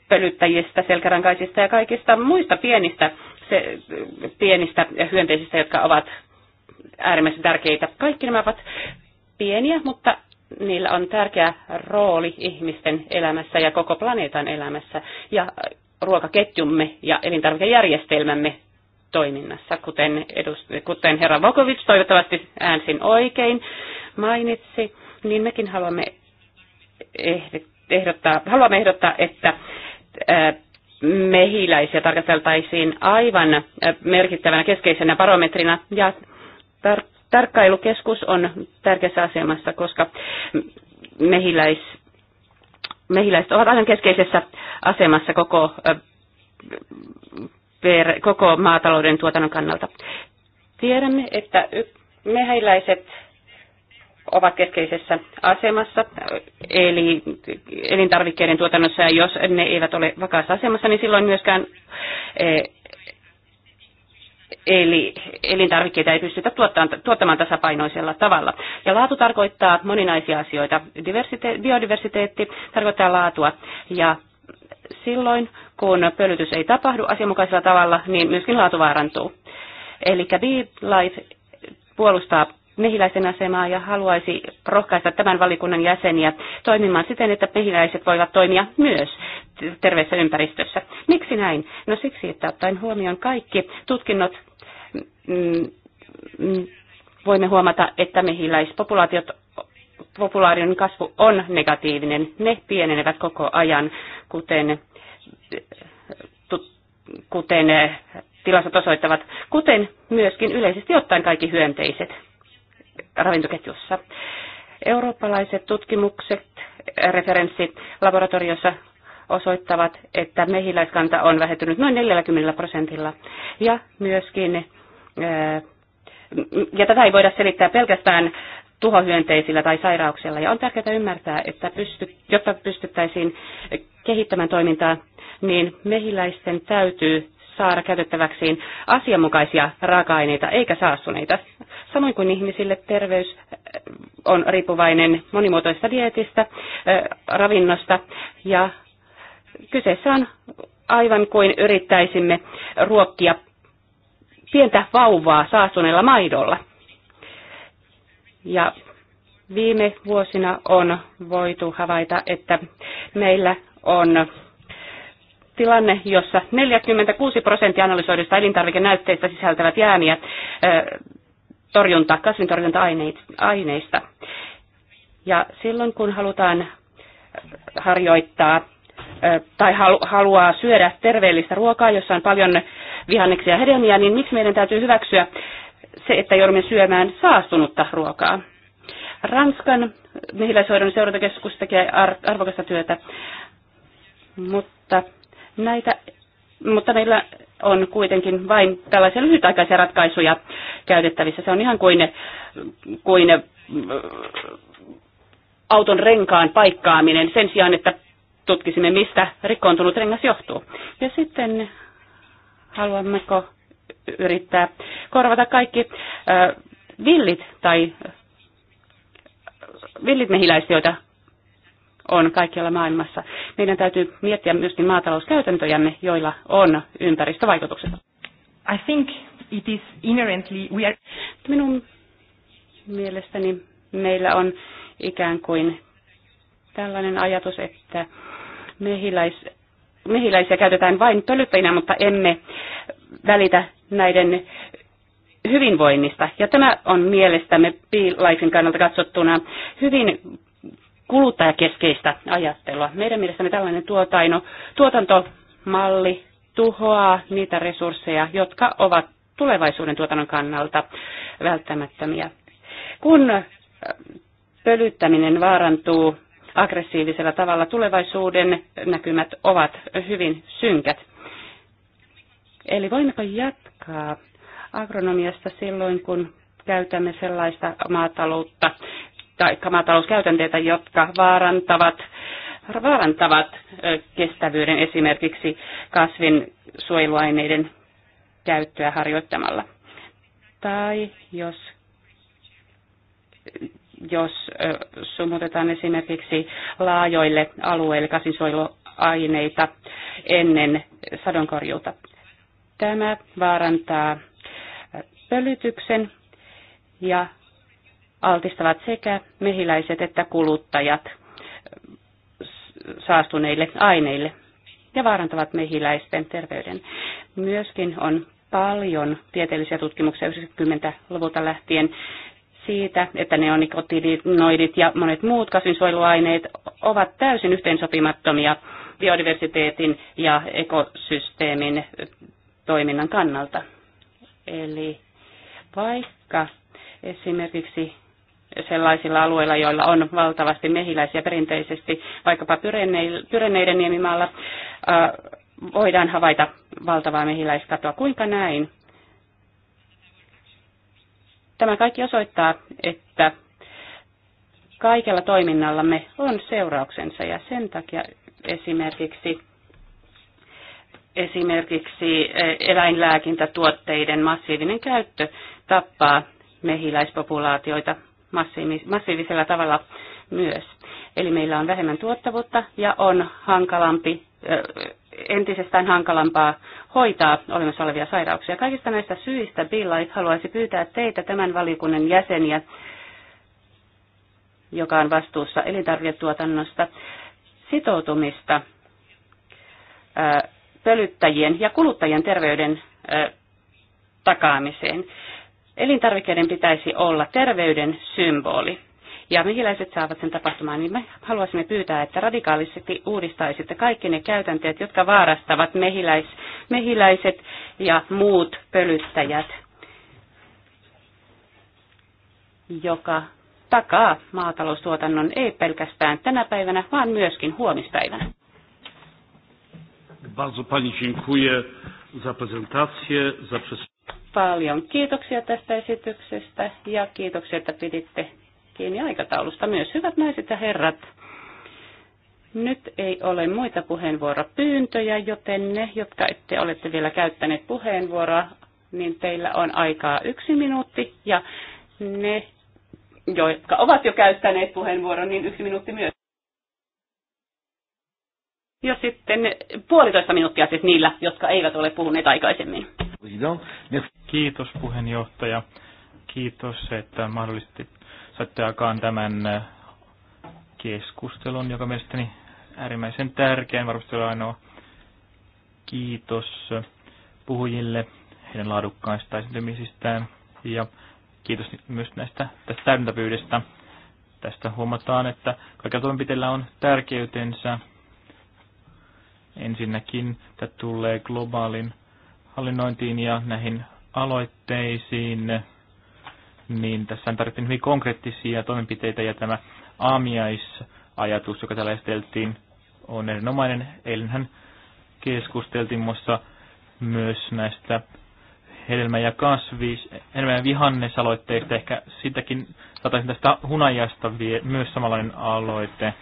Speaker 2: pölyttäjistä, selkärankaisista ja kaikista muista pienistä se, pienistä hyönteisistä, jotka ovat äärimmäisen tärkeitä. Kaikki nämä ovat pieniä, mutta niillä on tärkeä rooli ihmisten elämässä ja koko planeetan elämässä ja ruokaketjumme ja elintarvikejärjestelmämme toiminnassa, kuten, edust- kuten herra Vokovic toivottavasti äänsin oikein mainitsi, niin mekin haluamme ehdottaa, haluamme ehdottaa että mehiläisiä tarkasteltaisiin aivan merkittävänä keskeisenä barometrina ja tar- tarkkailukeskus on tärkeässä asemassa, koska mehiläis, mehiläiset ovat aivan keskeisessä asemassa koko, per, koko maatalouden tuotannon kannalta. Tiedämme, että mehiläiset ovat keskeisessä asemassa, eli elintarvikkeiden tuotannossa, ja jos ne eivät ole vakaassa asemassa, niin silloin myöskään e, Eli elintarvikkeita ei pystytä tuottamaan tasapainoisella tavalla. Ja laatu tarkoittaa moninaisia asioita. biodiversiteetti tarkoittaa laatua. Ja silloin, kun pölytys ei tapahdu asianmukaisella tavalla, niin myöskin laatu vaarantuu. Eli BeLife puolustaa mehiläisen asemaa ja haluaisi rohkaista tämän valikunnan jäseniä toimimaan siten, että mehiläiset voivat toimia myös terveessä ympäristössä. Miksi näin? No siksi, että ottaen huomioon kaikki tutkinnot, mm, mm, voimme huomata, että mehiläispopulaatiot populaarion kasvu on negatiivinen. Ne pienenevät koko ajan, kuten, kuten tilastot osoittavat, kuten myöskin yleisesti ottaen kaikki hyönteiset ravintoketjussa. Eurooppalaiset tutkimukset, referenssit laboratoriossa osoittavat, että mehiläiskanta on vähentynyt noin 40 prosentilla. Ja myöskin, eh, ja tätä ei voida selittää pelkästään tuhohyönteisillä tai sairauksilla. Ja on tärkeää ymmärtää, että pysty, jotta pystyttäisiin kehittämään toimintaa, niin mehiläisten täytyy saada käytettäväksiin asianmukaisia raaka-aineita eikä saastuneita. Samoin kuin ihmisille terveys äh, on riippuvainen monimuotoista dietistä, äh, ravinnosta ja kyseessä on aivan kuin yrittäisimme ruokkia pientä vauvaa saastuneella maidolla. Ja viime vuosina on voitu havaita, että meillä on tilanne, jossa 46 prosenttia analysoidusta elintarvikenäytteistä sisältävät jäämiä torjunta, kasvintorjunta-aineista. Ja silloin kun halutaan harjoittaa tai haluaa syödä terveellistä ruokaa, jossa on paljon vihanneksia ja hedelmiä, niin miksi meidän täytyy hyväksyä se, että joudumme syömään saastunutta ruokaa? Ranskan mehiläishoidon seurantakeskus tekee arvokasta työtä, mutta Näitä, mutta meillä on kuitenkin vain tällaisia lyhytaikaisia ratkaisuja käytettävissä. Se on ihan kuin, kuin äh, auton renkaan paikkaaminen sen sijaan, että tutkisimme, mistä rikkoontunut rengas johtuu. Ja sitten haluammeko yrittää korvata kaikki äh, villit tai äh, villit mehiläiset, joita on kaikkialla maailmassa. Meidän täytyy miettiä myöskin maatalouskäytäntöjämme, joilla on ympäristövaikutukset. I think it is inherently we are... Minun mielestäni meillä on ikään kuin tällainen ajatus, että mehiläis, mehiläisiä käytetään vain pölyttäjinä, mutta emme välitä näiden hyvinvoinnista. Ja tämä on mielestämme piilaisen kannalta katsottuna hyvin kuluttajakeskeistä ajattelua. Meidän mielestämme tällainen tuotaino, tuotantomalli tuhoaa niitä resursseja, jotka ovat tulevaisuuden tuotannon kannalta välttämättömiä. Kun pölyttäminen vaarantuu aggressiivisella tavalla, tulevaisuuden näkymät ovat hyvin synkät. Eli voimmeko jatkaa agronomiasta silloin, kun käytämme sellaista maataloutta, tai maatalouskäytänteitä, jotka vaarantavat, vaarantavat kestävyyden esimerkiksi kasvin suojeluaineiden käyttöä harjoittamalla. Tai jos, jos sumutetaan esimerkiksi laajoille alueille kasvinsuojeluaineita ennen sadonkorjuuta. Tämä vaarantaa pölytyksen ja altistavat sekä mehiläiset että kuluttajat saastuneille aineille ja vaarantavat mehiläisten terveyden. Myöskin on paljon tieteellisiä tutkimuksia 90-luvulta lähtien siitä, että neonikotinoidit ja monet muut kasvinsuojeluaineet ovat täysin yhteensopimattomia biodiversiteetin ja ekosysteemin toiminnan kannalta. Eli vaikka esimerkiksi sellaisilla alueilla, joilla on valtavasti mehiläisiä perinteisesti, vaikkapa pyrenneiden niemimaalla, voidaan havaita valtavaa mehiläiskatoa. Kuinka näin? Tämä kaikki osoittaa, että kaikella toiminnallamme on seurauksensa ja sen takia esimerkiksi esimerkiksi eläinlääkintätuotteiden massiivinen käyttö tappaa mehiläispopulaatioita massiivisella tavalla myös. Eli meillä on vähemmän tuottavuutta ja on hankalampi, entisestään hankalampaa hoitaa olemassa olevia sairauksia. Kaikista näistä syistä Bill Light haluaisi pyytää teitä tämän valiokunnan jäseniä, joka on vastuussa elintarviketuotannosta, sitoutumista pölyttäjien ja kuluttajien terveyden takaamiseen. Elintarvikkeiden pitäisi olla terveyden symboli. Ja mehiläiset saavat sen tapahtumaan, niin me haluaisimme pyytää, että radikaalisesti uudistaisitte kaikki ne käytänteet, jotka vaarastavat mehiläis, mehiläiset ja muut pölyttäjät, joka takaa maataloustuotannon ei pelkästään tänä päivänä, vaan myöskin huomispäivänä.
Speaker 1: Bardzo Pani dziękuję za prezentację, za
Speaker 2: paljon kiitoksia tästä esityksestä ja kiitoksia, että piditte kiinni aikataulusta myös. Hyvät naiset ja herrat, nyt ei ole muita puheenvuoropyyntöjä, joten ne, jotka ette olette vielä käyttäneet puheenvuoroa, niin teillä on aikaa yksi minuutti ja ne, jotka ovat jo käyttäneet puheenvuoron, niin yksi minuutti myös. Ja sitten puolitoista minuuttia siis niillä, jotka eivät ole puhuneet aikaisemmin.
Speaker 5: Kiitos puheenjohtaja. Kiitos, että mahdollisesti saitte jakaa tämän äh, keskustelun, joka mielestäni äärimmäisen tärkeän, varmasti on ainoa kiitos puhujille heidän laadukkaista esiintymisistään ja kiitos myös näistä tästä täydentävyydestä. Tästä huomataan, että kaikilla toimenpiteillä on tärkeytensä. Ensinnäkin tämä tulee globaalin hallinnointiin ja näihin aloitteisiin, niin tässä tarvittiin hyvin konkreettisia toimenpiteitä ja tämä aamiaisajatus, joka täällä esiteltiin, on erinomainen. Eilenhän keskusteltiin muassa myös näistä hedelmä- ja kasvis, hedelmä- ja vihannesaloitteista. Ehkä sitäkin saataisiin tästä hunajasta vie, myös samanlainen aloite.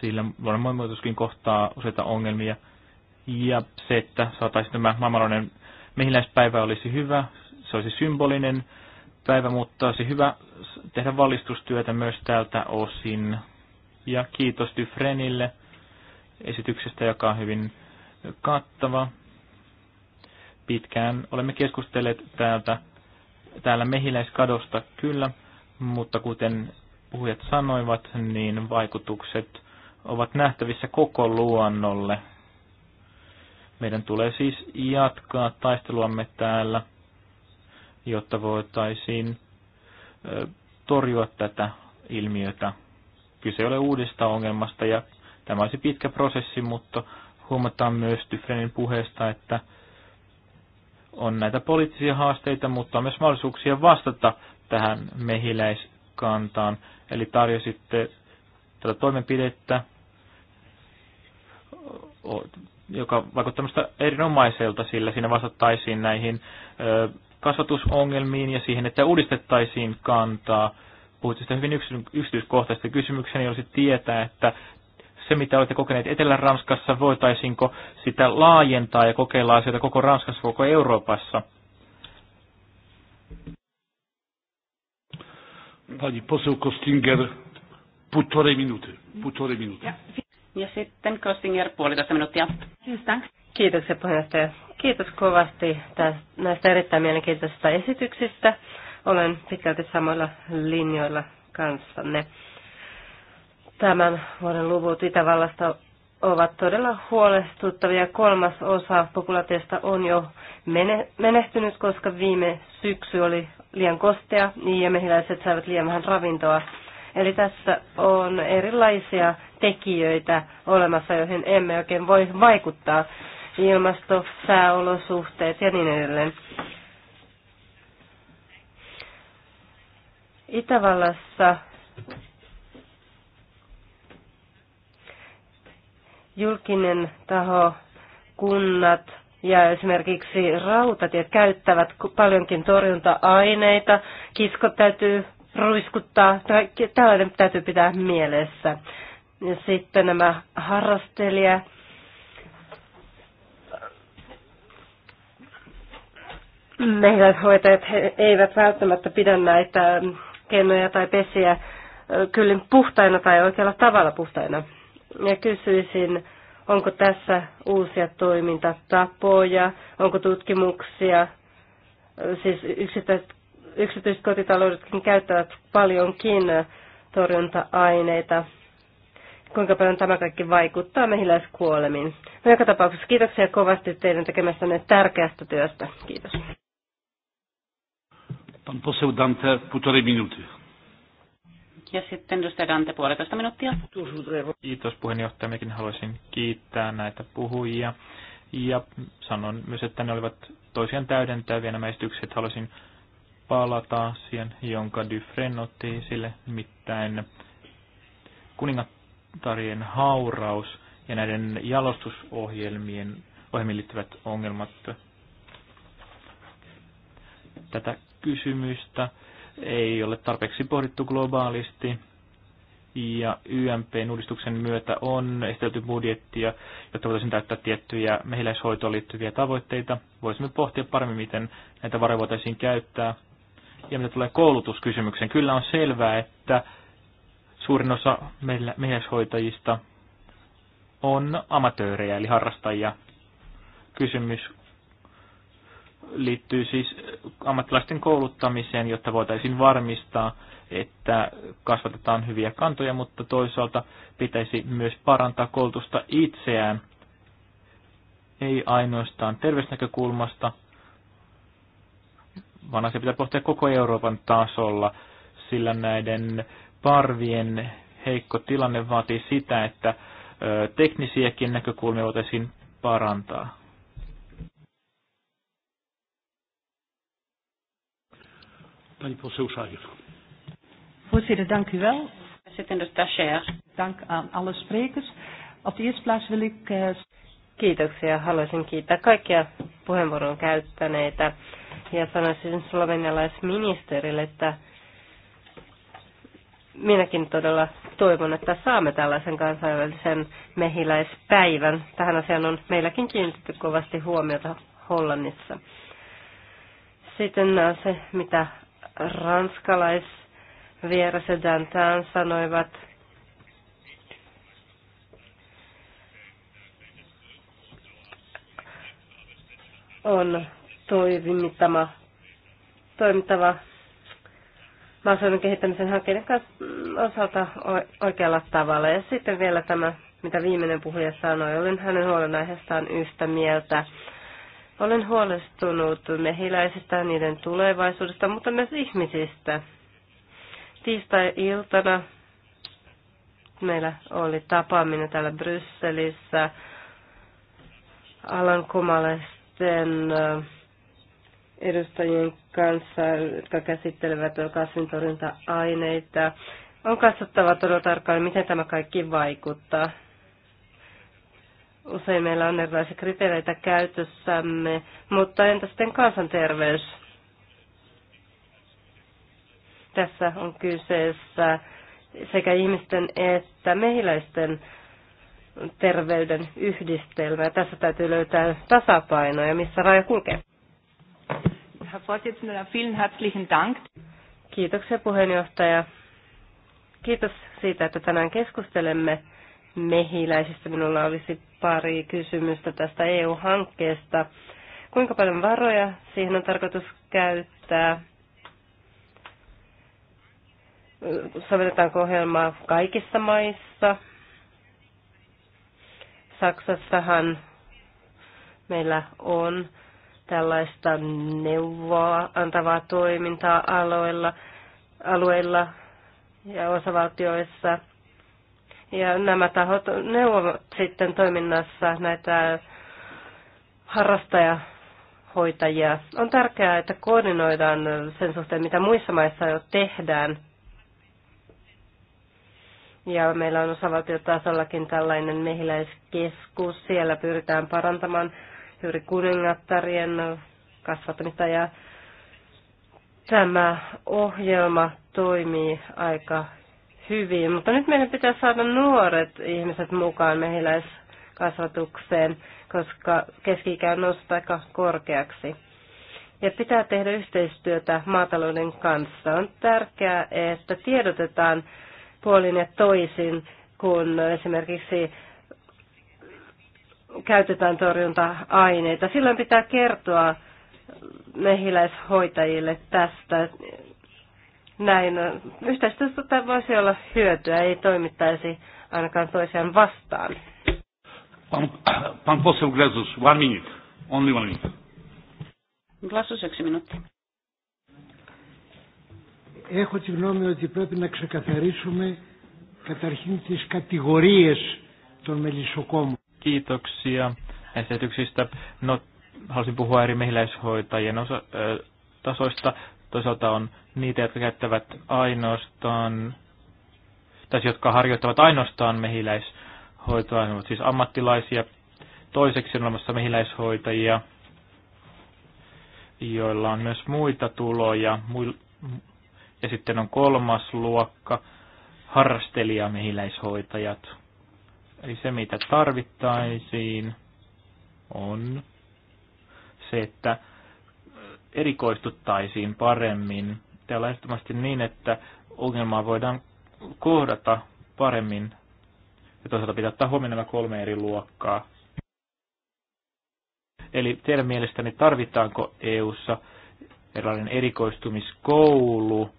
Speaker 5: sillä luonnon monimuotoisuuskin kohtaa useita ongelmia. Ja se, että saataisiin tämä maailmanlainen mehiläispäivä olisi hyvä, se olisi symbolinen päivä, mutta olisi hyvä tehdä valistustyötä myös tältä osin. Ja kiitos Dyfrenille esityksestä, joka on hyvin kattava. Pitkään olemme keskustelleet täältä, täällä mehiläiskadosta kyllä, mutta kuten puhujat sanoivat, niin vaikutukset ovat nähtävissä koko luonnolle. Meidän tulee siis jatkaa taisteluamme täällä, jotta voitaisiin torjua tätä ilmiötä. Kyse ei ole uudesta ongelmasta ja tämä olisi pitkä prosessi, mutta huomataan myös Tyfrenin puheesta, että on näitä poliittisia haasteita, mutta on myös mahdollisuuksia vastata tähän mehiläiskantaan. Eli tarjositte tätä toimenpidettä, joka vaikuttaa minusta erinomaiselta, sillä siinä vastattaisiin näihin kasvatusongelmiin ja siihen, että uudistettaisiin kantaa. Puhuit sitä hyvin yksityiskohtaista kysymykseni olisi tietää, että se, mitä olette kokeneet Etelä-Ranskassa, voitaisiinko sitä laajentaa ja kokeilla asioita koko Ranskassa, koko Euroopassa? Pani poseu Kostinger,
Speaker 1: półtorej minuty.
Speaker 3: Ja sitten Kostinger
Speaker 1: puolitoista minuuttia.
Speaker 3: Kiitoksia puheenjohtaja. Kiitos kovasti tästä näistä erittäin mielenkiintoisista esityksistä. Olen pitkälti samoilla linjoilla kanssanne. Tämän vuoden luvut Itävallasta ovat todella huolestuttavia. Kolmas osa populaatiosta on jo menehtynyt, koska viime syksy oli liian kostea ja mehiläiset saivat liian vähän ravintoa. Eli tässä on erilaisia tekijöitä olemassa, joihin emme oikein voi vaikuttaa. Ilmasto, sääolosuhteet ja niin edelleen. Itävallassa julkinen taho, kunnat ja esimerkiksi rautatiet käyttävät paljonkin torjunta-aineita. Kiskot täytyy ruiskuttaa, tällainen täytyy pitää mielessä. Ja sitten nämä Meidän hoitajat he eivät välttämättä pidä näitä kennoja tai pesiä kyllin puhtaina tai oikealla tavalla puhtaina. Ja kysyisin, onko tässä uusia toimintatapoja, onko tutkimuksia, siis yksittäiset, yksityiset kotitaloudetkin käyttävät paljonkin torjunta-aineita kuinka paljon tämä kaikki vaikuttaa mehiläiskuolemiin. No joka tapauksessa kiitoksia kovasti teidän tekemästänne tärkeästä työstä. Kiitos.
Speaker 5: Pan poseł Dante, półtorej
Speaker 3: Ja sitten edustaja
Speaker 2: Dante, puolitoista minuuttia.
Speaker 5: Kiitos puheenjohtaja. Mekin haluaisin kiittää näitä puhujia. Ja sanon myös, että ne olivat toisiaan täydentäviä nämä esitykset. Haluaisin palata siihen, jonka Dufresne otti esille, nimittäin kuningat tarien hauraus ja näiden jalostusohjelmien ohjelmiin liittyvät ongelmat. Tätä kysymystä ei ole tarpeeksi pohdittu globaalisti ja YMPn uudistuksen myötä on esitelty budjettia, jotta voitaisiin täyttää tiettyjä mehiläishoitoon liittyviä tavoitteita. Voisimme pohtia paremmin, miten näitä varoja voitaisiin käyttää. Ja mitä tulee koulutuskysymykseen, kyllä on selvää, että Suurin osa meillä, mieshoitajista on amatöörejä eli harrastajia. Kysymys liittyy siis ammattilaisten kouluttamiseen, jotta voitaisiin varmistaa, että kasvatetaan hyviä kantoja, mutta toisaalta pitäisi myös parantaa koulutusta itseään, ei ainoastaan terveysnäkökulmasta, vaan se pitää pohtia koko Euroopan tasolla, sillä näiden parvien heikko tilanne vaatii sitä, että teknisiäkin näkökulmia voitaisiin parantaa.
Speaker 1: Pani poseł Szajer.
Speaker 3: Voorzitter, dank u wel. Voorzitter Stagiair. Dank aan alle sprekers. Op de eerste plaats wil ik... Eh, Kiitoksia. Haluaisin kiittää kaikkia puheenvuoron käyttäneitä ja sanoisin slovenialaisministerille, että minäkin todella toivon, että saamme tällaisen kansainvälisen mehiläispäivän. Tähän asiaan on meilläkin kiinnitetty kovasti huomiota Hollannissa. Sitten se, mitä ranskalaisvieras vieras Dantan sanoivat. On toimittama, toimittava maaseudun kehittämisen hankkeiden osalta oikealla tavalla. Ja sitten vielä tämä, mitä viimeinen puhuja sanoi, olen hänen huolenaiheestaan yhtä mieltä. Olen huolestunut mehiläisistä niiden tulevaisuudesta, mutta myös ihmisistä. Tiistai-iltana meillä oli tapaaminen täällä Brysselissä alankomalaisten edustajien kanssa, jotka käsittelevät kasvintorjunta-aineita. On katsottava todella tarkkaan, miten tämä kaikki vaikuttaa. Usein meillä on erilaisia kriteereitä käytössämme, mutta entä sitten kansanterveys? Tässä on kyseessä sekä ihmisten että mehiläisten terveyden yhdistelmä. Tässä täytyy löytää tasapaino ja missä raja kulkee. Herr Vorsitzender, vielen herzlichen Dank. Kiitoksia puheenjohtaja. Kiitos siitä, että tänään keskustelemme mehiläisistä. Minulla olisi pari kysymystä tästä EU-hankkeesta. Kuinka paljon varoja siihen on tarkoitus käyttää? Sovitetaanko ohjelmaa kaikissa maissa? Saksassahan meillä on tällaista neuvoa antavaa toimintaa aloilla, alueilla ja osavaltioissa. Ja nämä tahot neuvovat sitten toiminnassa näitä hoitajia On tärkeää, että koordinoidaan sen suhteen, mitä muissa maissa jo tehdään. Ja meillä on osavaltiotasollakin tällainen mehiläiskeskus. Siellä pyritään parantamaan juuri kuningattarien kasvattamista ja tämä ohjelma toimii aika hyvin, mutta nyt meidän pitää saada nuoret ihmiset mukaan mehiläiskasvatukseen, koska keski on noussut aika korkeaksi. Ja pitää tehdä yhteistyötä maatalouden kanssa. On tärkeää, että tiedotetaan puolin ja toisin, kun esimerkiksi käytetään torjunta-aineita. Silloin pitää kertoa mehiläishoitajille tästä. Näin yhteistyöstä voisi olla hyötyä, ei toimittaisi ainakaan toisiaan vastaan.
Speaker 1: Pan, pan Glasus, one minute, only one minute.
Speaker 3: Glasus, yksi minuutti.
Speaker 1: Έχω τη γνώμη ότι πρέπει να ξεκαθαρίσουμε καταρχήν τις κατηγορίες των μελισσοκόμων
Speaker 5: kiitoksia näistä esityksistä. No, halusin puhua eri mehiläishoitajien osa, ö, tasoista. Toisaalta on niitä, jotka käyttävät ainoastaan, tai jotka harjoittavat ainoastaan mehiläishoitoa, ne ovat siis ammattilaisia. Toiseksi on olemassa mehiläishoitajia, joilla on myös muita tuloja. Ja sitten on kolmas luokka, harrastelijamehiläishoitajat. mehiläishoitajat Eli se, mitä tarvittaisiin, on se, että erikoistuttaisiin paremmin. Täällä ehdottomasti niin, että ongelmaa voidaan kohdata paremmin. Ja toisaalta pitää ottaa huomioon nämä kolme eri luokkaa. Eli teidän mielestäni tarvitaanko EU:ssa erilainen erikoistumiskoulu?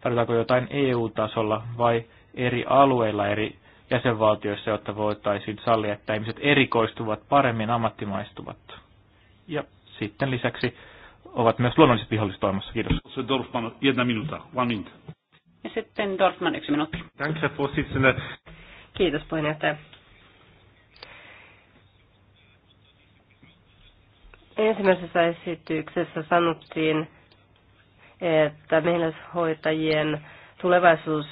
Speaker 5: Tarvitaanko jotain EU-tasolla vai eri alueilla eri jäsenvaltioissa, jotta voitaisiin sallia, että ihmiset erikoistuvat paremmin, ammattimaistuvat. Ja sitten lisäksi ovat myös luonnolliset viholliset olemassa. Kiitos. Se Dorfman, jedna minuta, one minute.
Speaker 2: Ja sitten Dorfman, yksi minuutti.
Speaker 1: sitting.
Speaker 3: Kiitos puheenjohtaja. Ensimmäisessä esityksessä sanottiin, että hoitajien tulevaisuus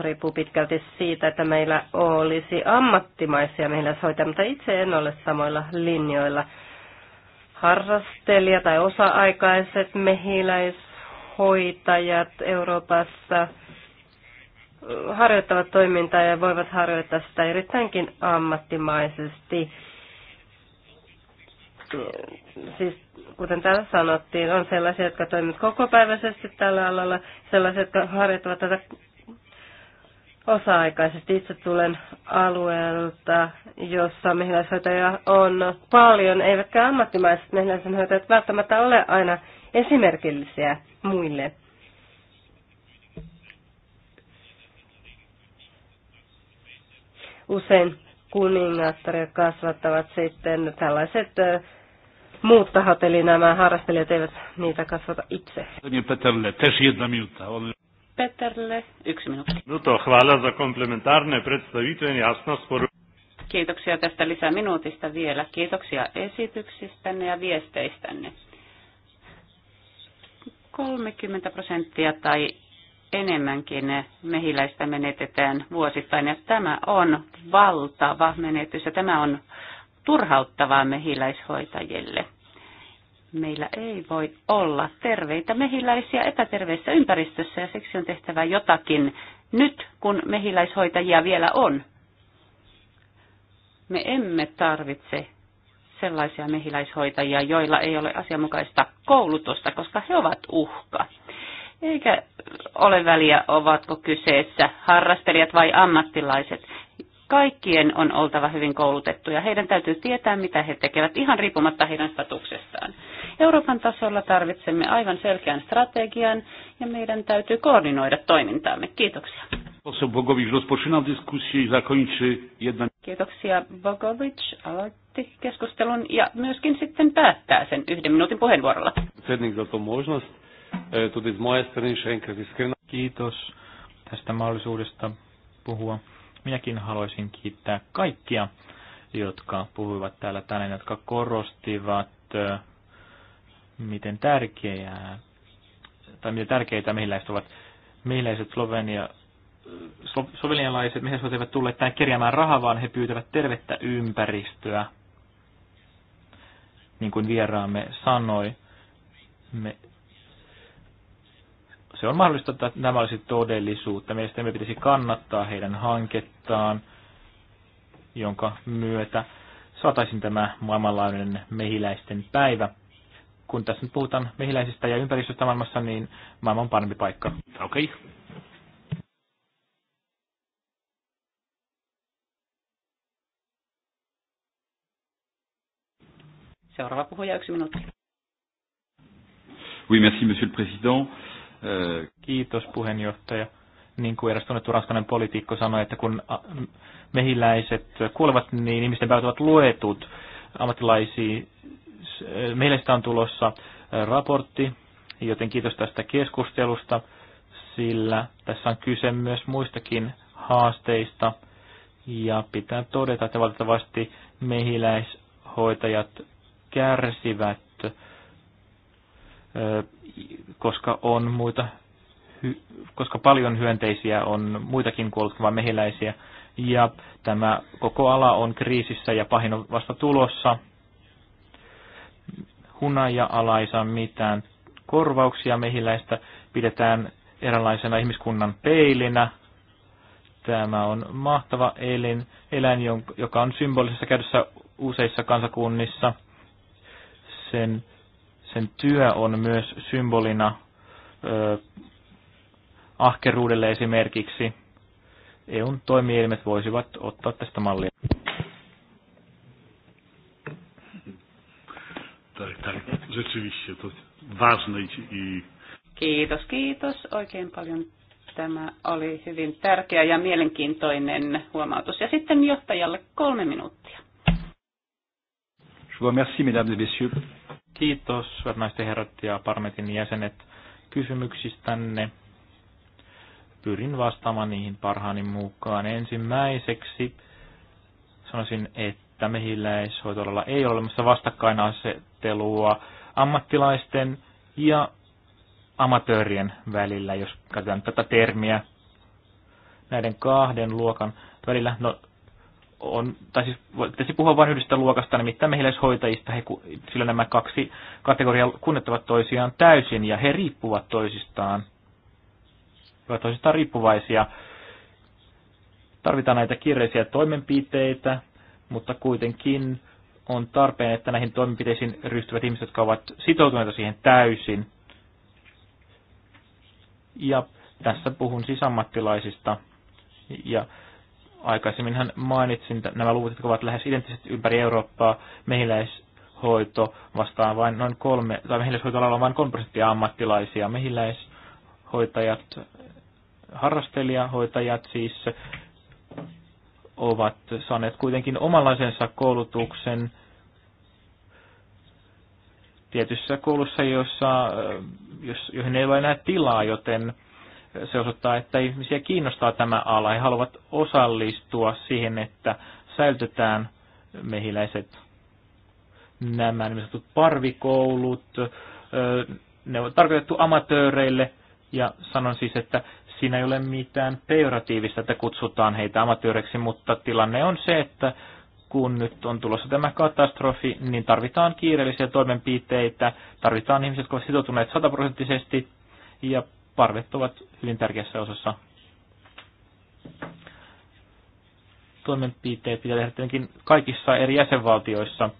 Speaker 3: riippuu pitkälti siitä, että meillä olisi ammattimaisia mehiläishoitajia, mutta itse en ole samoilla linjoilla. Harrastelija tai osa-aikaiset mehiläishoitajat Euroopassa harjoittavat toimintaa ja voivat harjoittaa sitä erittäinkin ammattimaisesti siis kuten täällä sanottiin, on sellaisia, jotka toimivat kokopäiväisesti tällä alalla, sellaisia, jotka harjoittavat tätä osa-aikaisesti. Itse tulen alueelta, jossa mehiläishoitajia on paljon, eivätkä ammattimaiset mehiläishoitajat välttämättä ole aina esimerkillisiä muille. Usein kuningattaria kasvattavat sitten tällaiset muut tahot, eli nämä harrastelijat eivät niitä kasvata itse. Petterle, też
Speaker 1: yksi minuutti. Nyt on hvala za komplementarne predstavitven jasna sporu.
Speaker 2: Kiitoksia tästä lisäminuutista vielä. Kiitoksia esityksistänne ja viesteistänne. 30 prosenttia tai enemmänkin mehiläistä menetetään vuosittain ja tämä on valtava menetys ja tämä on turhauttavaa mehiläishoitajille. Meillä ei voi olla terveitä mehiläisiä epäterveissä ympäristössä ja siksi on tehtävä jotakin nyt, kun mehiläishoitajia vielä on. Me emme tarvitse sellaisia mehiläishoitajia, joilla ei ole asianmukaista koulutusta, koska he ovat uhka. Eikä ole väliä, ovatko kyseessä harrastelijat vai ammattilaiset. Kaikkien on oltava hyvin koulutettuja. Heidän täytyy tietää, mitä he tekevät, ihan riippumatta heidän statuksestaan. Euroopan tasolla tarvitsemme aivan selkeän strategian ja meidän täytyy koordinoida toimintaamme. Kiitoksia. Kiitoksia Bogovic. Aloitti keskustelun ja myöskin sitten päättää sen yhden minuutin puheenvuorolla.
Speaker 5: E, Kiitos tästä mahdollisuudesta puhua. Minäkin haluaisin kiittää kaikkia, jotka puhuivat täällä tänään, jotka korostivat, miten tärkeää, tai miten tärkeitä mehiläiset ovat. Mehiläiset Slovenia, slovenialaiset, mehiläiset eivät tulleet tänne kerjäämään rahaa, vaan he pyytävät tervettä ympäristöä. Niin kuin vieraamme sanoi, me se on mahdollista, että nämä olisi todellisuutta. Mielestäni me pitäisi kannattaa heidän hankettaan, jonka myötä saataisiin tämä maailmanlaajuinen mehiläisten päivä. Kun tässä nyt puhutaan mehiläisistä ja ympäristöstä maailmassa, niin maailma on parempi paikka.
Speaker 4: Okei. Okay.
Speaker 2: Seuraava puhuja yksi minuutti.
Speaker 4: Oui, merci, monsieur le président.
Speaker 5: Euh, Kiitos puheenjohtaja. Niin kuin eräs tunnettu ranskalainen poliitikko sanoi, että kun mehiläiset kuolevat, niin ihmisten päivät ovat luetut ammattilaisia. Meillä on tulossa raportti, joten kiitos tästä keskustelusta, sillä tässä on kyse myös muistakin haasteista. Ja pitää todeta, että valitettavasti mehiläishoitajat kärsivät koska on muita, koska paljon hyönteisiä on muitakin kuollut mehiläisiä. Ja tämä koko ala on kriisissä ja pahin on vasta tulossa. Hunaja-ala ei saa mitään korvauksia mehiläistä, pidetään eräänlaisena ihmiskunnan peilinä. Tämä on mahtava elin, eläin, joka on symbolisessa käytössä useissa kansakunnissa. Sen sen työ on myös symbolina ö, ahkeruudelle esimerkiksi. EUn toimielimet voisivat ottaa tästä mallia.
Speaker 2: Kiitos, kiitos. Oikein paljon tämä oli hyvin tärkeä ja mielenkiintoinen huomautus. Ja sitten johtajalle kolme minuuttia.
Speaker 5: Je vous remercie, mesdames et messieurs. Kiitos, hyvät naisten herrat ja parmetin jäsenet, kysymyksistänne. Pyrin vastaamaan niihin parhaani mukaan. Ensimmäiseksi sanoisin, että mehiläishoitolalla ei ole olemassa vastakkainasettelua ammattilaisten ja amatöörien välillä, jos käytetään tätä termiä näiden kahden luokan välillä. No, on, tai siis pitäisi puhua vain yhdestä luokasta, nimittäin mehiläishoitajista, he, sillä nämä kaksi kategoriaa kunnettavat toisiaan täysin ja he riippuvat toisistaan, ovat toisistaan riippuvaisia. Tarvitaan näitä kiireisiä toimenpiteitä, mutta kuitenkin on tarpeen, että näihin toimenpiteisiin ryhtyvät ihmiset, jotka ovat sitoutuneita siihen täysin. Ja tässä puhun siis ammattilaisista. Ja Aikaisemminhan mainitsin että nämä luvut, jotka ovat lähes identtiset ympäri Eurooppaa. Mehiläishoito vastaan vain noin kolme, tai mehiläishoitoalalla on vain 3 prosenttia ammattilaisia. Mehiläishoitajat, harrastelijahoitajat siis, ovat saaneet kuitenkin omanlaisensa koulutuksen tietyssä koulussa, jossa, jos, joihin ei ole enää tilaa, joten se osoittaa, että ihmisiä kiinnostaa tämä ala. He haluavat osallistua siihen, että säilytetään mehiläiset nämä niin parvikoulut. Ne on tarkoitettu amatööreille ja sanon siis, että siinä ei ole mitään pejoratiivista, että kutsutaan heitä amatööreiksi, mutta tilanne on se, että kun nyt on tulossa tämä katastrofi, niin tarvitaan kiireellisiä toimenpiteitä, tarvitaan ihmiset, jotka ovat sitoutuneet sataprosenttisesti, ja parvet ovat hyvin tärkeässä osassa. Toimenpiteet pitää tehdä tietenkin kaikissa eri jäsenvaltioissa.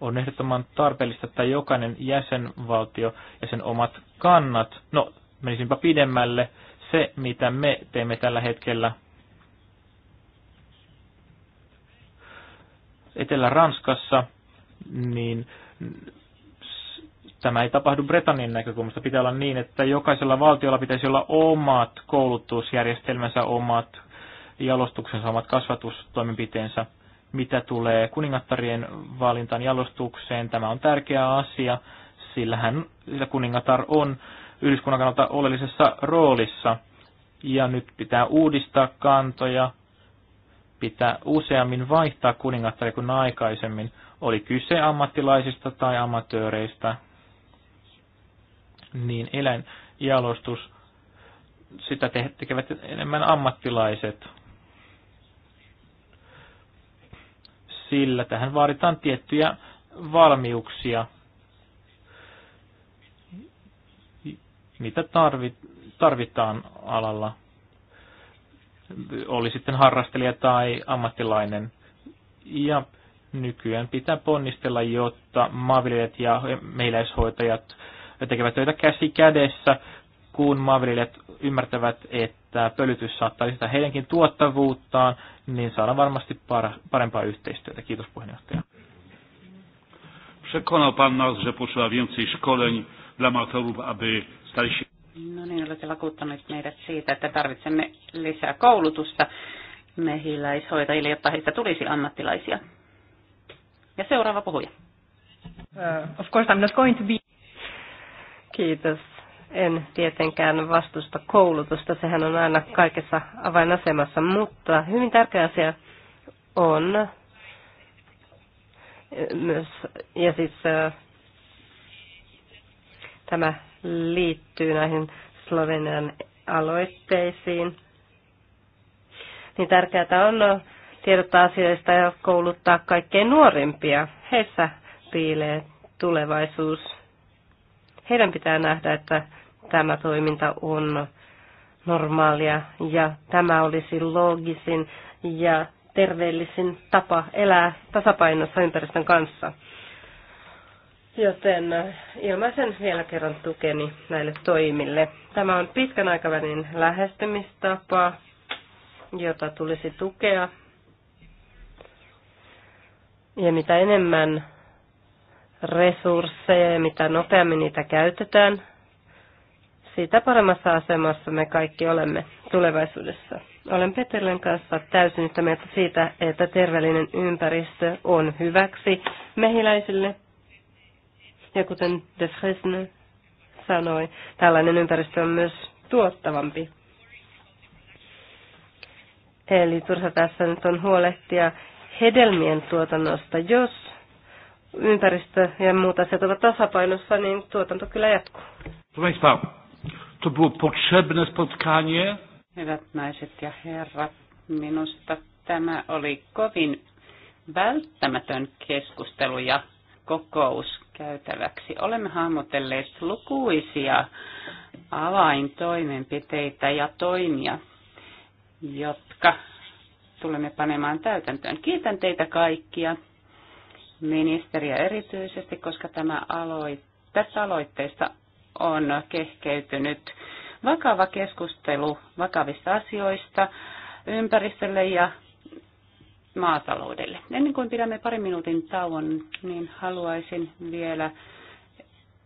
Speaker 5: On ehdottoman tarpeellista, että jokainen jäsenvaltio ja sen omat kannat, no menisinpä pidemmälle, se mitä me teemme tällä hetkellä Etelä-Ranskassa, niin tämä ei tapahdu Bretanin näkökulmasta. Pitää olla niin, että jokaisella valtiolla pitäisi olla omat koulutusjärjestelmänsä, omat jalostuksensa, omat kasvatustoimenpiteensä, mitä tulee kuningattarien valintaan jalostukseen. Tämä on tärkeä asia, sillä, hän, sillä kuningatar on yhdyskunnan kannalta oleellisessa roolissa. Ja nyt pitää uudistaa kantoja, pitää useammin vaihtaa kuningattaria kuin aikaisemmin, oli kyse ammattilaisista tai amatööreistä, niin eläinjalostus, sitä te- tekevät enemmän ammattilaiset. Sillä tähän vaaditaan tiettyjä valmiuksia. mitä tarvitaan alalla. Oli sitten harrastelija tai ammattilainen. Ja nykyään pitää ponnistella, jotta maanviljelijät ja meiläishoitajat ja tekevät töitä käsi kädessä, kun maanviljelijät ymmärtävät, että pölytys saattaa lisätä heidänkin tuottavuuttaan, niin saadaan varmasti parempaa yhteistyötä. Kiitos puheenjohtaja.
Speaker 1: Przekonał pan nas, że potrzeba więcej szkoleń dla amatorów, aby stali się...
Speaker 2: No niin, olette vakuuttaneet meidät siitä, että tarvitsemme lisää koulutusta mehiläishoitajille, jotta heistä tulisi ammattilaisia. Ja seuraava
Speaker 3: puhuja. Uh, of course I'm not going to be... Kiitos. En tietenkään vastusta koulutusta, sehän on aina kaikessa avainasemassa, mutta hyvin tärkeä asia on eh, myös, ja siis eh, tämä liittyy näihin Slovenian aloitteisiin. Niin tärkeää on eh, tiedottaa asioista ja kouluttaa kaikkein nuorimpia. Heissä piilee tulevaisuus heidän pitää nähdä, että tämä toiminta on normaalia ja tämä olisi loogisin ja terveellisin tapa elää tasapainossa ympäristön kanssa. Joten äh, ilmaisen vielä kerran tukeni näille toimille. Tämä on pitkän aikavälin lähestymistapa, jota tulisi tukea. Ja mitä enemmän resursseja ja mitä nopeammin niitä käytetään, sitä paremmassa asemassa me kaikki olemme tulevaisuudessa. Olen Peterlen kanssa täysin yhtä mieltä siitä, että terveellinen ympäristö on hyväksi mehiläisille. Ja kuten De Fresne sanoi, tällainen ympäristö on myös tuottavampi. Eli turha tässä nyt on huolehtia hedelmien tuotannosta, jos ympäristö ja muut asiat ovat tasapainossa, niin tuotanto kyllä jatkuu.
Speaker 1: Państwa, to było potrzebne spotkanie.
Speaker 3: Hyvät naiset ja herrat,
Speaker 2: minusta tämä oli kovin välttämätön keskustelu ja kokous käytäväksi. Olemme hahmotelleet lukuisia avaintoimenpiteitä ja toimia, jotka tulemme panemaan täytäntöön. Kiitän teitä kaikkia ministeriä erityisesti, koska tämä aloite, tästä aloitteesta on kehkeytynyt vakava keskustelu vakavista asioista ympäristölle ja maataloudelle. Ennen kuin pidämme pari minuutin tauon, niin haluaisin vielä,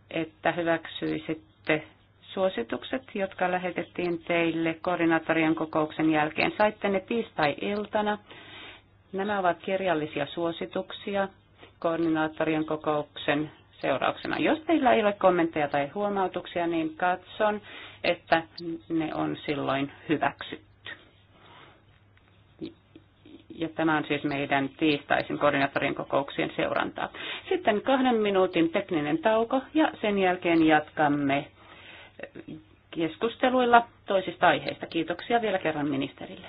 Speaker 2: että hyväksyisitte suositukset, jotka lähetettiin teille koordinaattorien kokouksen jälkeen. Saitte ne tiistai-iltana. Nämä ovat kirjallisia suosituksia, koordinaattorien kokouksen seurauksena. Jos teillä ei ole kommentteja tai huomautuksia, niin katson, että ne on silloin hyväksytty. Ja tämä on siis meidän tiistaisin koordinaattorien kokouksien seurantaa. Sitten kahden minuutin tekninen tauko ja sen jälkeen jatkamme keskusteluilla toisista aiheista. Kiitoksia vielä kerran ministerille.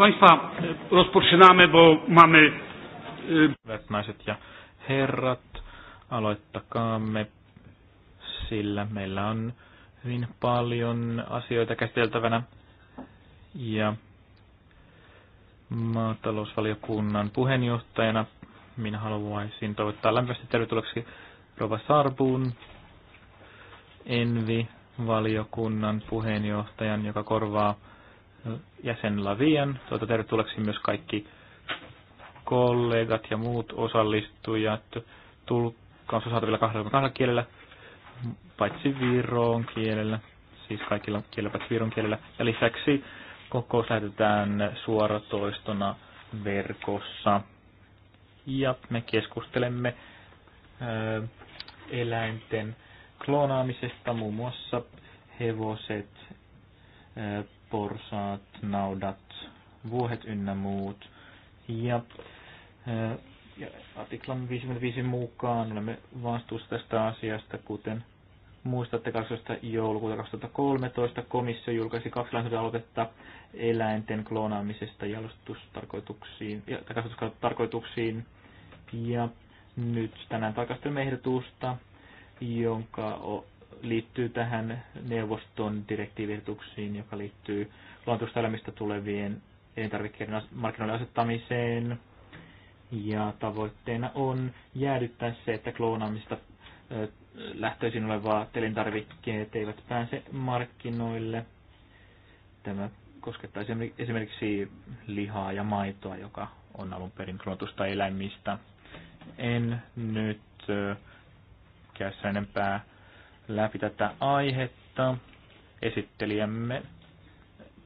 Speaker 1: Państwa, rozpoczynamy, bo mamy...
Speaker 5: Hyvät naiset ja herrat, aloittakaamme, sillä meillä on hyvin paljon asioita käsiteltävänä. Ja maatalousvaliokunnan puheenjohtajana minä haluaisin toivottaa lämpimästi tervetulleeksi Rova Sarbuun, Envi-valiokunnan puheenjohtajan, joka korvaa jäsen Lavian. Tuota, tervetulleeksi myös kaikki kollegat ja muut osallistujat. Tulkkaus on saatavilla kahdella, kahdella kielellä, paitsi viron kielellä, siis kaikilla kielellä paitsi viron kielellä. Ja lisäksi kokous lähetetään suoratoistona verkossa. Ja me keskustelemme ää, äh, eläinten kloonaamisesta, muun muassa hevoset, äh, porsaat, naudat, vuohet ynnä muut. Ja, eh, ja artiklan 55 mukaan olemme vastuussa tästä asiasta, kuten muistatte 12. joulukuuta 2013 komissio julkaisi kaksi lainsäädäntöaloitetta eläinten kloonaamisesta jalostustarkoituksiin, ja tarkoituksiin. Ja nyt tänään tarkastelemme ehdotusta, jonka liittyy tähän neuvoston direktiivirtuksiin, joka liittyy luontoista elämistä tulevien elintarvikkeiden markkinoille asettamiseen. Ja tavoitteena on jäädyttää se, että kloonaamista lähtöisin olevaa elintarvikkeet eivät pääse markkinoille. Tämä koskettaa esimerkiksi lihaa ja maitoa, joka on alun perin kloonatusta eläimistä. En nyt käy sen enempää läpi tätä aihetta. Esittelijämme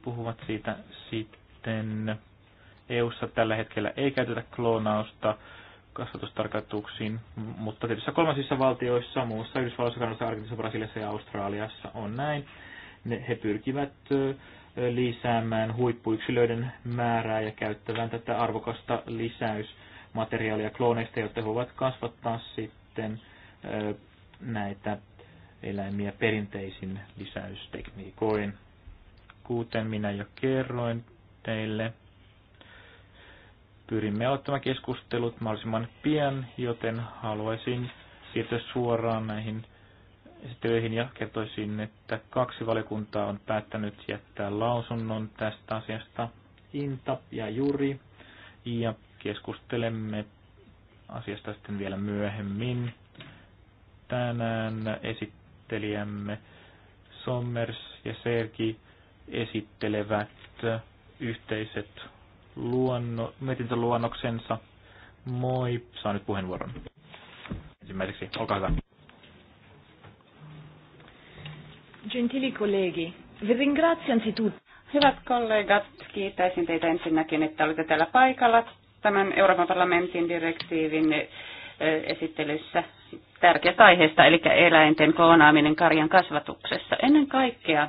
Speaker 5: puhuvat siitä sitten. EU:ssa tällä hetkellä ei käytetä kloonausta kasvatustarkoituksiin, mutta tietyissä kolmansissa valtioissa, muussa Yhdysvalloissa, Kanadassa, Argentiinassa, Brasiliassa ja Australiassa on näin. Ne, he pyrkivät lisäämään huippuyksilöiden määrää ja käyttävän tätä arvokasta lisäysmateriaalia klooneista, jotta he voivat kasvattaa sitten näitä eläimiä perinteisin lisäystekniikoin. Kuten minä jo kerroin teille, pyrimme aloittamaan keskustelut mahdollisimman pian, joten haluaisin siirtyä suoraan näihin esittelyihin ja kertoisin, että kaksi valiokuntaa on päättänyt jättää lausunnon tästä asiasta, Inta ja Juri, ja keskustelemme asiasta sitten vielä myöhemmin. Tänään esittelemme esittelijämme Sommers ja Sergi esittelevät yhteiset luonno, mietintöluonnoksensa. Moi, saa nyt puheenvuoron. Ensimmäiseksi, olkaa hyvä.
Speaker 2: Gentili kollegi, vi ringrazio anzitutto. Hyvät kollegat, kiittäisin teitä ensinnäkin, että olette täällä paikalla tämän Euroopan parlamentin direktiivin esittelyssä tärkeästä aiheesta, eli eläinten koonaaminen karjan kasvatuksessa. Ennen kaikkea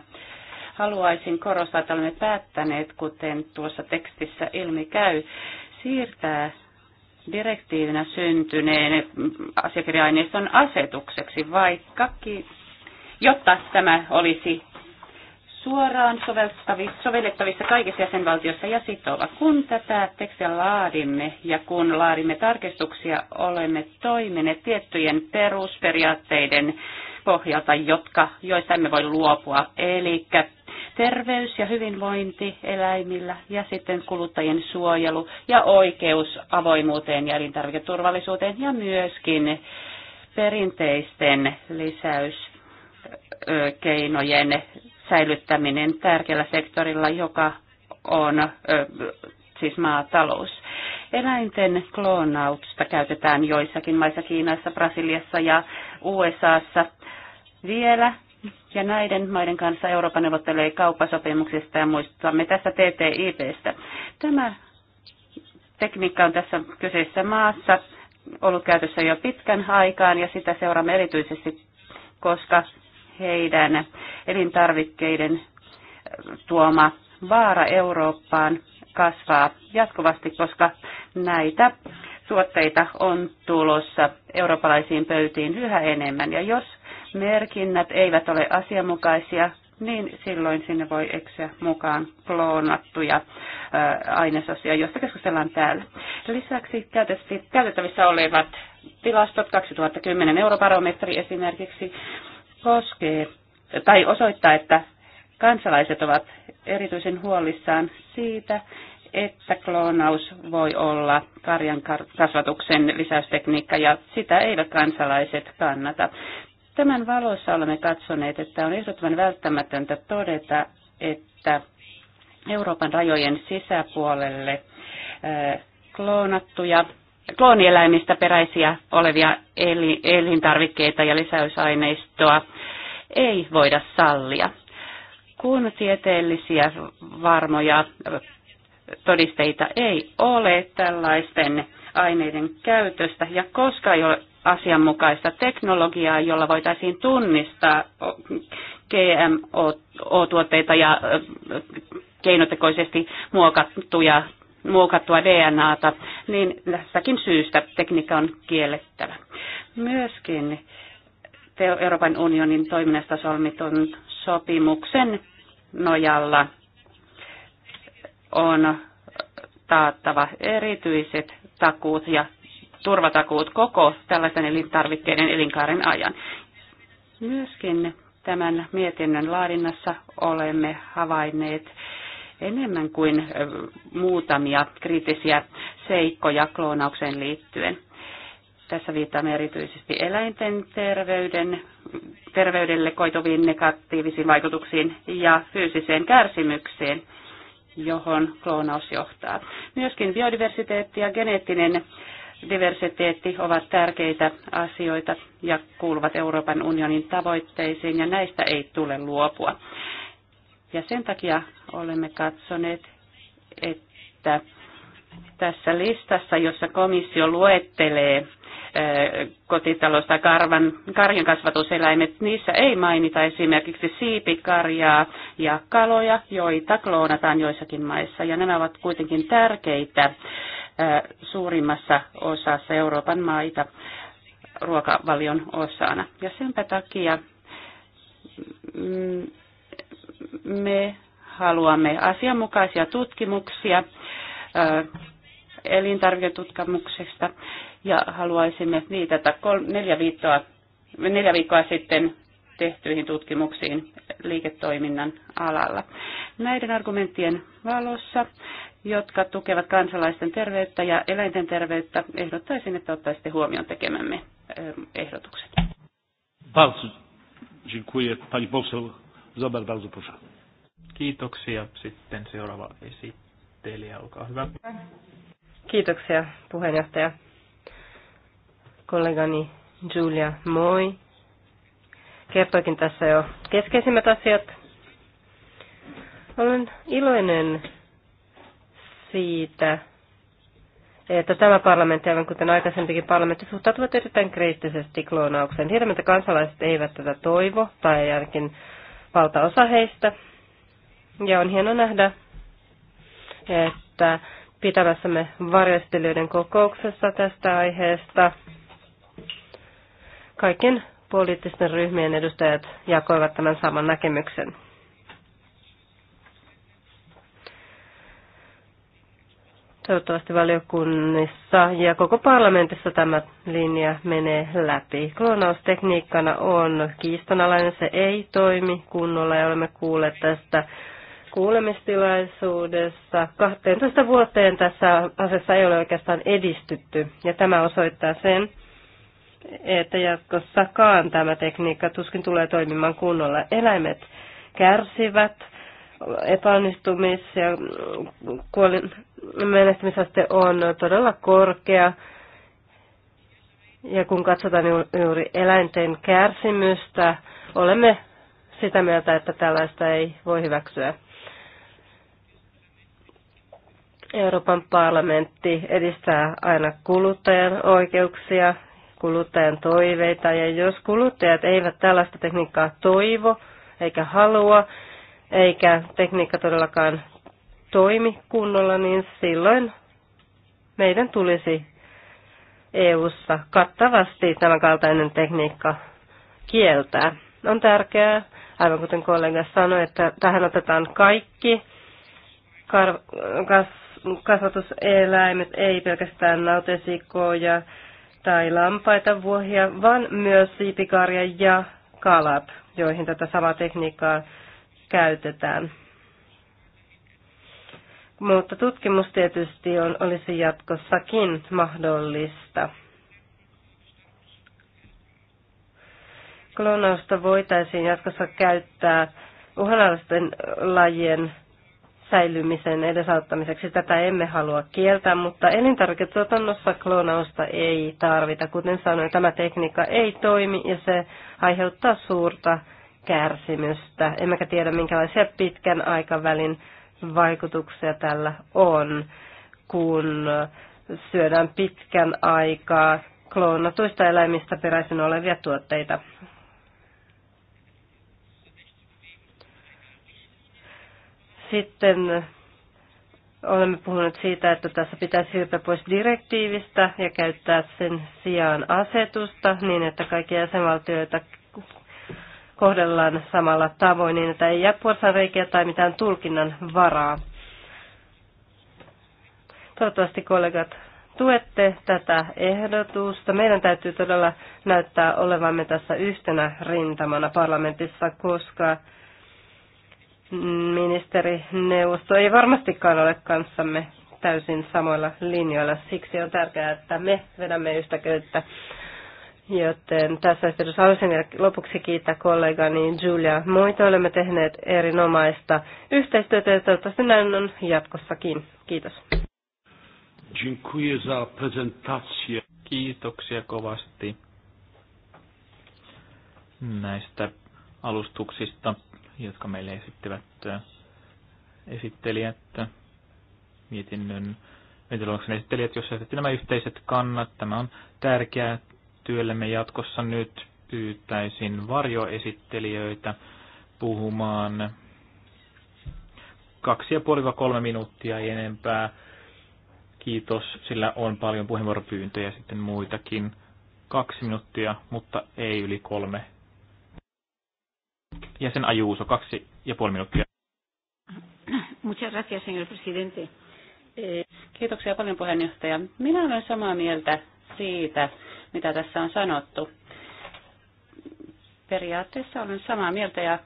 Speaker 2: haluaisin korostaa, että olemme päättäneet, kuten tuossa tekstissä ilmi käy, siirtää direktiivinä syntyneen asiakirjaineiston asetukseksi, vaikkakin, jotta tämä olisi suoraan sovellettavissa kaikissa jäsenvaltioissa ja sitova. Kun tätä tekstiä laadimme ja kun laadimme tarkistuksia, olemme toimineet tiettyjen perusperiaatteiden pohjalta, jotka, joista emme voi luopua. Eli terveys ja hyvinvointi eläimillä ja sitten kuluttajien suojelu ja oikeus avoimuuteen ja elintarviketurvallisuuteen ja myöskin perinteisten lisäyskeinojen säilyttäminen tärkeällä sektorilla, joka on siis maatalous. Eläinten kloonausta käytetään joissakin maissa, Kiinassa, Brasiliassa ja USAssa vielä. Ja näiden maiden kanssa Eurooppa neuvottelee kauppasopimuksista ja muistamme tästä TTIPstä. Tämä tekniikka on tässä kyseisessä maassa ollut käytössä jo pitkän aikaan ja sitä seuraamme erityisesti, koska heidän elintarvikkeiden tuoma vaara Eurooppaan kasvaa jatkuvasti, koska näitä tuotteita on tulossa eurooppalaisiin pöytiin yhä enemmän. Ja jos merkinnät eivät ole asianmukaisia, niin silloin sinne voi eksyä mukaan kloonattuja ainesosia, joista keskustellaan täällä. Lisäksi käytettävissä olevat tilastot, 2010 eurobarometri esimerkiksi, koskee tai osoittaa, että kansalaiset ovat erityisen huolissaan siitä, että kloonaus voi olla karjan kasvatuksen lisäystekniikka ja sitä eivät kansalaiset kannata. Tämän valossa olemme katsoneet, että on ehdottoman välttämätöntä todeta, että Euroopan rajojen sisäpuolelle äh, kloonattuja, kloonieläimistä peräisiä olevia elintarvikkeita ja lisäysaineistoa ei voida sallia. Kun tieteellisiä varmoja todisteita ei ole tällaisten aineiden käytöstä ja koska ei ole asianmukaista teknologiaa, jolla voitaisiin tunnistaa GMO-tuotteita ja keinotekoisesti muokattuja, muokattua DNAta, niin tästäkin syystä tekniikka on kiellettävä. Myöskin Euroopan unionin toiminnasta solmitun sopimuksen nojalla on taattava erityiset takuut ja turvatakuut koko tällaisen elintarvikkeiden elinkaaren ajan. Myöskin tämän mietinnön laadinnassa olemme havainneet enemmän kuin muutamia kriittisiä seikkoja kloonaukseen liittyen. Tässä viittaamme erityisesti eläinten terveyden, terveydelle koituviin negatiivisiin vaikutuksiin ja fyysiseen kärsimykseen, johon kloonaus johtaa. Myöskin biodiversiteetti ja geneettinen diversiteetti ovat tärkeitä asioita ja kuuluvat Euroopan unionin tavoitteisiin ja näistä ei tule luopua. Ja sen takia olemme katsoneet, että tässä listassa, jossa komissio luettelee kotitalous- tai karvan, karjan kasvatuseläimet, niissä ei mainita esimerkiksi siipikarjaa ja kaloja, joita kloonataan joissakin maissa. Ja nämä ovat kuitenkin tärkeitä suurimmassa osassa Euroopan maita ruokavalion osana. Ja senpä takia mm, me haluamme asianmukaisia tutkimuksia elintarviketutkimuksesta ja haluaisimme viitata neljä, viittoa, neljä viikkoa sitten tehtyihin tutkimuksiin liiketoiminnan alalla. Näiden argumenttien valossa, jotka tukevat kansalaisten terveyttä ja eläinten terveyttä, ehdottaisin, että ottaisitte huomioon tekemämme ehdotukset.
Speaker 1: Bardzo
Speaker 5: dziękuję. Pani poseł Zobel, bardzo proszę. Kiitoksia. Sitten seuraava esittää esittelijä, olkaa hyvä.
Speaker 3: Kiitoksia puheenjohtaja. Kollegani Julia, moi. Kertoikin tässä jo keskeisimmät asiat. Olen iloinen siitä, että tämä parlamentti, aivan kuten aikaisempikin parlamentti, suhtautuvat erittäin kriittisesti kloonaukseen. Tiedämme, että kansalaiset eivät tätä toivo, tai ainakin valtaosa heistä. Ja on hienoa nähdä, että pitämässämme varjostelijoiden kokouksessa tästä aiheesta kaikkien poliittisten ryhmien edustajat jakoivat tämän saman näkemyksen. Toivottavasti valiokunnissa ja koko parlamentissa tämä linja menee läpi. Kloonaustekniikkana on kiistanalainen, se ei toimi kunnolla ja olemme kuulleet tästä kuulemistilaisuudessa 12 vuoteen tässä asiassa ei ole oikeastaan edistytty. Ja tämä osoittaa sen, että jatkossakaan tämä tekniikka tuskin tulee toimimaan kunnolla. Eläimet kärsivät, epäonnistumis- ja kuolin menestymisaste on todella korkea. Ja kun katsotaan juuri eläinten kärsimystä, olemme sitä mieltä, että tällaista ei voi hyväksyä. Euroopan parlamentti edistää aina kuluttajan oikeuksia, kuluttajan toiveita, ja jos kuluttajat eivät tällaista tekniikkaa toivo eikä halua, eikä tekniikka todellakaan toimi kunnolla, niin silloin meidän tulisi EU-ssa kattavasti tämänkaltainen tekniikka kieltää. On tärkeää, aivan kuten kollega sanoi, että tähän otetaan kaikki kar- kas- kasvatuseläimet, ei pelkästään nautesikoja tai lampaita, vuohia, vaan myös siipikarja ja kalat, joihin tätä samaa tekniikkaa käytetään. Mutta tutkimus tietysti on, olisi jatkossakin mahdollista. Klonausta voitaisiin jatkossa käyttää uhanalaisten lajien säilymisen edesauttamiseksi. Tätä emme halua kieltää, mutta elintarviketuotannossa kloonausta ei tarvita. Kuten sanoin, tämä tekniikka ei toimi ja se aiheuttaa suurta kärsimystä. Emmekä tiedä, minkälaisia pitkän aikavälin vaikutuksia tällä on, kun syödään pitkän aikaa kloonatuista eläimistä peräisin olevia tuotteita. Sitten olemme puhuneet siitä, että tässä pitäisi siirtyä pois direktiivistä ja käyttää sen sijaan asetusta niin, että kaikki jäsenvaltioita kohdellaan samalla tavoin niin, että ei jää reikiä tai mitään tulkinnan varaa. Toivottavasti kollegat tuette tätä ehdotusta. Meidän täytyy todella näyttää olevamme tässä yhtenä rintamana parlamentissa, koska ministerineuvosto ei varmastikaan ole kanssamme täysin samoilla linjoilla. Siksi on tärkeää, että me vedämme yhtä köyttä. Joten tässä yhteydessä haluaisin vielä lopuksi kiittää kollegani Julia Moita. Olemme tehneet erinomaista yhteistyötä ja toivottavasti näin on jatkossakin. Kiitos.
Speaker 5: Kiitoksia kovasti näistä alustuksista jotka meille esittivät äh, esittelijät, mietinnön mietinnön esittelijät, jossa esitettiin nämä yhteiset kannat. Tämä on tärkeää työllemme jatkossa nyt pyytäisin varjoesittelijöitä puhumaan kaksi ja puoli kolme minuuttia enempää. Kiitos, sillä on paljon puheenvuoropyyntöjä sitten muitakin. Kaksi minuuttia, mutta ei yli kolme Jäsen Ajuuso, kaksi ja puoli minuuttia.
Speaker 4: Muchas
Speaker 2: gracias, señor presidente. Eh, kiitoksia paljon puheenjohtaja. Minä olen samaa mieltä siitä, mitä tässä on sanottu. Periaatteessa olen samaa mieltä ja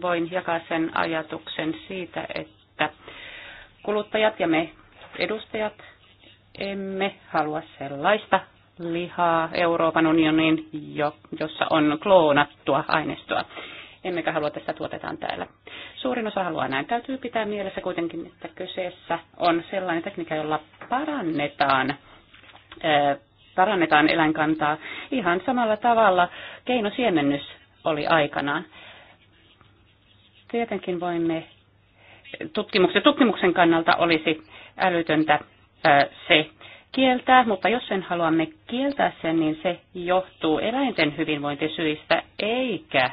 Speaker 2: voin jakaa sen ajatuksen siitä, että kuluttajat ja me edustajat emme halua sellaista lihaa Euroopan unionin, jossa on kloonattua aineistoa emmekä halua tässä tuotetaan täällä. Suurin osa haluaa näin. Täytyy pitää mielessä kuitenkin, että kyseessä on sellainen tekniikka, jolla parannetaan parannetaan eläinkantaa ihan samalla tavalla. Keinosiemennys oli aikanaan. Tietenkin voimme tutkimuksen, tutkimuksen kannalta olisi älytöntä se, kieltää, mutta jos sen haluamme kieltää sen, niin se johtuu eläinten hyvinvointisyistä eikä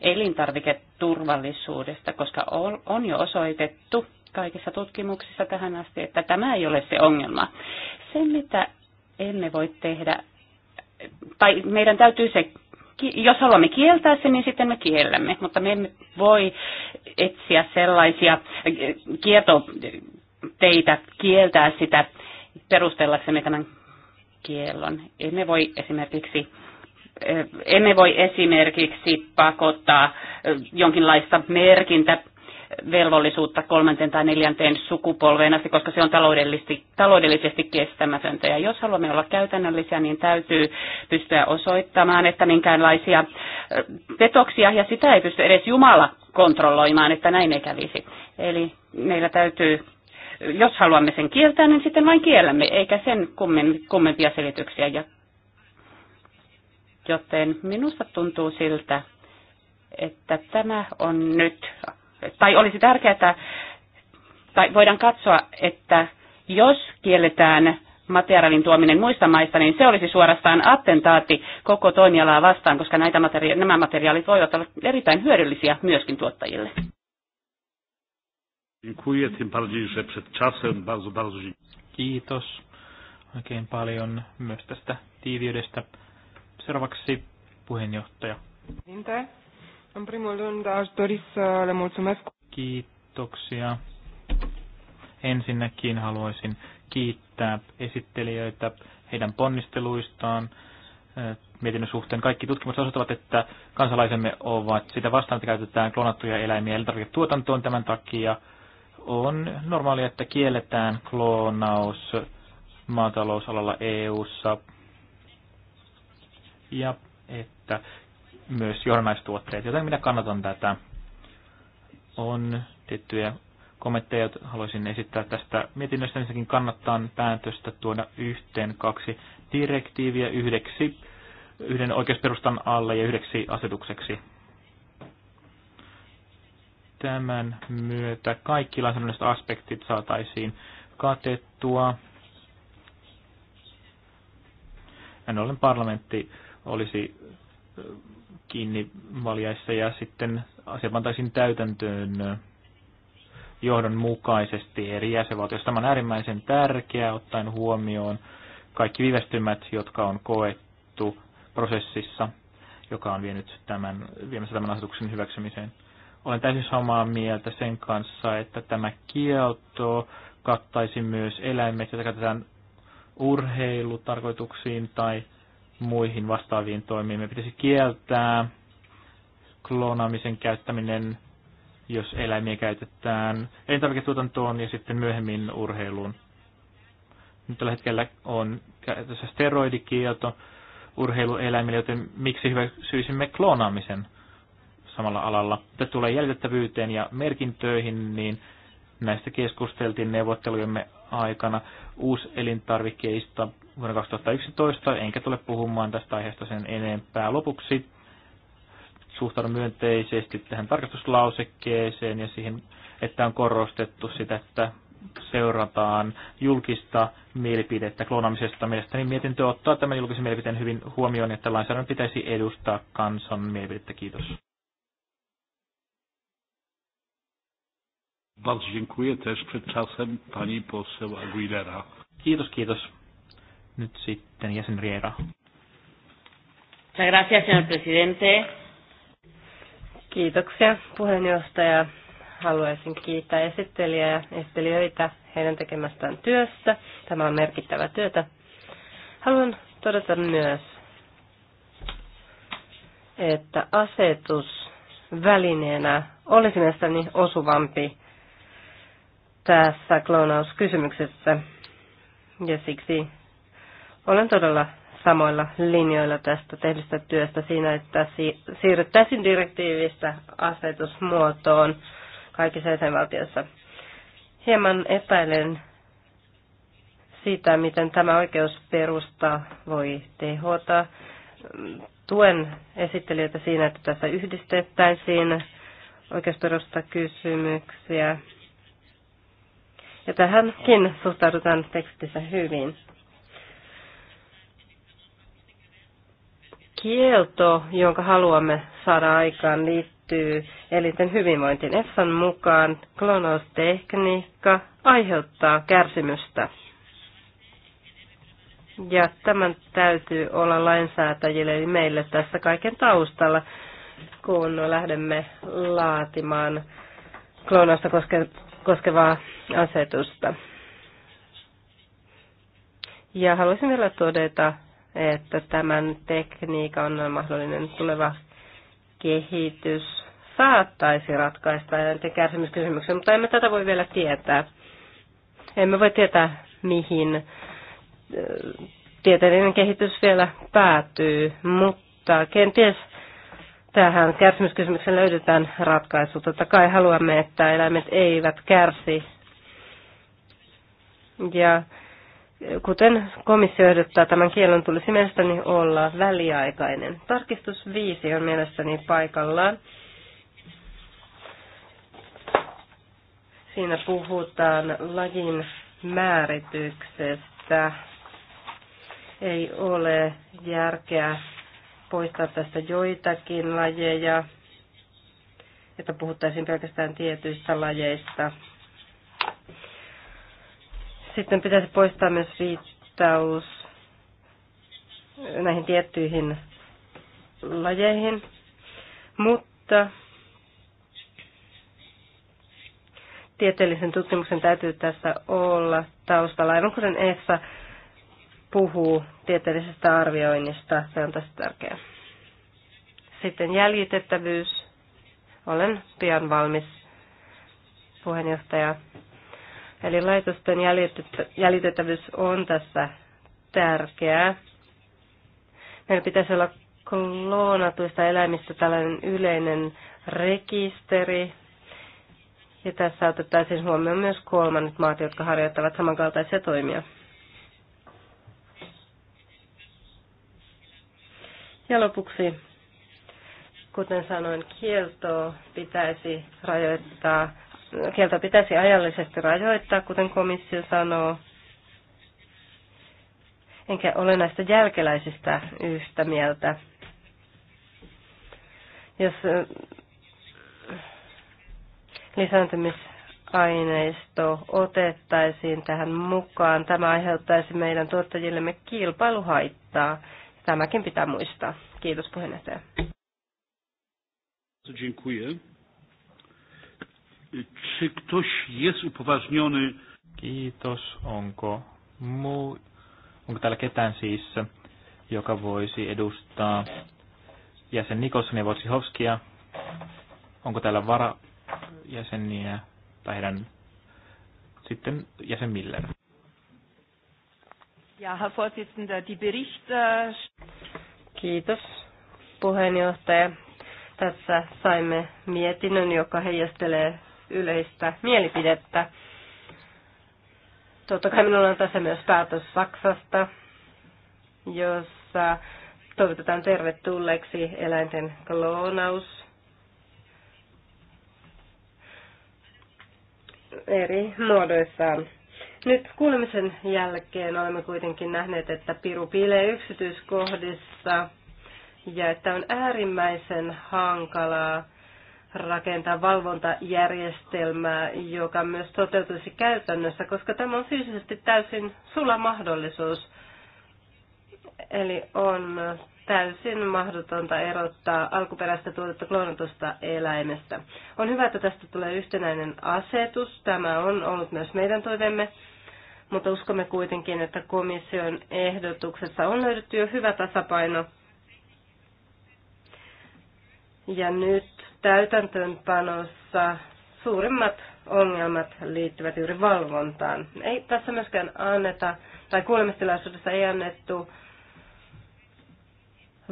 Speaker 2: elintarviketurvallisuudesta, koska on jo osoitettu kaikissa tutkimuksissa tähän asti, että tämä ei ole se ongelma. Se, mitä emme voi tehdä, tai meidän täytyy se jos haluamme kieltää sen, niin sitten me kiellämme, mutta me emme voi etsiä sellaisia äh, kieto teitä kieltää sitä perustellaksemme tämän kiellon. Emme voi esimerkiksi emme voi esimerkiksi pakottaa jonkinlaista merkintä velvollisuutta kolmanteen tai neljänteen sukupolveen asti, koska se on taloudellisesti, taloudellisesti kestämätöntä. Ja jos haluamme olla käytännöllisiä, niin täytyy pystyä osoittamaan, että minkäänlaisia petoksia, ja sitä ei pysty edes Jumala kontrolloimaan, että näin ei kävisi. Eli meillä täytyy jos haluamme sen kieltää, niin sitten vain kiellämme, eikä sen kummempia selityksiä. Joten minusta tuntuu siltä, että tämä on nyt, tai olisi tärkeää, tai voidaan katsoa, että jos kielletään materiaalin tuominen muista maista, niin se olisi suorastaan attentaatti koko toimialaa vastaan, koska näitä materia- nämä materiaalit voivat olla erittäin hyödyllisiä myöskin tuottajille.
Speaker 1: Dziękuję, tym bardziej, że
Speaker 5: przed czasem bardzo, bardzo dziękuję. Kiitos oikein paljon myös tästä tiiviydestä. Seuraavaksi puheenjohtaja. Kiitoksia. Ensinnäkin haluaisin kiittää esittelijöitä heidän ponnisteluistaan eh, mietinnön suhteen. Kaikki tutkimukset osoittavat, että kansalaisemme ovat sitä vastaan, että käytetään klonattuja eläimiä elintarviketuotantoon tämän takia on normaalia, että kielletään kloonaus maatalousalalla EU-ssa ja että myös johdannaistuotteet, joten minä kannatan tätä. On tiettyjä kommentteja, joita haluaisin esittää tästä mietinnöstä. Ensinnäkin kannattaa päätöstä tuoda yhteen kaksi direktiiviä yhdeksi, yhden oikeusperustan alle ja yhdeksi asetukseksi. Tämän myötä kaikki lainsäädännölliset aspektit saataisiin katettua. Näin ollen parlamentti olisi äh, kiinni valjaissa ja sitten asia pantaisiin täytäntöön äh, johdonmukaisesti eri jäsenvaltioissa. Tämä on äärimmäisen tärkeää ottaen huomioon kaikki viivästymät, jotka on koettu prosessissa, joka on vienyt tämän, viemässä tämän asetuksen hyväksymiseen. Olen täysin samaa mieltä sen kanssa, että tämä kielto kattaisi myös eläimet, joita käytetään urheilutarkoituksiin tai muihin vastaaviin toimiin. Me pitäisi kieltää kloonaamisen käyttäminen, jos eläimiä käytetään elintarviketuotantoon ja sitten myöhemmin urheiluun. Nyt tällä hetkellä on käytössä steroidikielto urheilueläimille, joten miksi hyväksyisimme kloonaamisen? samalla alalla. Mitä tulee jäljitettävyyteen ja merkintöihin, niin näistä keskusteltiin neuvottelujemme aikana uusi elintarvikkeista vuonna 2011, enkä tule puhumaan tästä aiheesta sen enempää. Lopuksi suhtaudun myönteisesti tähän tarkastuslausekkeeseen ja siihen, että on korostettu sitä, että seurataan julkista mielipidettä kloonaamisesta. Mielestäni mietintö ottaa tämän julkisen mielipiteen hyvin huomioon, että lainsäädännön pitäisi edustaa kansan mielipidettä. Kiitos.
Speaker 1: Bardzo dziękuję też przed
Speaker 5: czasem pani poseł Aguilera. Kiitos, kiitos. Nyt sitten jäsen Riera.
Speaker 3: Gracias, señor presidente. Kiitoksia puheenjohtaja. Haluaisin kiittää esittelijää ja esittelijöitä heidän tekemästään työstä. Tämä on merkittävä työtä. Haluan todeta myös, että asetus välineenä olisi mielestäni osuvampi tässä kloonauskysymyksessä. Ja siksi olen todella samoilla linjoilla tästä tehdystä työstä siinä, että siirryttäisiin direktiivistä asetusmuotoon kaikissa jäsenvaltioissa. Hieman epäilen siitä, miten tämä oikeusperusta voi tehota. Tuen esittelijöitä siinä, että tässä yhdistettäisiin oikeusperusta kysymyksiä ja tähänkin suhtaudutaan tekstissä hyvin. Kielto, jonka haluamme saada aikaan, liittyy eliten hyvinvointiin. EFSAn mukaan klonostekniikka aiheuttaa kärsimystä. Ja tämän täytyy olla lainsäätäjille eli meille tässä kaiken taustalla, kun lähdemme laatimaan klonosta koskevaa asetusta. Ja haluaisin vielä todeta, että tämän tekniikan mahdollinen tuleva kehitys saattaisi ratkaista eläinten kärsimyskysymyksen, mutta emme tätä voi vielä tietää. Emme voi tietää, mihin tieteellinen kehitys vielä päätyy, mutta kenties tähän kärsimyskysymykseen löydetään ratkaisu. Totta kai haluamme, että eläimet eivät kärsi. Ja kuten komissio ehdottaa, tämän kielon tulisi mielestäni olla väliaikainen. Tarkistus 5 on mielestäni paikallaan. Siinä puhutaan lajin määrityksestä. Ei ole järkeä poistaa tästä joitakin lajeja, että puhuttaisiin pelkästään tietyistä lajeista. Sitten pitäisi poistaa myös viittaus näihin tiettyihin lajeihin, mutta tieteellisen tutkimuksen täytyy tässä olla taustalla, aivan kuten EFSA puhuu tieteellisestä arvioinnista. Se on tässä tärkeää. Sitten jäljitettävyys. Olen pian valmis, puheenjohtaja. Eli laitosten jäljitettävyys on tässä tärkeää. Meillä pitäisi olla kloonatuista eläimistä tällainen yleinen rekisteri. Ja tässä otettaisiin huomioon myös kolmannet maat, jotka harjoittavat samankaltaisia toimia. Ja lopuksi, kuten sanoin, kielto pitäisi rajoittaa, kielto pitäisi ajallisesti rajoittaa, kuten komissio sanoo. Enkä ole näistä jälkeläisistä yhtä mieltä. Jos äh, lisääntymisaineisto otettaisiin tähän mukaan. Tämä aiheuttaisi meidän tuottajillemme kilpailuhaittaa. Tämäkin pitää muistaa. Kiitos puheenjohtaja.
Speaker 1: Dziękuję. Czy ktoś jest upoważniony?
Speaker 5: Kiitos. Onko, muu, onko täällä ketään siis, joka voisi edustaa jäsen Nikolson ja Wojciechowskia? Onko täällä varajäseniä tai heidän sitten jäsen Miller?
Speaker 3: Ja, Herr Vorsitzender, die Berichte... Äh, Kiitos, puheenjohtaja. Tässä saimme mietinnön, joka heijastelee yleistä mielipidettä. Totta kai minulla on tässä myös päätös Saksasta, jossa toivotetaan tervetulleeksi eläinten kloonaus. Eri muodoissaan. Nyt kuulemisen jälkeen olemme kuitenkin nähneet, että Piru piilee yksityiskohdissa ja että on äärimmäisen hankalaa rakentaa valvontajärjestelmää, joka myös toteutuisi käytännössä, koska tämä on fyysisesti täysin sulla mahdollisuus. Eli on täysin mahdotonta erottaa alkuperäistä tuotetta kloonatusta eläimestä. On hyvä, että tästä tulee yhtenäinen asetus. Tämä on ollut myös meidän toivemme mutta uskomme kuitenkin, että komission ehdotuksessa on löydetty jo hyvä tasapaino. Ja nyt täytäntöönpanossa suurimmat ongelmat liittyvät juuri valvontaan. Ei tässä myöskään anneta, tai kuulemistilaisuudessa ei annettu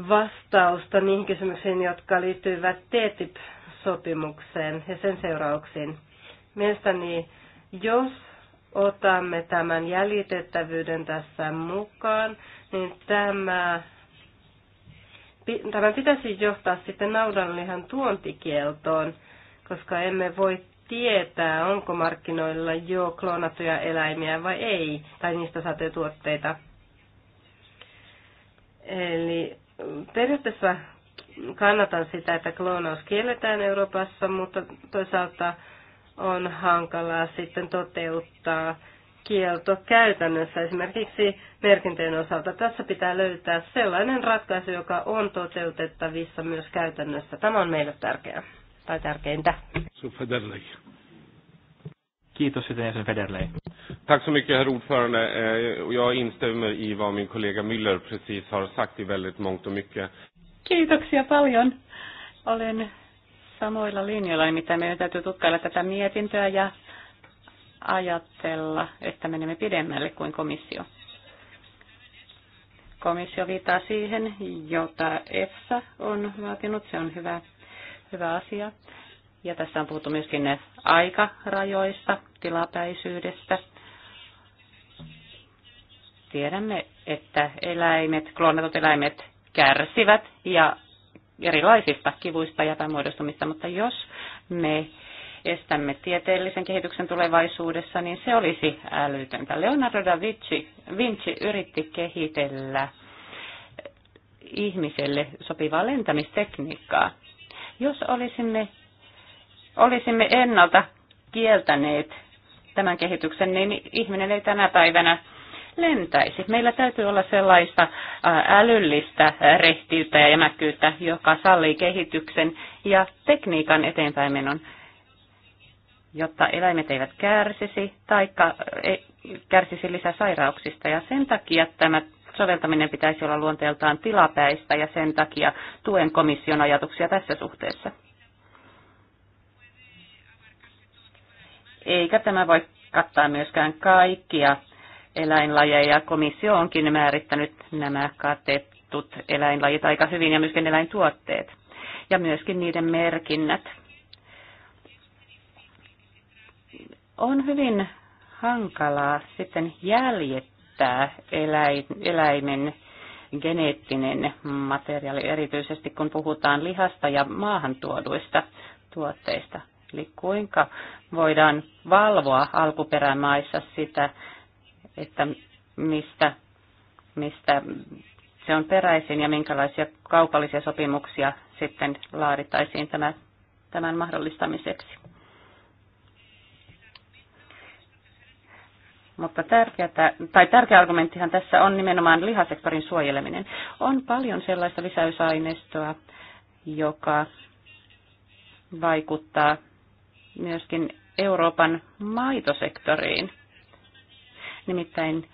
Speaker 3: vastausta niihin kysymyksiin, jotka liittyivät TTIP-sopimukseen ja sen seurauksiin. Mielestäni, jos otamme tämän jäljitettävyyden tässä mukaan, niin tämä, tämä pitäisi johtaa sitten naudanlihan tuontikieltoon, koska emme voi tietää, onko markkinoilla jo kloonattuja eläimiä vai ei, tai niistä saatuja tuotteita. Eli periaatteessa kannatan sitä, että kloonaus kielletään Euroopassa, mutta toisaalta on hankalaa sitten toteuttaa kielto käytännössä esimerkiksi merkintöjen osalta. Tässä pitää löytää sellainen ratkaisu, joka on toteutettavissa myös käytännössä. Tämä on meille tärkeää tai tärkeintä.
Speaker 5: Kiitos sitten jäsen Federley.
Speaker 1: Tack så mycket herr ordförande. Eh, jag instämmer i vad min kollega Müller precis har sagt i väldigt mångt och mycket.
Speaker 2: Kiitoksia paljon. Olen samoilla linjoilla, mitä meidän täytyy tutkailla tätä mietintöä ja ajatella, että menemme pidemmälle kuin komissio. Komissio viittaa siihen, jota EFSA on vaatinut. Se on hyvä, hyvä asia. Ja tässä on puhuttu myöskin ne aikarajoista, tilapäisyydestä. Tiedämme, että eläimet, kloonatut eläimet kärsivät ja erilaisista kivuista ja tai muodostumista, mutta jos me estämme tieteellisen kehityksen tulevaisuudessa, niin se olisi älytöntä. Leonardo da Vinci, Vinci yritti kehitellä ihmiselle sopivaa lentämistekniikkaa. Jos olisimme, olisimme ennalta kieltäneet tämän kehityksen, niin ihminen ei tänä päivänä lentäisi. Meillä täytyy olla sellaista älyllistä rehtiyttä ja jämäkkyyttä, joka sallii kehityksen ja tekniikan eteenpäinmenon, jotta eläimet eivät kärsisi tai e, kärsisi lisäsairauksista. Ja sen takia tämä soveltaminen pitäisi olla luonteeltaan tilapäistä ja sen takia tuen komission ajatuksia tässä suhteessa. Eikä tämä voi kattaa myöskään kaikkia eläinlajeja. Komissio onkin määrittänyt nämä katettut eläinlajit aika hyvin ja myöskin eläintuotteet ja myöskin niiden merkinnät. On hyvin hankalaa sitten jäljittää eläin, eläimen geneettinen materiaali, erityisesti kun puhutaan lihasta ja maahantuoduista tuotteista. Eli kuinka voidaan valvoa alkuperämaissa sitä, että mistä, mistä se on peräisin ja minkälaisia kaupallisia sopimuksia sitten laadittaisiin tämä, tämän mahdollistamiseksi. Mutta tärkeä, tai tärkeä argumenttihan tässä on nimenomaan lihasektorin suojeleminen. On paljon sellaista lisäysaineistoa, joka vaikuttaa myöskin Euroopan maitosektoriin. Nimittäin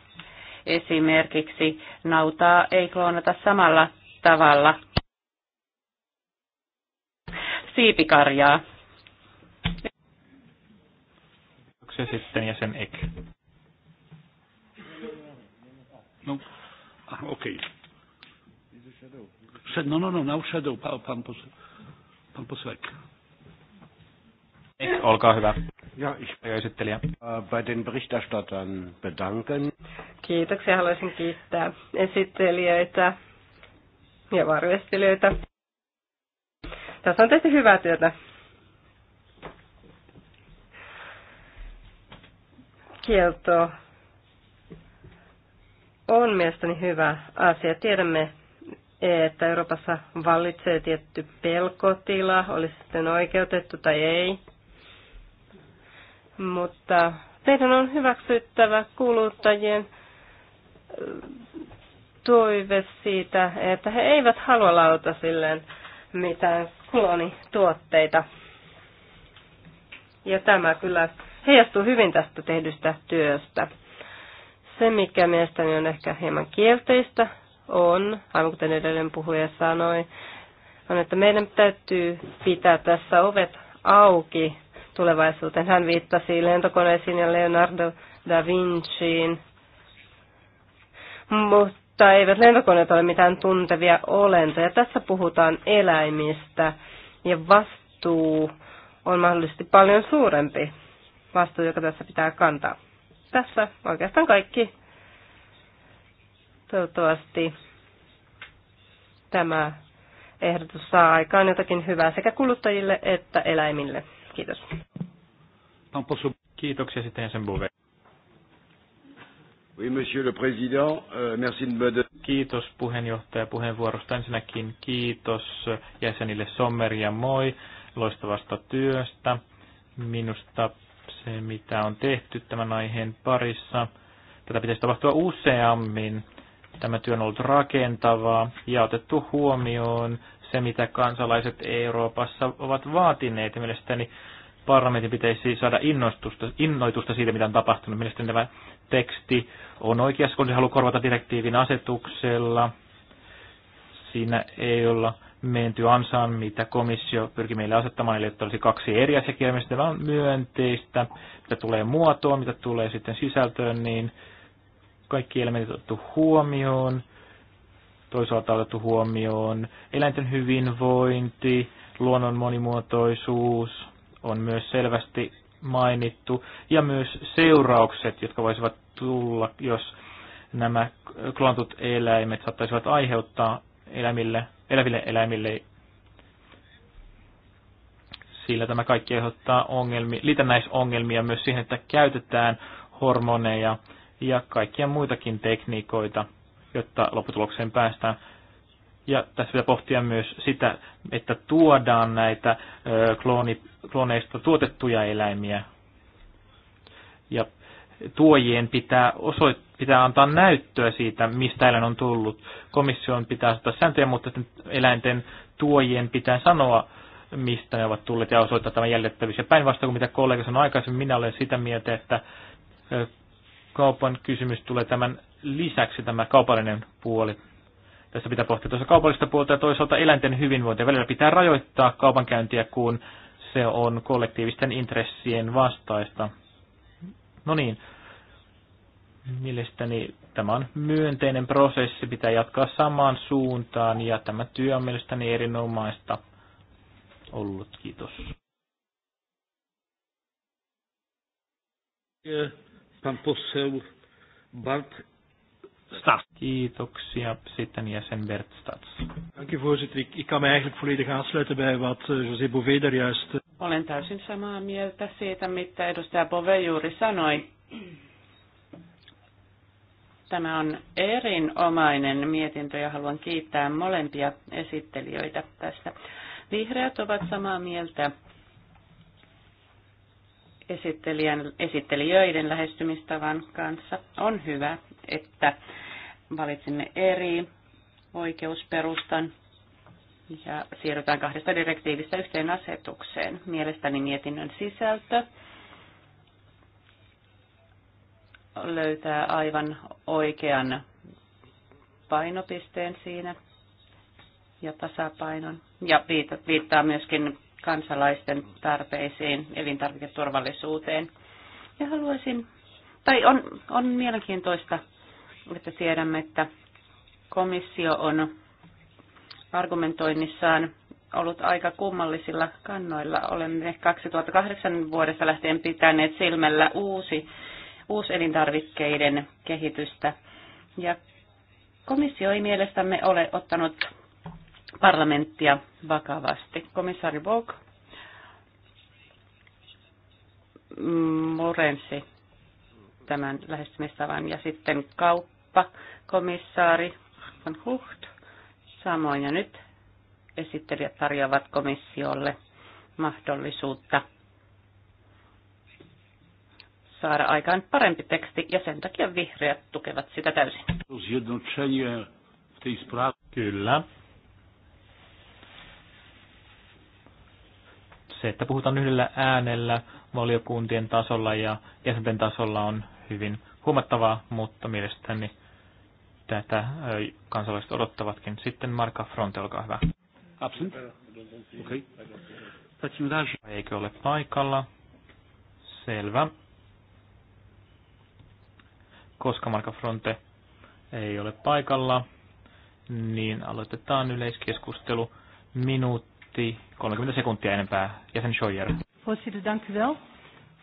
Speaker 2: esimerkiksi nautaa ei kloonata samalla tavalla
Speaker 1: siipikarjaa.
Speaker 5: se sitten sen ek?
Speaker 1: No, ah, okei. Okay. No, no, no, now shadow, pan, pan, pan, pan Nick, olkaa hyvä. Ja ich esittelijä. Äh, bei den Berichterstattern bedanken.
Speaker 3: Kiitoksia, haluaisin kiittää esittelijöitä ja varjoesittelijöitä. Tässä on tehty hyvää työtä. Kielto on mielestäni hyvä asia. Tiedämme, että Euroopassa vallitsee tietty pelkotila, olisi sitten oikeutettu tai ei mutta meidän on hyväksyttävä kuluttajien äh, toive siitä, että he eivät halua silleen mitään kloonituotteita. Ja tämä kyllä heijastuu hyvin tästä tehdystä työstä. Se, mikä mielestäni on ehkä hieman kielteistä, on, aivan kuten edellinen puhuja sanoi, on, että meidän täytyy pitää tässä ovet auki tulevaisuuteen. Hän viittasi lentokoneisiin ja Leonardo da Vinciin. Mutta eivät lentokoneet ole mitään tuntevia olentoja. Tässä puhutaan eläimistä ja vastuu on mahdollisesti paljon suurempi vastuu, joka tässä pitää kantaa. Tässä oikeastaan kaikki. Toivottavasti tämä ehdotus saa aikaan jotakin hyvää sekä kuluttajille että eläimille. Kiitos.
Speaker 5: Kiitoksia sitten jäsen Bove. Oui, monsieur le président, euh, merci de me Kiitos puheenjohtaja puheenvuorosta. Ensinnäkin kiitos jäsenille Sommer ja Moi loistavasta työstä. Minusta se, mitä on tehty tämän aiheen parissa, tätä pitäisi tapahtua useammin. Tämä työ on ollut rakentavaa ja otettu huomioon se, mitä kansalaiset Euroopassa ovat vaatineet. Mielestäni parlamentin pitäisi saada innostusta, innoitusta siitä, mitä on tapahtunut. Mielestäni tämä teksti on oikeassa, kun se haluaa korvata direktiivin asetuksella. Siinä ei olla menty ansaan, mitä komissio pyrki meille asettamaan, eli että olisi kaksi eri asiakirjaa, mistä tämä on myönteistä, mitä tulee muotoa, mitä tulee sitten sisältöön, niin kaikki elementit otettu huomioon, toisaalta otettu huomioon eläinten hyvinvointi, luonnon monimuotoisuus, on myös selvästi mainittu, ja myös seuraukset, jotka voisivat tulla, jos nämä klontut eläimet saattaisivat aiheuttaa eläimille, eläville eläimille. Sillä tämä kaikki aiheuttaa ongelmia, liitännäisongelmia myös siihen, että käytetään hormoneja ja kaikkia muitakin tekniikoita, jotta lopputulokseen päästään. Ja tässä pitää pohtia myös sitä, että tuodaan näitä klooni, klooneista tuotettuja eläimiä. Ja tuojien pitää, osoit, pitää antaa näyttöä siitä, mistä eläin on tullut. Komission pitää ottaa sääntöjä, mutta eläinten tuojien pitää sanoa, mistä ne ovat tulleet ja osoittaa tämä jäljettävyys. Ja päinvastoin kuin mitä kollega sanoi aikaisemmin, minä olen sitä mieltä, että kaupan kysymys tulee tämän lisäksi tämä kaupallinen puoli. Tässä pitää pohtia tuossa kaupallista puolta ja toisaalta eläinten hyvinvointia. Välillä pitää rajoittaa kaupankäyntiä, kun se on kollektiivisten intressien vastaista. No niin, mielestäni tämä on myönteinen prosessi, pitää jatkaa samaan suuntaan ja tämä työ on mielestäni erinomaista ollut. Kiitos. Pan poseł Bart Stas. Kiitoksia. Sitten jäsen Bert Stats. Dank u voorzitter. Ik, ik kan me eigenlijk volledig aansluiten bij wat eh, José Bové daar juist... Eh,
Speaker 2: Olen täysin samaa mieltä siitä, mitä edustaja Bove juuri sanoi. Tämä on erinomainen mietintö ja haluan kiittää molempia esittelijöitä tästä. Vihreät ovat samaa mieltä esittelijän, esittelijöiden lähestymistavan kanssa. On hyvä, että valitsimme eri oikeusperustan ja siirrytään kahdesta direktiivistä yhteen asetukseen. Mielestäni mietinnön sisältö löytää aivan oikean painopisteen siinä ja tasapainon. Ja viittaa myöskin kansalaisten tarpeisiin, elintarviketurvallisuuteen. Ja haluaisin, tai on, on mielenkiintoista että tiedämme, että komissio on argumentoinnissaan ollut aika kummallisilla kannoilla. Olemme 2008 vuodesta lähtien pitäneet silmällä uusi, uuselintarvikkeiden kehitystä. Ja komissio ei mielestämme ole ottanut parlamenttia vakavasti. Komissaari Vogue morensi mm, tämän lähestymistavan ja sitten kauppa kauppa, komissaari Van Hucht, samoin ja nyt esittelijät tarjoavat komissiolle
Speaker 1: mahdollisuutta
Speaker 2: saada aikaan parempi teksti ja sen takia vihreät tukevat sitä täysin.
Speaker 5: Kyllä. Se, että puhutaan yhdellä äänellä valiokuntien tasolla ja jäsenten tasolla on hyvin huomattavaa, mutta mielestäni tätä kansalaiset odottavatkin. Sitten Marka Fronte, olkaa hyvä. Okay. Eikö ole paikalla? Selvä. Koska Marka Fronte ei ole paikalla, niin aloitetaan yleiskeskustelu. Minuutti, 30 sekuntia enempää. Jäsen Scheuer.
Speaker 3: Voorzitter, dank u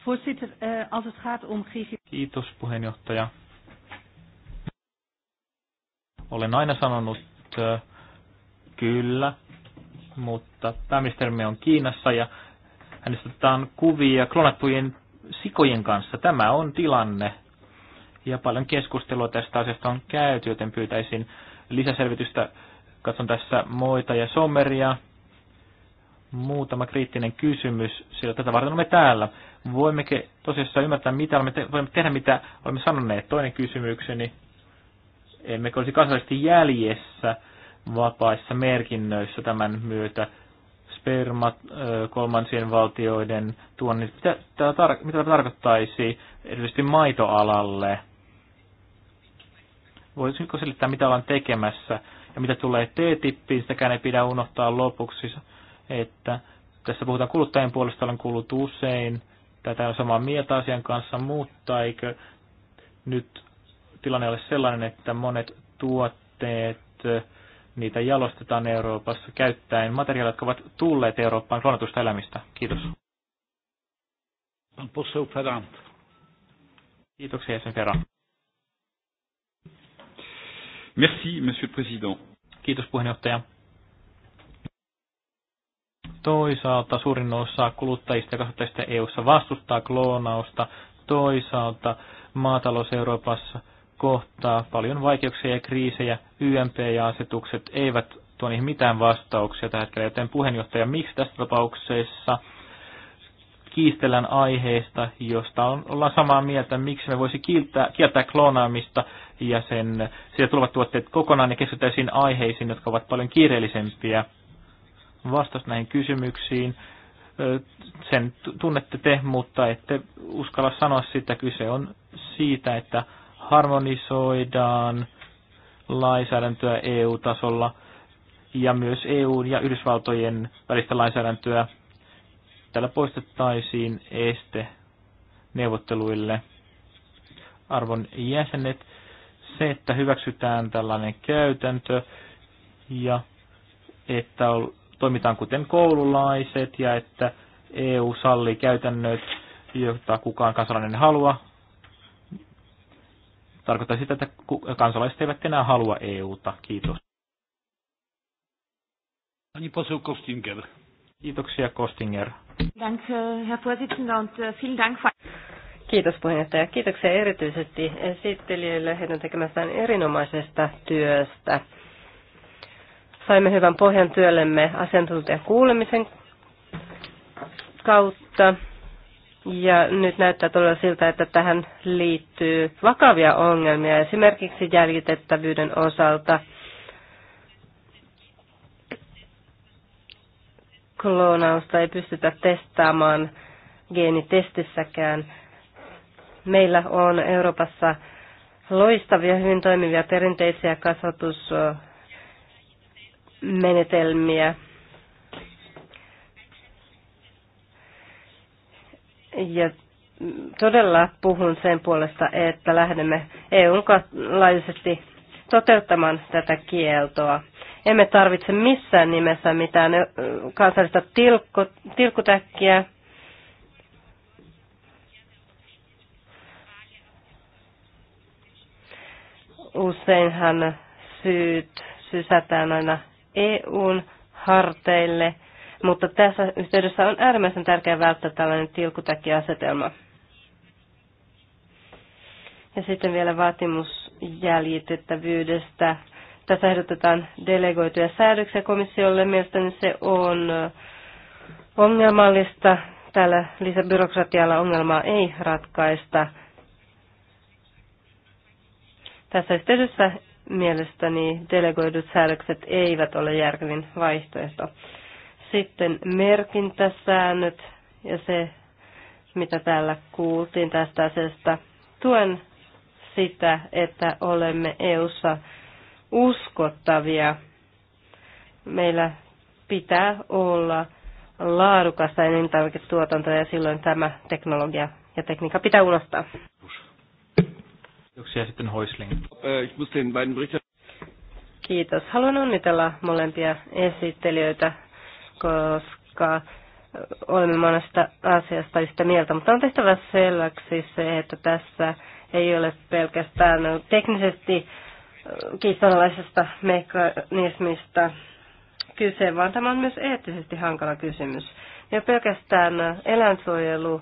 Speaker 3: Voorzitter, eh, als het gaat om
Speaker 5: Kiitos puheenjohtaja. Olen aina sanonut eh, kyllä, mutta pääministerimme on Kiinassa ja hänestä otetaan kuvia klonattujen sikojen kanssa. Tämä on tilanne ja paljon keskustelua tästä asiasta on käyty, joten pyytäisin lisäselvitystä. Katson tässä Moita ja Sommeria muutama kriittinen kysymys, sillä tätä varten olemme täällä. Voimmeko tosiaan ymmärtää, mitä olemme te- voimme tehdä, mitä olemme sanoneet? Toinen kysymykseni, emmekö olisi kansallisesti jäljessä vapaissa merkinnöissä tämän myötä spermat kolmansien valtioiden tuonnit. Mitä tämä, tar- mitä tämä tarkoittaisi erityisesti maitoalalle? Voisiko selittää, mitä ollaan tekemässä? Ja mitä tulee T-tippiin, sitäkään ei pidä unohtaa lopuksi että tässä puhutaan kuluttajien puolesta, olen kuullut usein, tätä on samaa mieltä asian kanssa, mutta eikö nyt tilanne ole sellainen, että monet tuotteet, niitä jalostetaan Euroopassa käyttäen materiaaleja, jotka ovat tulleet Eurooppaan klonatusta elämistä. Kiitos. Kiitoksia, jäsen Ferran. Merci, monsieur le président. Kiitos puheenjohtaja. Toisaalta suurin osa kuluttajista ja kasvattajista EU-ssa vastustaa kloonausta. Toisaalta maatalous Euroopassa kohtaa paljon vaikeuksia ja kriisejä. YMP ja asetukset eivät tuo niihin mitään vastauksia tällä hetkellä, joten puheenjohtaja, miksi tässä tapauksessa kiistellään aiheesta, josta on, ollaan samaa mieltä, miksi me voisi kieltää, kieltää kloonaamista ja sen, siitä tulevat tuotteet kokonaan ja keskitytäisiin aiheisiin, jotka ovat paljon kiireellisempiä vastasi näihin kysymyksiin. Sen tunnette te, mutta ette uskalla sanoa sitä. Kyse on siitä, että harmonisoidaan lainsäädäntöä EU-tasolla ja myös EUn ja Yhdysvaltojen välistä lainsäädäntöä. Tällä poistettaisiin este neuvotteluille. Arvon jäsenet, se, että hyväksytään tällainen käytäntö ja että toimitaan kuten koululaiset ja että EU sallii käytännöt, joita kukaan kansalainen halua. Tarkoittaa sitä, että kansalaiset eivät enää halua EUta. Kiitos. Pani poseł Kostinger. Kiitoksia Kostinger.
Speaker 2: Danke, eh, Herr Vorsitzender, und eh, vielen Dank.
Speaker 5: Kiitos puheenjohtaja. Kiitoksia
Speaker 3: erityisesti esittelijöille heidän tekemästään erinomaisesta työstä. Saimme hyvän pohjan työllemme asiantuntijakuulemisen kautta. Ja nyt näyttää todella siltä, että tähän liittyy vakavia ongelmia esimerkiksi jäljitettävyyden osalta. Kloonausta ei pystytä testaamaan geenitestissäkään. Meillä on Euroopassa loistavia, hyvin toimivia perinteisiä kasvatus- menetelmiä. Ja todella puhun sen puolesta, että lähdemme EUn laajuisesti toteuttamaan tätä kieltoa. Emme tarvitse missään nimessä mitään kansallista tilkku, tilkkutäkkiä. Useinhan syyt sysätään aina EUn harteille, mutta tässä yhteydessä on äärimmäisen tärkeää välttää tällainen tilkutäkiasetelma. Ja sitten vielä vaatimus jäljitettävyydestä. Tässä ehdotetaan delegoituja säädöksiä komissiolle. Mielestäni se on ongelmallista. Tällä lisäbyrokratialla ongelmaa ei ratkaista. Tässä yhteydessä mielestäni delegoidut säädökset eivät ole järkevin vaihtoehto. Sitten merkintäsäännöt ja se, mitä täällä kuultiin tästä asiasta. Tuen sitä, että olemme EU:ssa uskottavia. Meillä pitää olla laadukasta elintarviketuotantoa ja silloin tämä teknologia ja tekniikka pitää ulottaa.
Speaker 5: Kiitoksia sitten Hoisling. Äh,
Speaker 3: Kiitos. Haluan onnitella molempia esittelijöitä, koska äh, olemme monesta asiasta yhtä mieltä, mutta on tehtävä selväksi se, että tässä ei ole pelkästään teknisesti äh, kiistanalaisesta mekanismista kyse, vaan tämä on myös eettisesti hankala kysymys. Ja pelkästään eläinsuojelu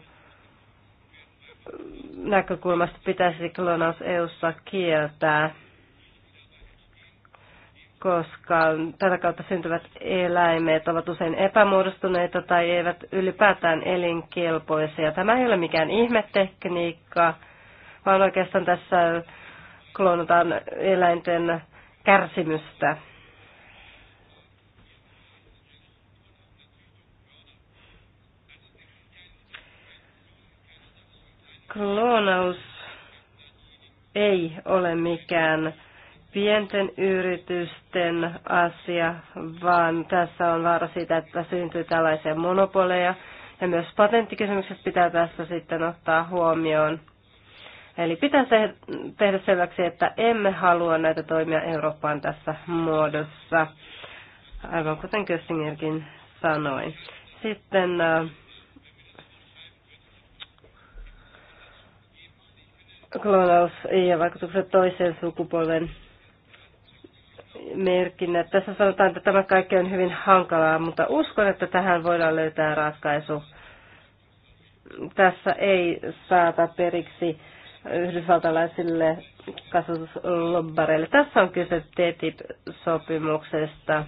Speaker 3: näkökulmasta pitäisi klonaus EU-ssa kieltää, koska tätä kautta syntyvät eläimet ovat usein epämuodostuneita tai eivät ylipäätään elinkelpoisia. Tämä ei ole mikään ihmetekniikka, vaan oikeastaan tässä kloonataan eläinten kärsimystä. Kloonaus ei ole mikään pienten yritysten asia, vaan tässä on vaara siitä, että syntyy tällaisia monopoleja. Ja myös patenttikysymykset pitää tässä sitten ottaa huomioon. Eli pitää tehdä selväksi, että emme halua näitä toimia Eurooppaan tässä muodossa, aivan kuten Kössingerkin sanoi. Sitten äh, kloonaus ja vaikutukset toiseen sukupolven merkinnä. Tässä sanotaan, että tämä kaikki on hyvin hankalaa, mutta uskon, että tähän voidaan löytää ratkaisu. Tässä ei saata periksi yhdysvaltalaisille kasvatuslobbareille. Tässä on kyse TTIP-sopimuksesta.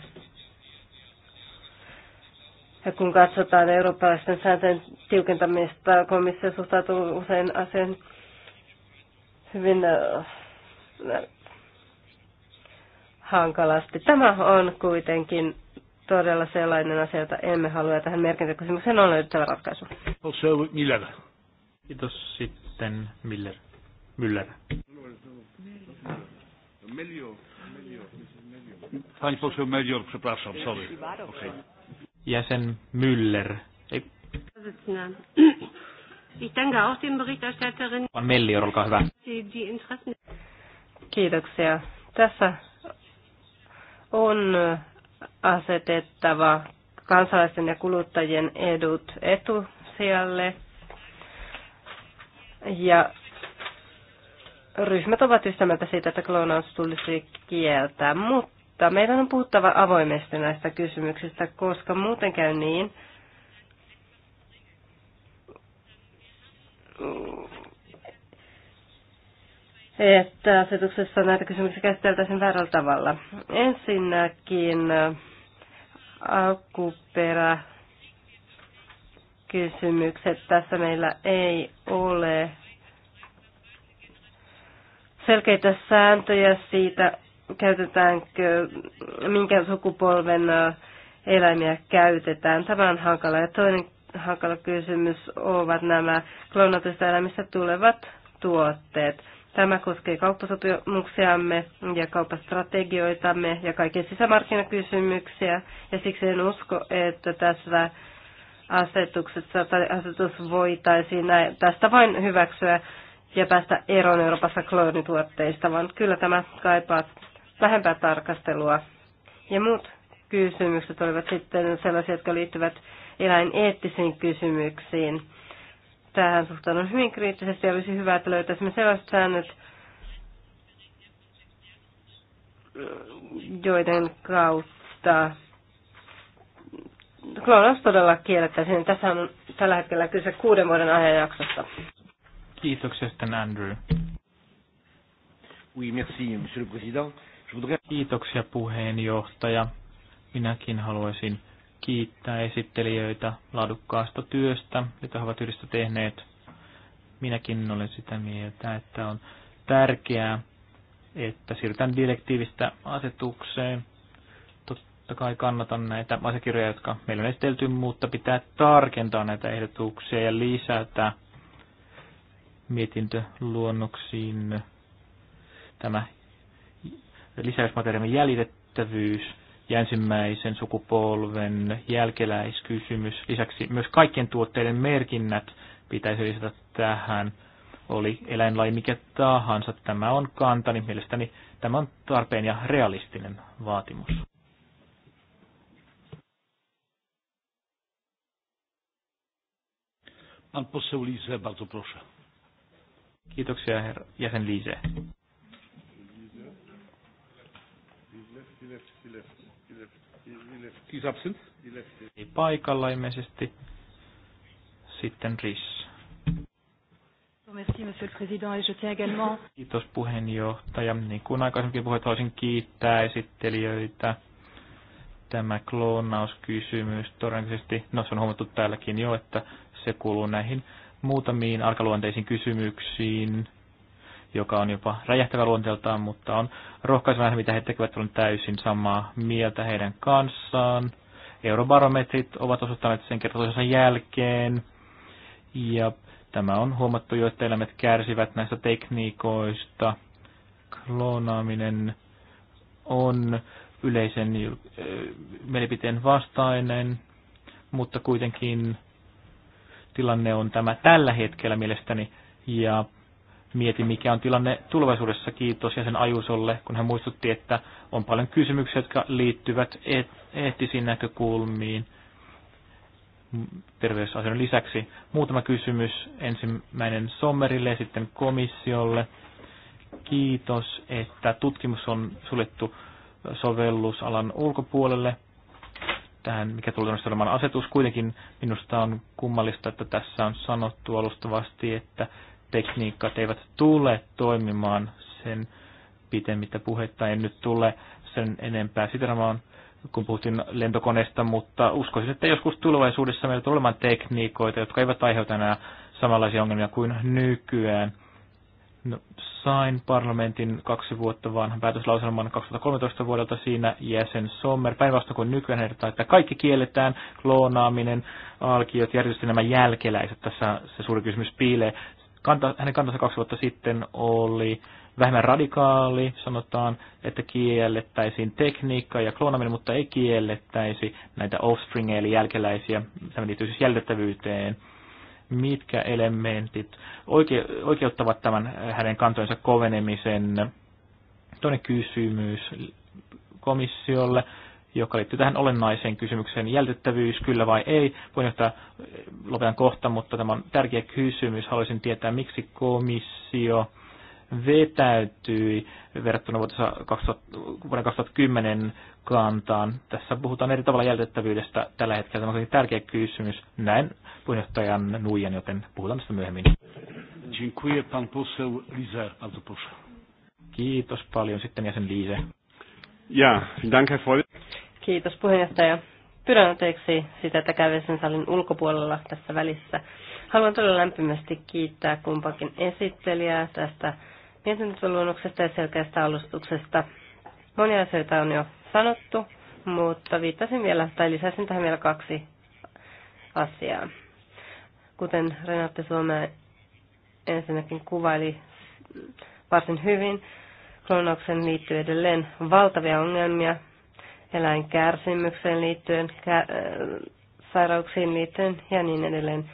Speaker 3: Ja kun katsotaan eurooppalaisten sääntöjen tiukentamista, komissio suhtautuu usein asian hyvin hankalasti. Tämä on kuitenkin todella sellainen asia, jota emme halua tähän merkintäkysymykseen on löydettävä
Speaker 5: ratkaisu. Miller. Kiitos sitten Miller. Müller.
Speaker 4: Pani poseł Melior, przepraszam, sorry. Okay.
Speaker 5: Jäsen Müller. Ei.
Speaker 3: Ich danke auch den Berichterstatterin.
Speaker 5: Mellior, olkaa hyvä.
Speaker 3: Kiitoksia. Tässä on asetettava kansalaisten ja kuluttajien edut etusijalle. Ja ryhmät ovat yhtä mieltä siitä, että kloonaus tulisi kieltää, mutta meidän on puhuttava avoimesti näistä kysymyksistä, koska muuten käy niin, että asetuksessa näitä kysymyksiä käsiteltäisiin väärällä tavalla. Ensinnäkin äh, alkuperä kysymykset. Tässä meillä ei ole selkeitä sääntöjä siitä, käytetäänkö, minkä sukupolven äh, eläimiä käytetään. Tämä on hankala. Ja toinen hankala kysymys ovat nämä kloonatuista elämistä tulevat tuotteet. Tämä koskee kauppasopimuksiamme ja kauppastrategioitamme ja kaikkia sisämarkkinakysymyksiä, ja siksi en usko, että tässä asetuksessa tai asetus voitaisiin näin, tästä vain hyväksyä ja päästä eroon Euroopassa kloonituotteista, vaan kyllä tämä kaipaa vähempää tarkastelua. Ja muut kysymykset olivat sitten sellaisia, jotka liittyvät eettisiin kysymyksiin. Tähän suhtaudun hyvin kriittisesti ja olisi hyvä, että löytäisimme sellaiset säännöt, joiden kautta kloonaus todella kiellettäisiin. Tässä on tällä hetkellä kyse kuuden vuoden ajanjaksosta.
Speaker 5: Kiitoksia sitten Andrew. Oui, merci, monsieur le président. Kiitoksia puheenjohtaja. Minäkin haluaisin kiittää esittelijöitä laadukkaasta työstä, jota he ovat yhdessä tehneet. Minäkin olen sitä mieltä, että on tärkeää, että siirrytään direktiivistä asetukseen. Totta kai kannatan näitä asiakirjoja, jotka meillä on esitelty, mutta pitää tarkentaa näitä ehdotuksia ja lisätä mietintöluonnoksiin tämä lisäysmateriaalin jäljitettävyys ja ensimmäisen sukupolven jälkeläiskysymys. Lisäksi myös kaikkien tuotteiden merkinnät pitäisi lisätä tähän. Oli eläinlaji mikä tahansa, tämä on kantani. Mielestäni tämä on tarpeen ja realistinen vaatimus.
Speaker 1: Pan poseu Lise, bardzo proszę. Kiitoksia, herra jäsen Lise. He's absent. Ei
Speaker 5: paikalla ilmeisesti. Sitten RIS. Kiitos puheenjohtaja. Niin kuin aikaisemmin puhuit, haluaisin kiittää esittelijöitä. Tämä kloonauskysymys todennäköisesti, no se on huomattu täälläkin jo, että se kuuluu näihin muutamiin arkaluonteisiin kysymyksiin, joka on jopa räjähtävä luonteeltaan, mutta on rohkaisevaa, mitä he tekevät, olen täysin samaa mieltä heidän kanssaan. Eurobarometrit ovat osoittaneet sen kertoisensa jälkeen, ja tämä on huomattu jo, että eläimet kärsivät näistä tekniikoista. Kloonaaminen on yleisen äh, mielipiteen vastainen, mutta kuitenkin tilanne on tämä tällä hetkellä mielestäni, ja mieti mikä on tilanne tulevaisuudessa. Kiitos sen Ajusolle, kun hän muistutti, että on paljon kysymyksiä, jotka liittyvät eettisiin näkökulmiin terveysasioiden lisäksi. Muutama kysymys. Ensimmäinen Sommerille ja sitten komissiolle. Kiitos, että tutkimus on suljettu sovellusalan ulkopuolelle. Tähän, mikä tulee olemaan asetus. Kuitenkin minusta on kummallista, että tässä on sanottu alustavasti, että tekniikat eivät tule toimimaan sen pitemmittä puhetta. En nyt tule sen enempää siteramaan, kun puhuttiin lentokoneesta, mutta uskoisin, että joskus tulevaisuudessa meillä tulee olemaan tekniikoita, jotka eivät aiheuta enää samanlaisia ongelmia kuin nykyään. No, sain parlamentin kaksi vuotta vanhan päätöslauselman 2013 vuodelta siinä jäsen Sommer. Päinvastoin kuin nykyään ehdotetaan, että kaikki kielletään, kloonaaminen, alkiot, järjestetään nämä jälkeläiset. Tässä se suuri kysymys piilee kanta, hänen kantansa kaksi vuotta sitten oli vähemmän radikaali, sanotaan, että kiellettäisiin tekniikka ja kloonaminen, mutta ei kiellettäisi näitä offspringeja eli jälkeläisiä, tämä liittyy siis jäljitettävyyteen, mitkä elementit oike- oikeuttavat tämän hänen kantojensa kovenemisen. Toinen kysymys komissiolle joka liittyy tähän olennaiseen kysymykseen. Jäljitettävyys, kyllä vai ei? johtaa eh, lopetan kohta, mutta tämä on tärkeä kysymys. Haluaisin tietää, miksi komissio vetäytyi verrattuna vuoden 2010 kantaan. Tässä puhutaan eri tavalla jäljitettävyydestä tällä hetkellä. Tämä on tärkeä kysymys. Näin puheenjohtajan nuijan, joten puhutaan tästä myöhemmin. Kiitos paljon sitten jäsen Liise. Ja, danke
Speaker 3: Kiitos puheenjohtaja. Pyydän anteeksi sitä, että kävisin salin ulkopuolella tässä välissä. Haluan todella lämpimästi kiittää kumpakin esittelijää tästä mietintöluonnoksesta ja selkeästä alustuksesta. Monia asioita on jo sanottu, mutta viittasin vielä, tai lisäsin tähän vielä kaksi asiaa. Kuten Renate Suomea ensinnäkin kuvaili varsin hyvin, kloonaukseen liittyy edelleen valtavia ongelmia, eläinkärsimykseen liittyen, äh, sairauksiin liittyen ja niin edelleen.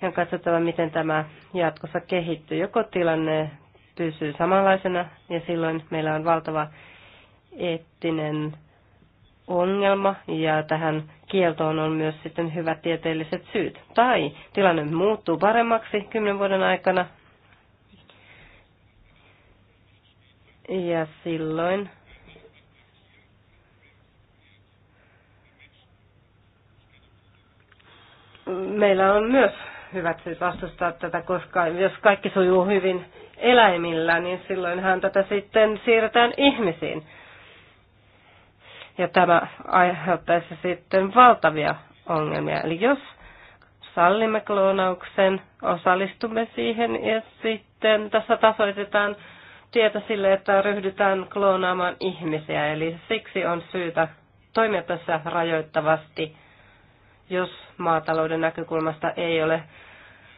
Speaker 3: Ja on katsottava, miten tämä jatkossa kehittyy. Joko tilanne pysyy samanlaisena ja silloin meillä on valtava eettinen ongelma ja tähän kieltoon on myös sitten hyvät tieteelliset syyt. Tai tilanne muuttuu paremmaksi kymmenen vuoden aikana ja silloin meillä on myös hyvät syyt vastustaa tätä, koska jos kaikki sujuu hyvin eläimillä, niin silloinhan tätä sitten siirretään ihmisiin. Ja tämä aiheuttaisi sitten valtavia ongelmia. Eli jos sallimme kloonauksen, osallistumme siihen ja sitten tässä tasoitetaan tietä sille, että ryhdytään kloonaamaan ihmisiä. Eli siksi on syytä toimia tässä rajoittavasti jos maatalouden näkökulmasta ei ole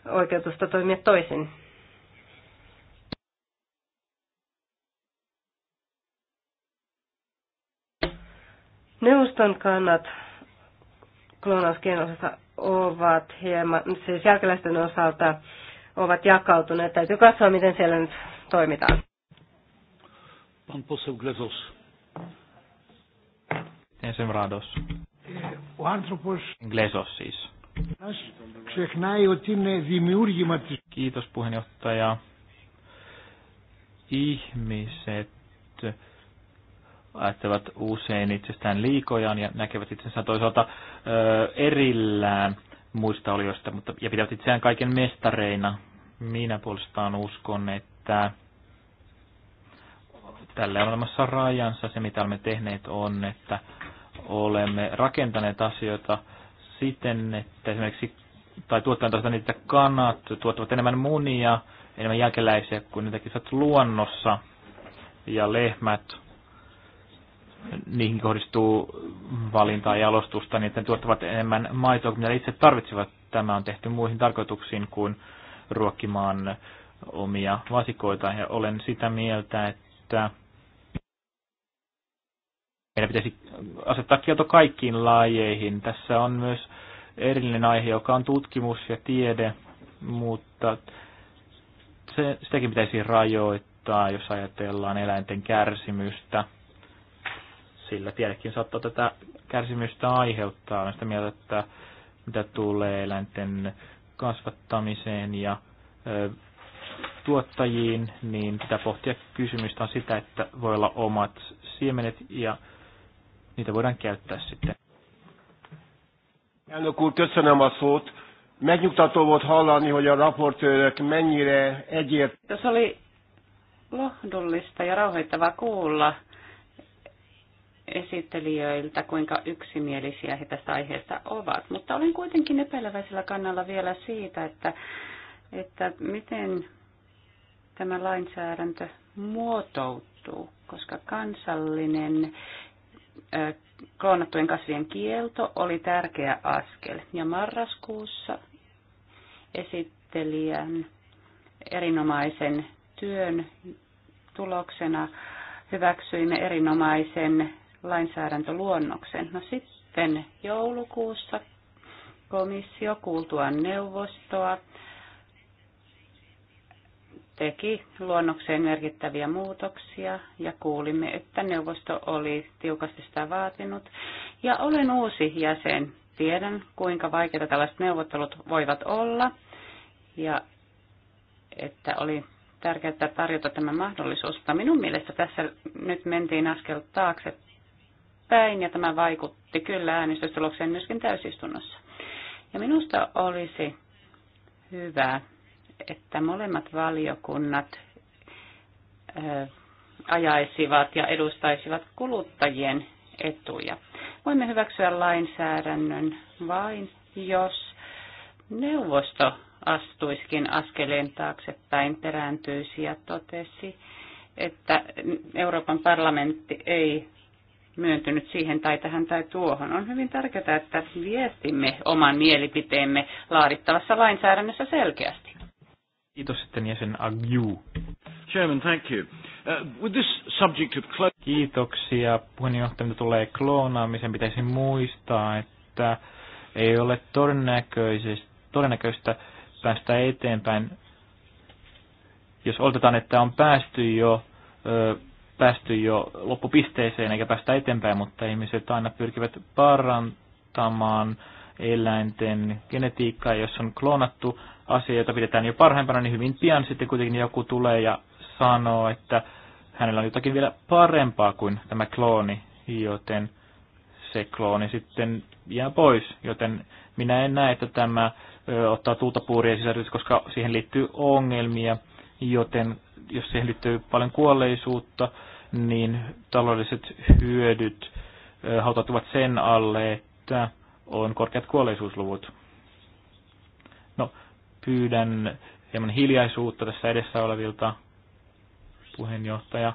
Speaker 3: oikeutusta toimia toisin. Neuvoston kannat klonauskien osalta ovat hieman, siis jälkeläisten osalta ovat jakautuneet. Täytyy katsoa, miten siellä nyt toimitaan.
Speaker 1: Pan poseł Glezos.
Speaker 5: Ensemrados. Ο άνθρωπος... Γκλέσος siis. Ξεχνάει ότι είναι δημιούργημα της... Kiitos puheenjohtaja. Ihmiset ajattelevat usein itsestään liikojaan ja näkevät itsensä toisaalta ö, erillään muista olioista, mutta, ja pitävät itseään kaiken mestareina. Minä puolestaan uskon, että tälle on olemassa rajansa. Se, mitä olemme tehneet, on, että olemme rakentaneet asioita siten, että esimerkiksi tai tuottajan tasolta niitä kannat tuottavat enemmän munia, enemmän jälkeläisiä kuin niitä kisat luonnossa. Ja lehmät, niihin kohdistuu valintaa ja jalostusta, niin ne tuottavat enemmän maitoa mitä itse tarvitsevat. Tämä on tehty muihin tarkoituksiin kuin ruokkimaan omia vasikoita. Ja olen sitä mieltä, että meidän pitäisi asettaa kielto kaikkiin lajeihin. Tässä on myös erillinen aihe, joka on tutkimus ja tiede, mutta se, sitäkin pitäisi rajoittaa, jos ajatellaan eläinten kärsimystä. Sillä tiedekin saattaa tätä kärsimystä aiheuttaa. Olen sitä mieltä, että mitä tulee eläinten kasvattamiseen ja ö, tuottajiin, niin pitää pohtia kysymystä on sitä, että voi olla omat siemenet ja niitä voidaan käyttää sitten.
Speaker 1: Elnök úr, köszönöm a szót.
Speaker 3: Megnyugtató volt hallani, hogy a raportőrök mennyire egyért...
Speaker 1: Tässä oli
Speaker 2: lohdullista ja rauhoittavaa kuulla esittelijöiltä, kuinka yksimielisiä he tästä aiheesta ovat. Mutta olen kuitenkin epäileväisellä kannalla vielä siitä, että, että miten tämä lainsäädäntö muotoutuu, koska kansallinen kloonattujen kasvien kielto oli tärkeä askel. Ja marraskuussa esittelijän erinomaisen työn tuloksena hyväksyimme erinomaisen lainsäädäntöluonnoksen. No sitten joulukuussa komissio kuultuaan neuvostoa teki luonnokseen merkittäviä muutoksia ja kuulimme, että neuvosto oli tiukasti sitä vaatinut. Ja olen uusi jäsen. Tiedän, kuinka vaikeita tällaiset neuvottelut voivat olla ja että oli tärkeää tarjota tämä mahdollisuus. Mutta minun mielestä tässä nyt mentiin askel päin ja tämä vaikutti kyllä äänestystulokseen myöskin täysistunnossa. Ja minusta olisi hyvä että molemmat valiokunnat ajaisivat ja edustaisivat kuluttajien etuja. Voimme hyväksyä lainsäädännön vain, jos neuvosto astuiskin askeleen taaksepäin, perääntyisi ja totesi, että Euroopan parlamentti ei myöntynyt siihen tai tähän tai tuohon. On hyvin tärkeää, että viestimme oman mielipiteemme laadittavassa lainsäädännössä selkeästi.
Speaker 5: Kiitos sitten jäsen Agju. Chairman, thank you. Uh, with this subject of clo- Kiitoksia. Puheenjohtaja, mitä tulee kloonaamisen, pitäisi muistaa, että ei ole todennäköistä päästä eteenpäin, jos oletetaan, että on päästy jo, ö, päästy jo loppupisteeseen eikä päästä eteenpäin, mutta ihmiset aina pyrkivät parantamaan eläinten genetiikkaa, jos on kloonattu asia, jota pidetään jo parhaimpana, niin hyvin pian sitten kuitenkin joku tulee ja sanoo, että hänellä on jotakin vielä parempaa kuin tämä klooni, joten se klooni sitten jää pois, joten minä en näe, että tämä ö, ottaa tuulta puuria sisällys, koska siihen liittyy ongelmia, joten jos siihen liittyy paljon kuolleisuutta, niin taloudelliset hyödyt ö, hautautuvat sen alle, että on korkeat kuolleisuusluvut. No, pyydän hieman hiljaisuutta tässä edessä olevilta puheenjohtaja.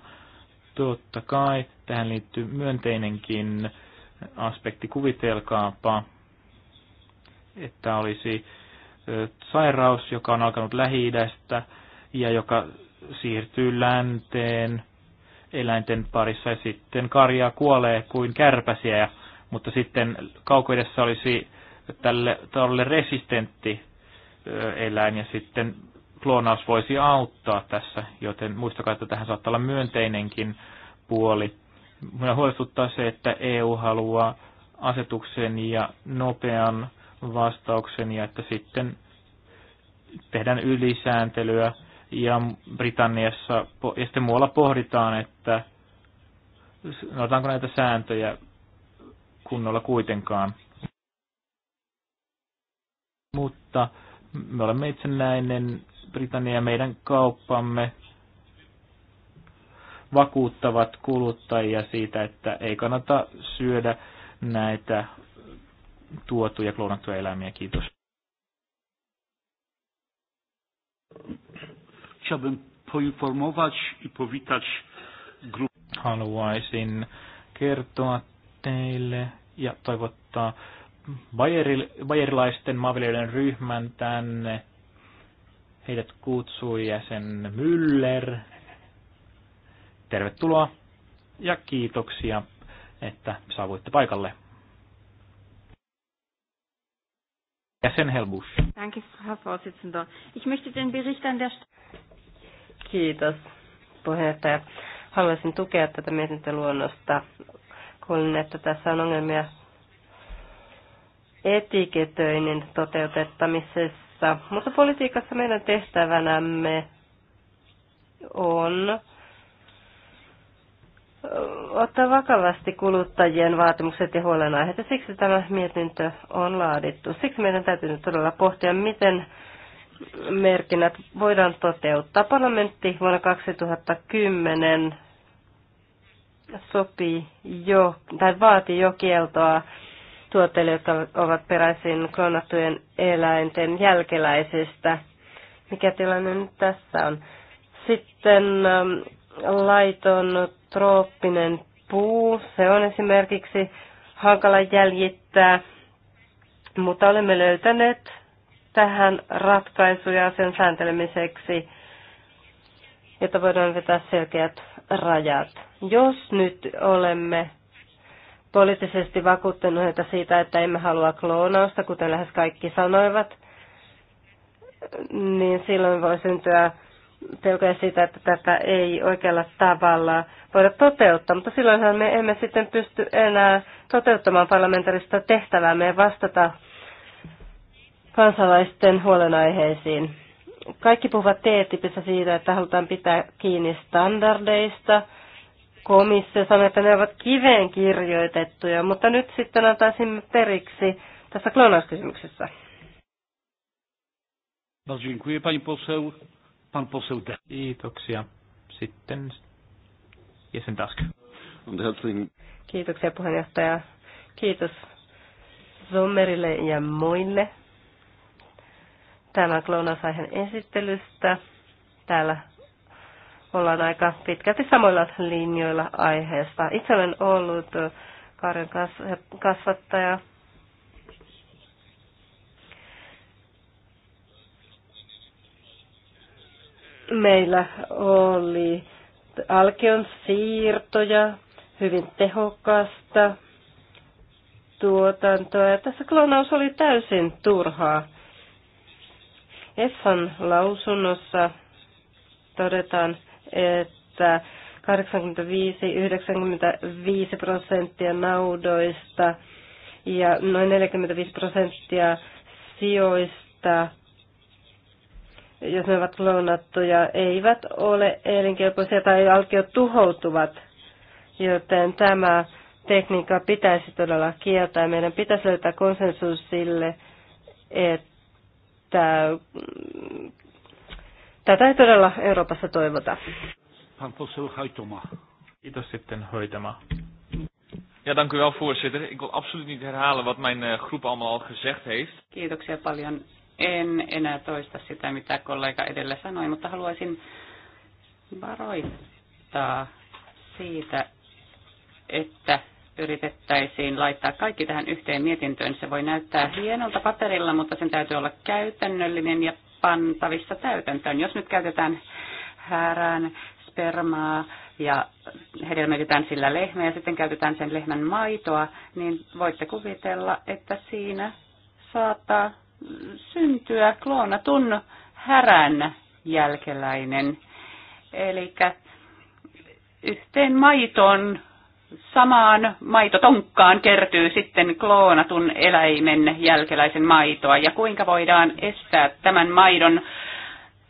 Speaker 5: Totta kai tähän liittyy myönteinenkin aspekti. Kuvitelkaapa, että olisi sairaus, joka on alkanut lähi ja joka siirtyy länteen eläinten parissa ja sitten karjaa kuolee kuin kärpäsiä ja mutta sitten kaukoidessa olisi tälle tälle resistentti eläin ja sitten kloonaus voisi auttaa tässä, joten muistakaa, että tähän saattaa olla myönteinenkin puoli. Minua huolestuttaa se, että EU haluaa asetuksen ja nopean vastauksen ja että sitten tehdään ylisääntelyä ja Britanniassa ja sitten muualla pohditaan, että otetaanko näitä sääntöjä kunnolla kuitenkaan. Mutta me olemme itsenäinen Britannia ja meidän kauppamme vakuuttavat kuluttajia siitä, että ei kannata syödä näitä tuotuja kloonattuja eläimiä. Kiitos.
Speaker 1: Chciałbym poinformować
Speaker 5: i powitać grupę. Haluaisin kertoa teille ja toivottaa Bayeril, bayerilaisten maanviljelijöiden ryhmän tänne. Heidät kutsui jäsen Müller. Tervetuloa ja kiitoksia, että saavuitte paikalle. Jäsen Helbusch.
Speaker 3: Danke, Herr Vorsitzender. Ich möchte den Bericht an der Kiitos, puheenjohtaja. Haluaisin tukea tätä mietintöluonnosta Kuulin, että tässä on ongelmia etiketöinnin toteutettamisessa, mutta politiikassa meidän tehtävänämme on ottaa vakavasti kuluttajien vaatimukset ja huolenaiheet, ja siksi tämä mietintö on laadittu. Siksi meidän täytyy nyt todella pohtia, miten merkinnät voidaan toteuttaa. Parlamentti vuonna 2010 sopii jo tai vaatii jo kieltoa tuotteille, jotka ovat peräisin klonattujen eläinten jälkeläisistä. Mikä tilanne nyt tässä on? Sitten ähm, laiton trooppinen puu, se on esimerkiksi hankala jäljittää, mutta olemme löytäneet tähän ratkaisuja sen sääntelemiseksi, jotta voidaan vetää selkeät rajat. Jos nyt olemme poliittisesti vakuuttuneita siitä, että emme halua kloonausta, kuten lähes kaikki sanoivat, niin silloin voi syntyä pelkoja siitä, että tätä ei oikealla tavalla voida toteuttaa, mutta silloinhan me emme sitten pysty enää toteuttamaan parlamentaarista tehtävää, me vastata kansalaisten huolenaiheisiin kaikki puhuvat TTIPissä siitä, että halutaan pitää kiinni standardeista. Komissio sanoi, että ne ovat kiveen kirjoitettuja, mutta nyt sitten antaisin periksi tässä kloonauskysymyksessä.
Speaker 1: No, Kiitoksia.
Speaker 5: Sitten Jesen Task.
Speaker 3: Kiitoksia puheenjohtaja. Kiitos Sommerille ja muille tämän kloonausaihen esittelystä. Täällä ollaan aika pitkälti samoilla linjoilla aiheesta. Itse olen ollut karjan kasvattaja. Meillä oli alkeon siirtoja, hyvin tehokasta tuotantoa. Ja tässä klonaus oli täysin turhaa. EFFAn lausunnossa todetaan, että 85-95 prosenttia naudoista ja noin 45 prosenttia sijoista, jos ne ovat lounattuja, eivät ole elinkelpoisia tai alkiot tuhoutuvat. Joten tämä tekniikka pitäisi todella kieltää. Meidän pitäisi löytää konsensus sille, että tämä, mm, tätä ei todella Euroopassa toivota.
Speaker 5: Kiitos sitten hoitama. Ja, dank u wel, voorzitter. Ik wil absoluut niet herhalen wat mijn uh, groep allemaal al gezegd heeft. Kiitoksia paljon. En
Speaker 2: enää toista sitä, mitä kollega edellä sanoi, mutta haluaisin varoittaa siitä, että yritettäisiin laittaa kaikki tähän yhteen mietintöön. Se voi näyttää hienolta paperilla, mutta sen täytyy olla käytännöllinen ja pantavissa täytäntöön. Jos nyt käytetään häärään spermaa ja hedelmöitetään sillä lehmä ja sitten käytetään sen lehmän maitoa, niin voitte kuvitella, että siinä saattaa syntyä kloonatun härän jälkeläinen. Eli yhteen maiton samaan maitotonkkaan kertyy sitten kloonatun eläimen jälkeläisen maitoa ja kuinka voidaan estää tämän maidon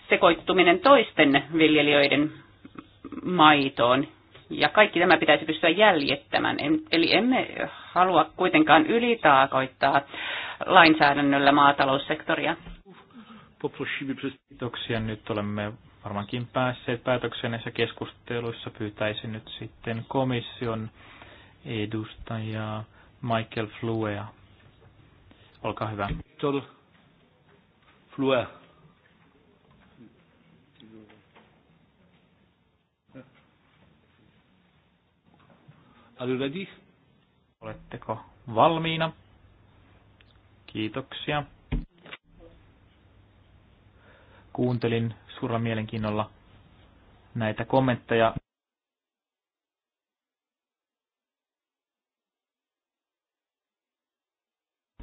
Speaker 2: sekoittuminen toisten viljelijöiden maitoon. Ja kaikki tämä pitäisi pystyä jäljittämään. Eli emme halua kuitenkaan ylitaakoittaa lainsäädännöllä maataloussektoria.
Speaker 5: Kiitoksia. Nyt olemme varmaankin päässeet päätökseen näissä keskusteluissa. Pyytäisin nyt sitten komission edustajaa Michael Fluea. Olkaa hyvä. Victor Flue. Are you ready? Oletteko valmiina? Kiitoksia. Kuuntelin suurella mielenkiinnolla näitä kommentteja.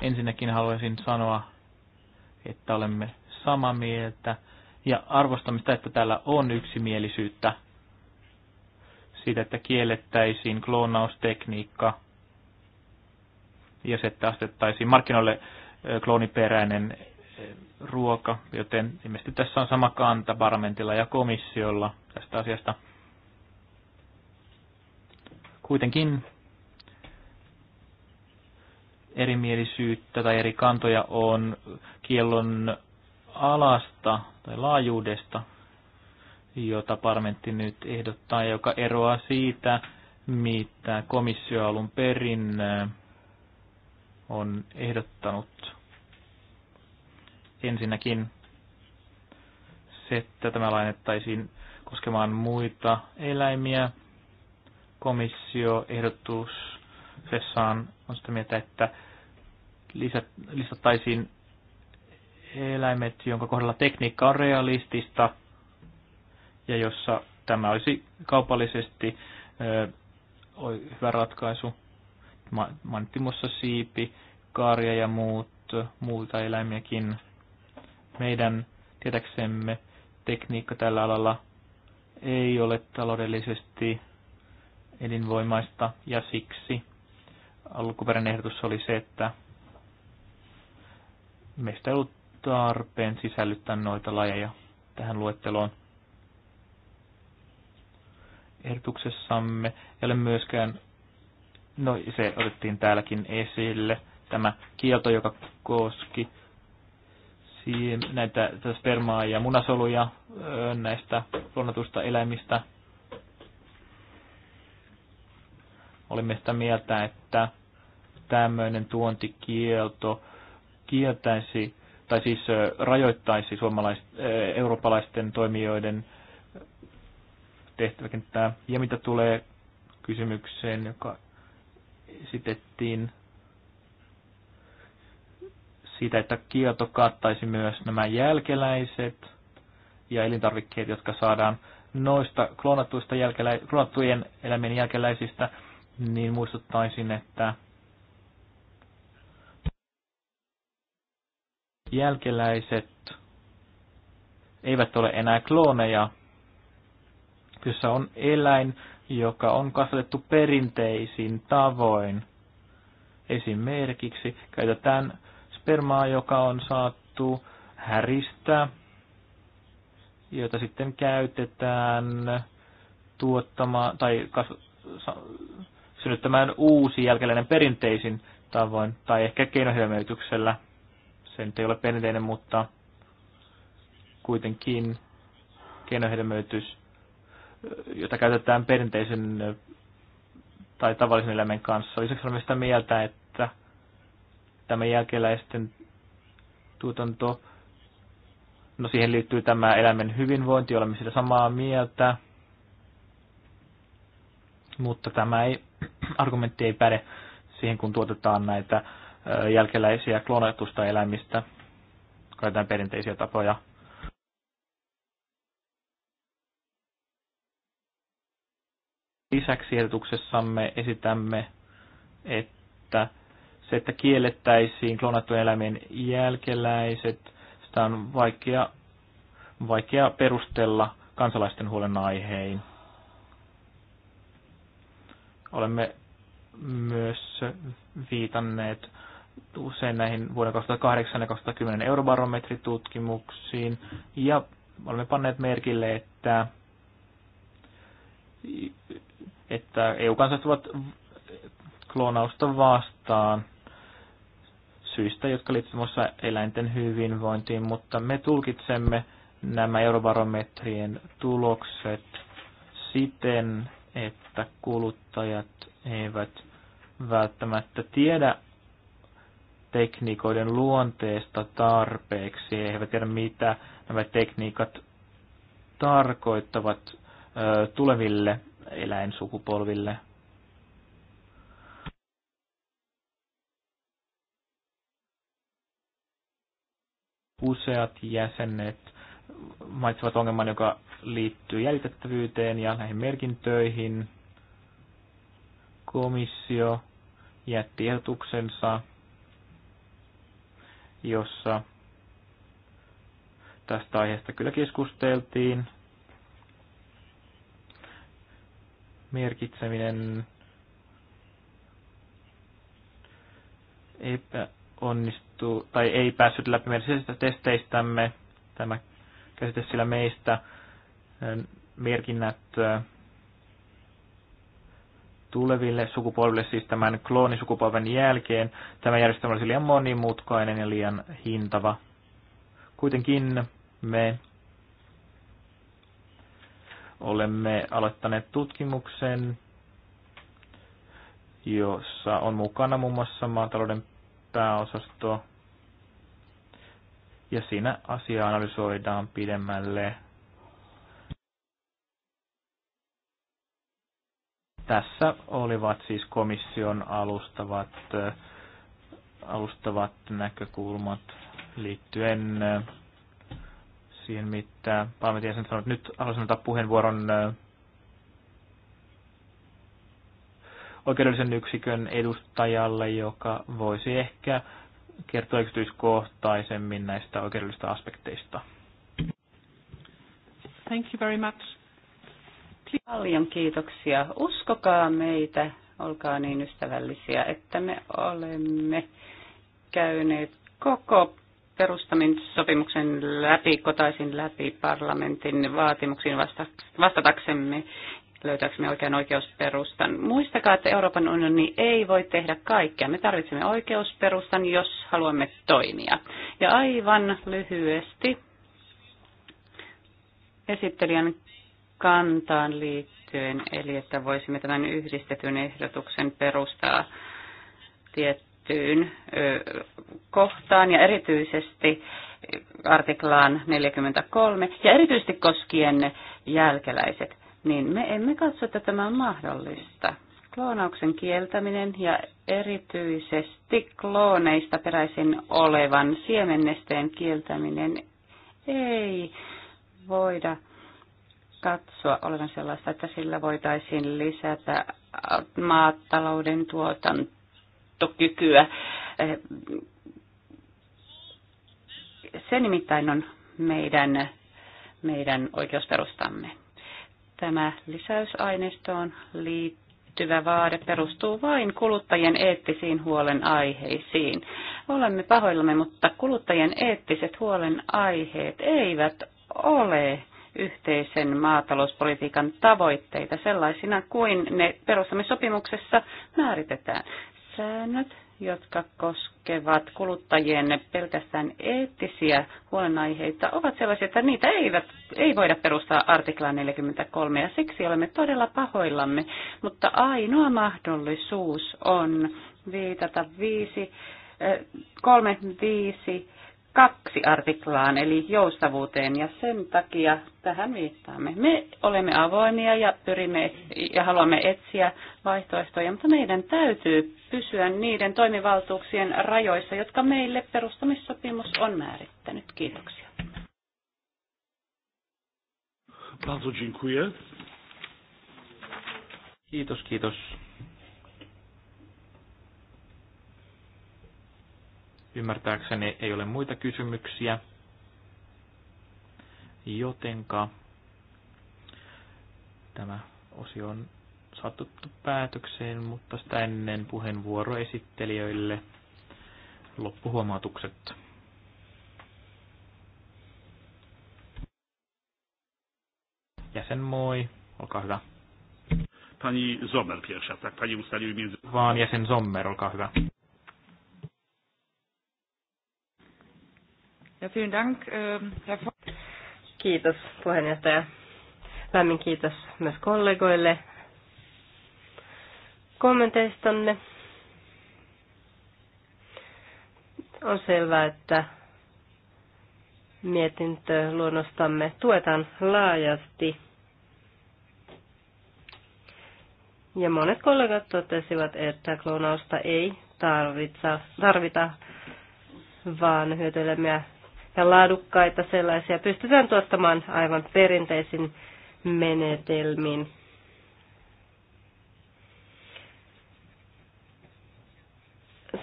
Speaker 5: Ensinnäkin haluaisin sanoa, että olemme samaa mieltä ja arvostamista, että täällä on yksimielisyyttä siitä, että kiellettäisiin kloonaustekniikka ja se, että astettaisiin markkinoille klooniperäinen ruoka, joten ilmeisesti tässä on sama kanta parlamentilla ja komissiolla tästä asiasta. Kuitenkin erimielisyyttä tai eri kantoja on kiellon alasta tai laajuudesta, jota parlamentti nyt ehdottaa, joka eroaa siitä, mitä komissio alun perin on ehdottanut. Ensinnäkin se, että tämä lainettaisiin koskemaan muita eläimiä. Komissio ehdotuksessaan on sitä mieltä, että lisät, lisättäisiin eläimet, jonka kohdalla tekniikka on realistista ja jossa tämä olisi kaupallisesti hyvä ratkaisu. Mainittiin muassa siipi, kaaria ja muut, muuta eläimiäkin meidän tietäksemme tekniikka tällä alalla ei ole taloudellisesti elinvoimaista ja siksi alkuperäinen ehdotus oli se, että meistä ei ollut tarpeen sisällyttää noita lajeja tähän luetteloon. Ehdotuksessamme ei ole myöskään, no se otettiin täälläkin esille, tämä kielto, joka koski Siihen näitä spermaa ja munasoluja näistä luonnotusta eläimistä. Olimme sitä mieltä, että tämmöinen tuontikielto kieltäisi tai siis rajoittaisi suomalais- eurooppalaisten toimijoiden tehtäväkenttää. Ja mitä tulee kysymykseen, joka esitettiin siitä, että Kioto kattaisi myös nämä jälkeläiset ja elintarvikkeet, jotka saadaan noista kloonattuista jälkelä- kloonattujen eläimien jälkeläisistä, niin muistuttaisin, että jälkeläiset eivät ole enää klooneja, jossa on eläin, joka on kasvatettu perinteisin tavoin. Esimerkiksi käytetään spermaa, joka on saatu häristä, jota sitten käytetään tuottamaan tai kas- synnyttämään uusi jälkeläinen perinteisin tavoin, tai ehkä keinohyömöityksellä. Se nyt ei ole perinteinen, mutta kuitenkin keinohedelmöitys, jota käytetään perinteisen tai tavallisen eläimen kanssa. Lisäksi olen sitä mieltä, että tämän jälkeläisten tuotanto. No siihen liittyy tämä eläimen hyvinvointi, olemme sitä samaa mieltä. Mutta tämä ei, argumentti ei päde siihen, kun tuotetaan näitä jälkeläisiä kloonatusta eläimistä. Käytetään perinteisiä tapoja Lisäksi ehdotuksessamme esitämme, että se, että kiellettäisiin klonattujen eläimien jälkeläiset, sitä on vaikea, vaikea perustella kansalaisten huolenaiheen. Olemme myös viitanneet usein näihin vuoden 2008 ja 2010 eurobarometritutkimuksiin ja olemme panneet merkille, että, että EU-kansalaiset ovat kloonausta vastaan syistä, jotka liittyvät muassa eläinten hyvinvointiin, mutta me tulkitsemme nämä eurobarometrien tulokset siten, että kuluttajat eivät välttämättä tiedä tekniikoiden luonteesta tarpeeksi, he eivät tiedä mitä nämä tekniikat tarkoittavat tuleville eläinsukupolville. useat jäsenet mainitsevat ongelman, joka liittyy jäljitettävyyteen ja näihin merkintöihin. Komissio jätti ehdotuksensa, jossa tästä aiheesta kyllä keskusteltiin. Merkitseminen epäonnist onnistu, tai ei päässyt läpi meidän testeistämme, tämä käsite sillä meistä ähm, merkinnät äh, tuleville sukupolville, siis tämän kloonisukupolven jälkeen. Tämä järjestelmä olisi liian monimutkainen ja liian hintava. Kuitenkin me olemme aloittaneet tutkimuksen, jossa on mukana muun muassa maatalouden pääosasto. Ja siinä asia analysoidaan pidemmälle. Tässä olivat siis komission alustavat, alustavat näkökulmat liittyen äh, siihen, mitä Palmetin jäsen sanoi, että nyt haluaisin ottaa puheenvuoron äh, oikeudellisen yksikön edustajalle, joka voisi ehkä kertoa yksityiskohtaisemmin näistä oikeudellisista aspekteista.
Speaker 4: Thank you very much.
Speaker 2: Paljon kiitoksia. Uskokaa meitä, olkaa niin ystävällisiä, että me olemme käyneet koko perustamissopimuksen läpi, kotaisin läpi parlamentin vaatimuksiin vastataksemme me oikean oikeusperustan. Muistakaa, että Euroopan unioni ei voi tehdä kaikkea. Me tarvitsemme oikeusperustan, jos haluamme toimia. Ja aivan lyhyesti esittelijän kantaan liittyen, eli että voisimme tämän yhdistetyn ehdotuksen perustaa tiettyyn kohtaan ja erityisesti artiklaan 43 ja erityisesti koskien jälkeläiset niin me emme katso, että tämä on mahdollista. Kloonauksen kieltäminen ja erityisesti klooneista peräisin olevan siemennesteen kieltäminen ei voida katsoa olevan sellaista, että sillä voitaisiin lisätä maatalouden tuotantokykyä. Se nimittäin on meidän, meidän oikeusperustamme. Tämä lisäysaineistoon liittyvä vaade perustuu vain kuluttajien eettisiin huolenaiheisiin. Olemme pahoillamme, mutta kuluttajien eettiset huolenaiheet eivät ole yhteisen maatalouspolitiikan tavoitteita sellaisina kuin ne perustamissopimuksessa määritetään. Säännöt jotka koskevat kuluttajien pelkästään eettisiä huolenaiheita, ovat sellaisia, että niitä eivät, ei voida perustaa artiklaan 43 ja siksi olemme todella pahoillamme. Mutta ainoa mahdollisuus on viitata 5, 3, 5, kaksi artiklaan, eli joustavuuteen, ja sen takia tähän viittaamme. Me olemme avoimia ja pyrimme ja haluamme etsiä vaihtoehtoja, mutta meidän täytyy pysyä niiden toimivaltuuksien rajoissa, jotka meille perustamissopimus on määrittänyt. Kiitoksia.
Speaker 5: Kiitos, kiitos. Ymmärtääkseni ei ole muita kysymyksiä, jotenka tämä osio on saatettu päätökseen, mutta sitä ennen puheenvuoro esittelijöille loppuhuomautukset. Jäsen moi, olkaa hyvä.
Speaker 1: Pani Zommer pierwsza, tak? Pani ustaliły między...
Speaker 5: Vaan jäsen Zommer, olkaa hyvä.
Speaker 3: Ja vielen Dank, ähm, Herr Kiitos puheenjohtaja. Lämmin kiitos myös kollegoille kommenteistanne. On selvää, että mietintö luonnostamme tuetaan laajasti. Ja monet kollegat totesivat, että kloonausta ei tarvita, tarvita vaan hyötyilemme ja laadukkaita sellaisia pystytään tuottamaan aivan perinteisin menetelmin.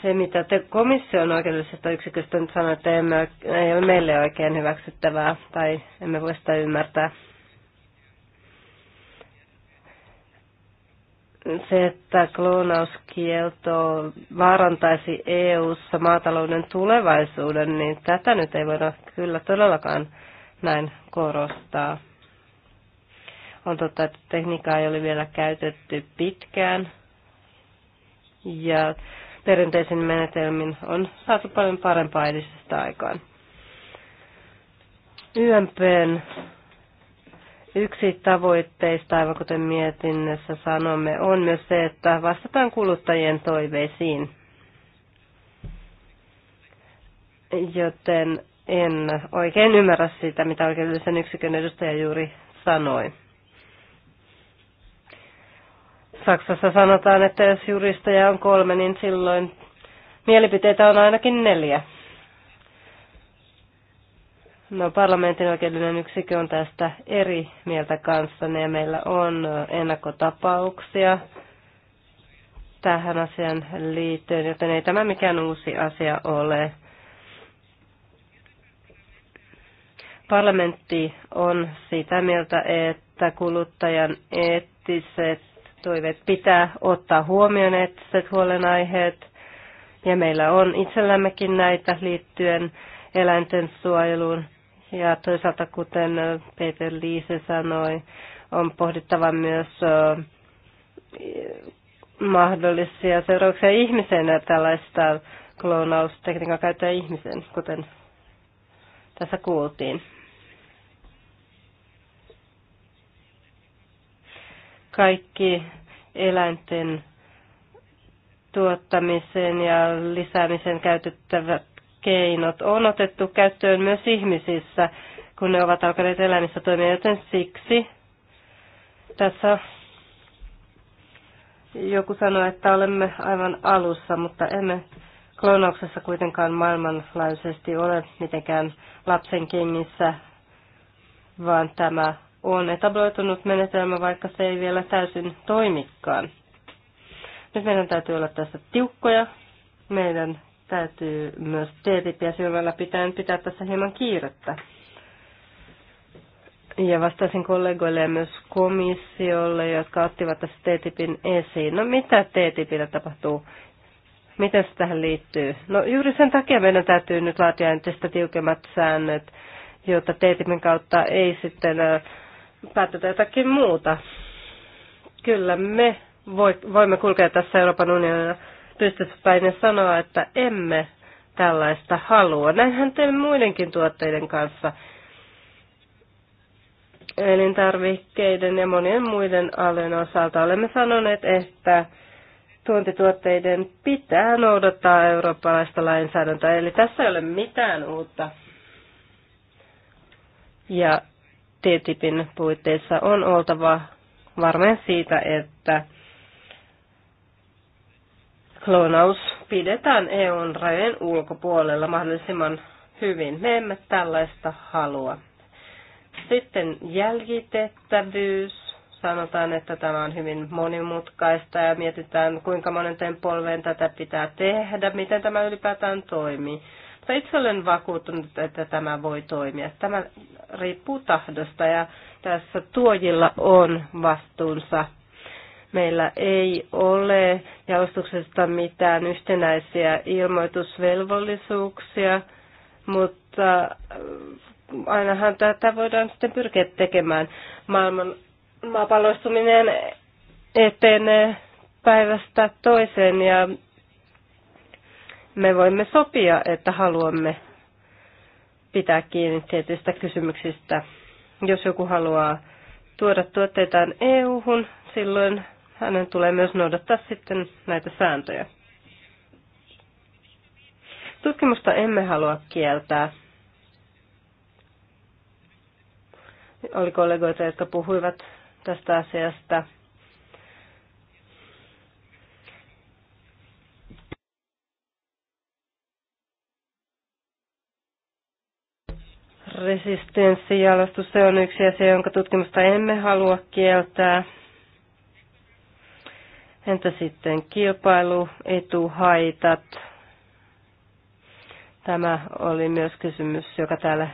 Speaker 3: Se, mitä te komission oikeudellisesta yksiköstä nyt sanoitte, ei ole meille oikein hyväksyttävää tai emme voi sitä ymmärtää. se, että kloonauskielto vaarantaisi EU-ssa maatalouden tulevaisuuden, niin tätä nyt ei voida kyllä todellakaan näin korostaa. On totta, että tekniikkaa ei ole vielä käytetty pitkään ja perinteisen menetelmin on saatu paljon parempaa edistystä aikaan. YMPn Yksi tavoitteista, aivan kuten mietinnössä sanomme, on myös se, että vastataan kuluttajien toiveisiin. Joten en oikein ymmärrä sitä, mitä oikeudellisen yksikön edustaja juuri sanoi. Saksassa sanotaan, että jos juristeja on kolme, niin silloin mielipiteitä on ainakin neljä. No parlamentin oikeudellinen yksikö on tästä eri mieltä kanssanne ja meillä on ennakkotapauksia tähän asian liittyen, joten ei tämä mikään uusi asia ole. Parlamentti on sitä mieltä, että kuluttajan eettiset toiveet pitää ottaa huomioon eettiset huolenaiheet, ja meillä on itsellämmekin näitä liittyen eläinten suojeluun ja toisaalta, kuten Peter Liise sanoi, on pohdittava myös mahdollisia seurauksia ihmisenä tällaista kloonaustekniikan käyttää ihmisen, kuten tässä kuultiin. Kaikki eläinten tuottamisen ja lisäämiseen käytettävät keinot on otettu käyttöön myös ihmisissä, kun ne ovat alkaneet eläimissä toimia, joten siksi tässä joku sanoi, että olemme aivan alussa, mutta emme klonauksessa kuitenkaan maailmanlaajuisesti ole mitenkään lapsen kengissä, vaan tämä on etabloitunut menetelmä, vaikka se ei vielä täysin toimikaan. Nyt meidän täytyy olla tässä tiukkoja. Meidän täytyy myös TTIPiä silmällä pitäen pitää tässä hieman kiirettä. Ja vastasin kollegoille ja myös komissiolle, jotka ottivat tässä TTIPin esiin. No mitä TTIPillä tapahtuu? Miten se tähän liittyy? No juuri sen takia meidän täytyy nyt laatia entistä tiukemmat säännöt, jotta TTIPin kautta ei sitten päätetä jotakin muuta. Kyllä me voimme kulkea tässä Euroopan unionina pystypäin ja sanoa, että emme tällaista halua. Näinhän teemme muidenkin tuotteiden kanssa elintarvikkeiden ja monien muiden alojen osalta. Olemme sanoneet, että tuontituotteiden pitää noudattaa eurooppalaista lainsäädäntöä, eli tässä ei ole mitään uutta. Ja TTIPin puitteissa on oltava varmoja siitä, että Klonaus pidetään EUn rajojen ulkopuolella mahdollisimman hyvin. Me emme tällaista halua. Sitten jäljitettävyys. Sanotaan, että tämä on hyvin monimutkaista ja mietitään, kuinka monen polven tätä pitää tehdä, miten tämä ylipäätään toimii. Mutta itse olen vakuuttunut, että tämä voi toimia. Tämä riippuu tahdosta ja tässä tuojilla on vastuunsa Meillä ei ole jaostuksesta mitään yhtenäisiä ilmoitusvelvollisuuksia, mutta äh, ainahan tätä voidaan sitten pyrkiä tekemään. Maailman maapalloistuminen etenee päivästä toiseen ja me voimme sopia, että haluamme pitää kiinni tietyistä kysymyksistä. Jos joku haluaa tuoda tuotteitaan EU-hun, silloin hänen tulee myös noudattaa sitten näitä sääntöjä. Tutkimusta emme halua kieltää. Oli kollegoita, jotka puhuivat tästä asiasta. Resistenssijalostus, se on yksi asia, jonka tutkimusta emme halua kieltää. Entä sitten kilpailu, haitat. Tämä oli myös kysymys, joka täällä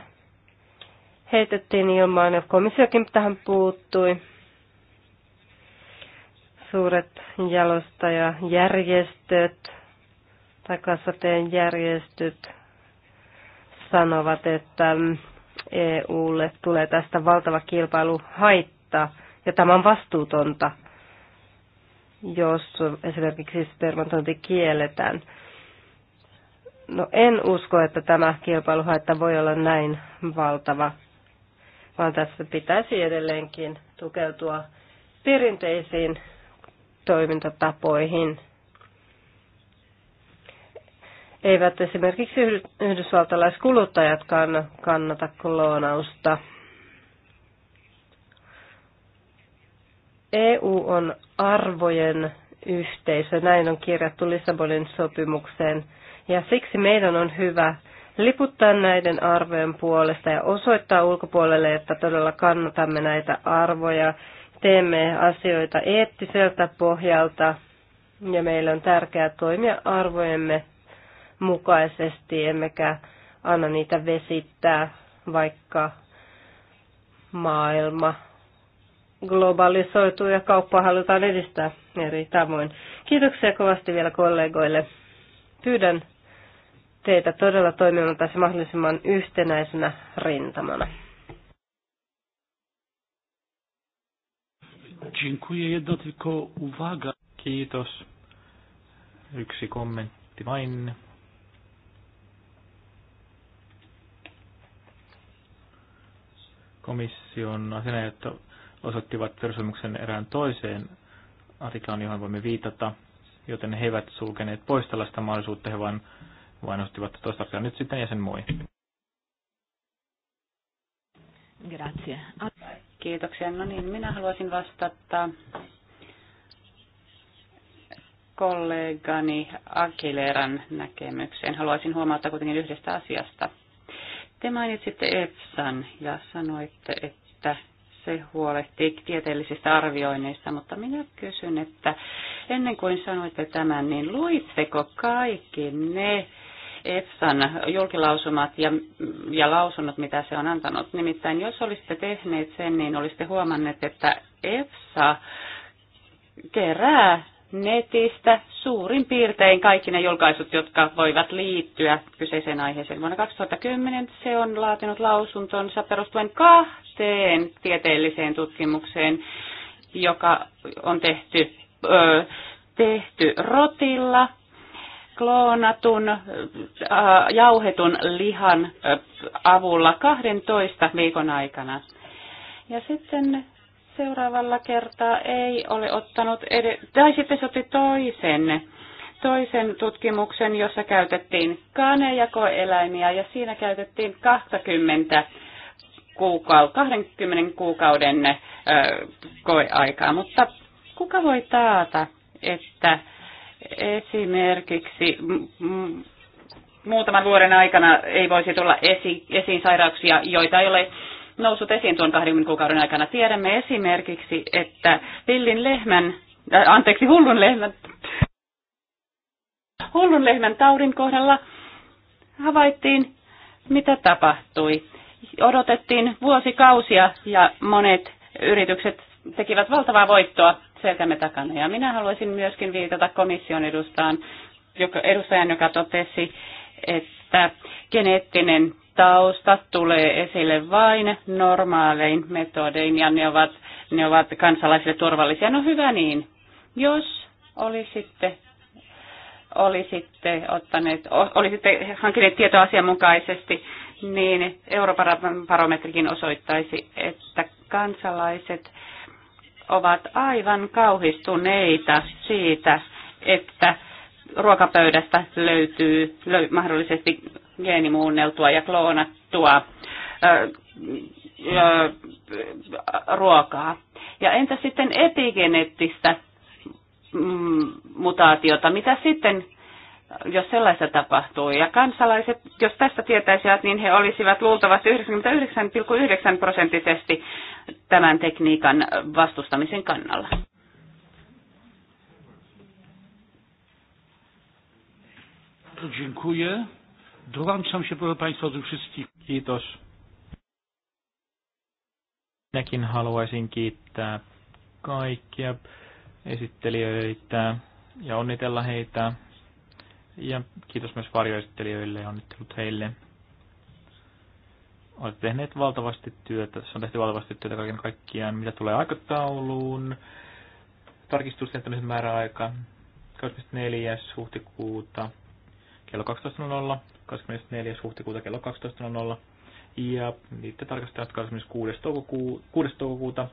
Speaker 3: heitettiin ilmaan, ja komissiokin tähän puuttui. Suuret jalostajajärjestöt tai kasvateen järjestöt sanovat, että EUlle tulee tästä valtava kilpailuhaitta, ja tämä on vastuutonta – jos esimerkiksi spermatonti kielletään. No en usko, että tämä kilpailuhaitta voi olla näin valtava, vaan tässä pitäisi edelleenkin tukeutua perinteisiin toimintatapoihin. Eivät esimerkiksi yhdysvaltalaiskuluttajatkaan kannata kloonausta. EU on arvojen yhteisö, näin on kirjattu Lissabonin sopimukseen, ja siksi meidän on hyvä liputtaa näiden arvojen puolesta ja osoittaa ulkopuolelle, että todella kannatamme näitä arvoja, teemme asioita eettiseltä pohjalta, ja meillä on tärkeää toimia arvojemme mukaisesti, emmekä anna niitä vesittää, vaikka maailma globalisoituu ja kauppaa halutaan edistää eri tavoin. Kiitoksia kovasti vielä kollegoille. Pyydän teitä todella toimimaan tässä mahdollisimman yhtenäisenä rintamana.
Speaker 5: Kiitos. Yksi kommentti vain. Komission asianajohtaja osoittivat perussopimuksen erään toiseen artiklaan, johon voimme viitata, joten he eivät sulkeneet pois tällaista mahdollisuutta, he vain, vain osoittivat toista artiklaa nyt sitten jäsen moi.
Speaker 2: Grazie. Kiitoksia. No niin, minä haluaisin vastata kollegani Akileran näkemykseen. Haluaisin huomauttaa kuitenkin yhdestä asiasta. Te mainitsitte EPSAn ja sanoitte, että se huolehtii tieteellisistä arvioinneista, mutta minä kysyn, että ennen kuin sanoitte tämän, niin luitteko kaikki ne EFSAn julkilausumat ja, ja lausunnot, mitä se on antanut? Nimittäin jos olisitte tehneet sen, niin olisitte huomanneet, että EFSA kerää netistä suurin piirtein kaikki ne julkaisut, jotka voivat liittyä kyseiseen aiheeseen. Vuonna 2010 se on laatinut lausuntonsa perustuen kahteen tieteelliseen tutkimukseen, joka on tehty, ö, tehty rotilla kloonatun äh, jauhetun lihan äh, avulla 12 viikon aikana. Ja sitten seuraavalla kertaa ei ole ottanut, edes, tai sitten se otti toisen, toisen tutkimuksen, jossa käytettiin kanejakoeläimiä ja siinä käytettiin 20 kuukauden, 20 kuukauden ö, koeaikaa, mutta kuka voi taata, että esimerkiksi muutaman vuoden aikana ei voisi tulla esi, esiin sairauksia, joita ei ole noussut esiin tuon 20 kuukauden aikana. Tiedämme esimerkiksi, että villin lehmän, äh, anteeksi, hullun lehmän, hullun lehmän taudin kohdalla havaittiin, mitä tapahtui. Odotettiin vuosikausia ja monet yritykset tekivät valtavaa voittoa selkämme takana. Ja minä haluaisin myöskin viitata komission edustajan, joka, edustajan, joka totesi, että geneettinen taustat tulee esille vain normaalein metodein ja ne ovat, ne ovat kansalaisille turvallisia. No hyvä niin, jos olisitte, olisitte, ottaneet, olisitte hankineet tietoa asianmukaisesti, niin Euroopan barometrikin osoittaisi, että kansalaiset ovat aivan kauhistuneita siitä, että ruokapöydästä löytyy löy, mahdollisesti geenimuunneltua ja kloonattua ruokaa. Ja entä sitten epigeneettistä mm, mutaatiota, mitä sitten jos sellaista tapahtuu. Ja kansalaiset, jos tästä tietäisivät, niin he olisivat luultavasti 99,9 prosenttisesti tämän tekniikan vastustamisen kannalla.
Speaker 1: Dziękuję. Dołączam się, proszę Państwa, do wszystkich. Kiitos.
Speaker 5: Minäkin haluaisin kiittää kaikkia esittelijöitä ja onnitella heitä. Ja kiitos myös varjoesittelijöille ja onnittelut heille. Olette tehneet valtavasti työtä. Se on tehty valtavasti työtä kaiken kaikkiaan. Mitä tulee aikatauluun? Tarkistusten määräaika 24. huhtikuuta kello 12.00 24. huhtikuuta kello 12.00 ja niitä tarkastellaan 26. Toukokuuta, 6. toukokuuta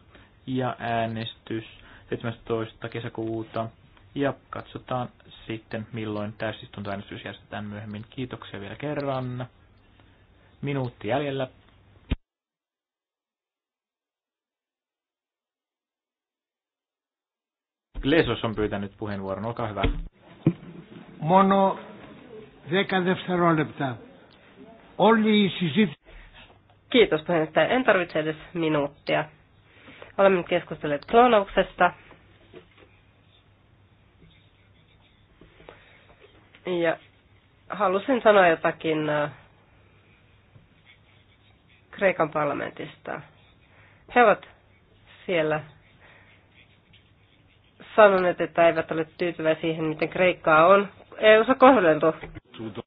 Speaker 5: ja äänestys 17. kesäkuuta ja katsotaan sitten milloin täysistuntoäänestys järjestetään myöhemmin. Kiitoksia vielä kerran. Minuutti jäljellä. Lesos on pyytänyt puheenvuoron, olkaa hyvä.
Speaker 4: Mono
Speaker 3: 10 δευτερόλεπτα.
Speaker 1: Όλη η συζήτηση...
Speaker 3: Kiitos πρόεδρε, δεν tarvitse edes minuuttia. Olemme nyt keskustelleet kloonauksesta. Ja halusin sanoa jotakin äh, Kreikan parlamentista. He ovat siellä
Speaker 5: sanoneet, että eivät ole tyytyväisiä siihen, miten Kreikkaa on EU-ssa kohdeltu.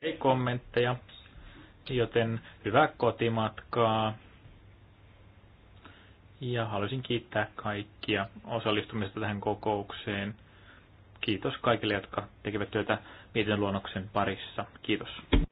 Speaker 5: Ei kommentteja, joten hyvää kotimatkaa. Ja haluaisin kiittää kaikkia osallistumisesta tähän kokoukseen. Kiitos kaikille, jotka tekevät työtä mietinnön luonnoksen parissa.
Speaker 4: Kiitos.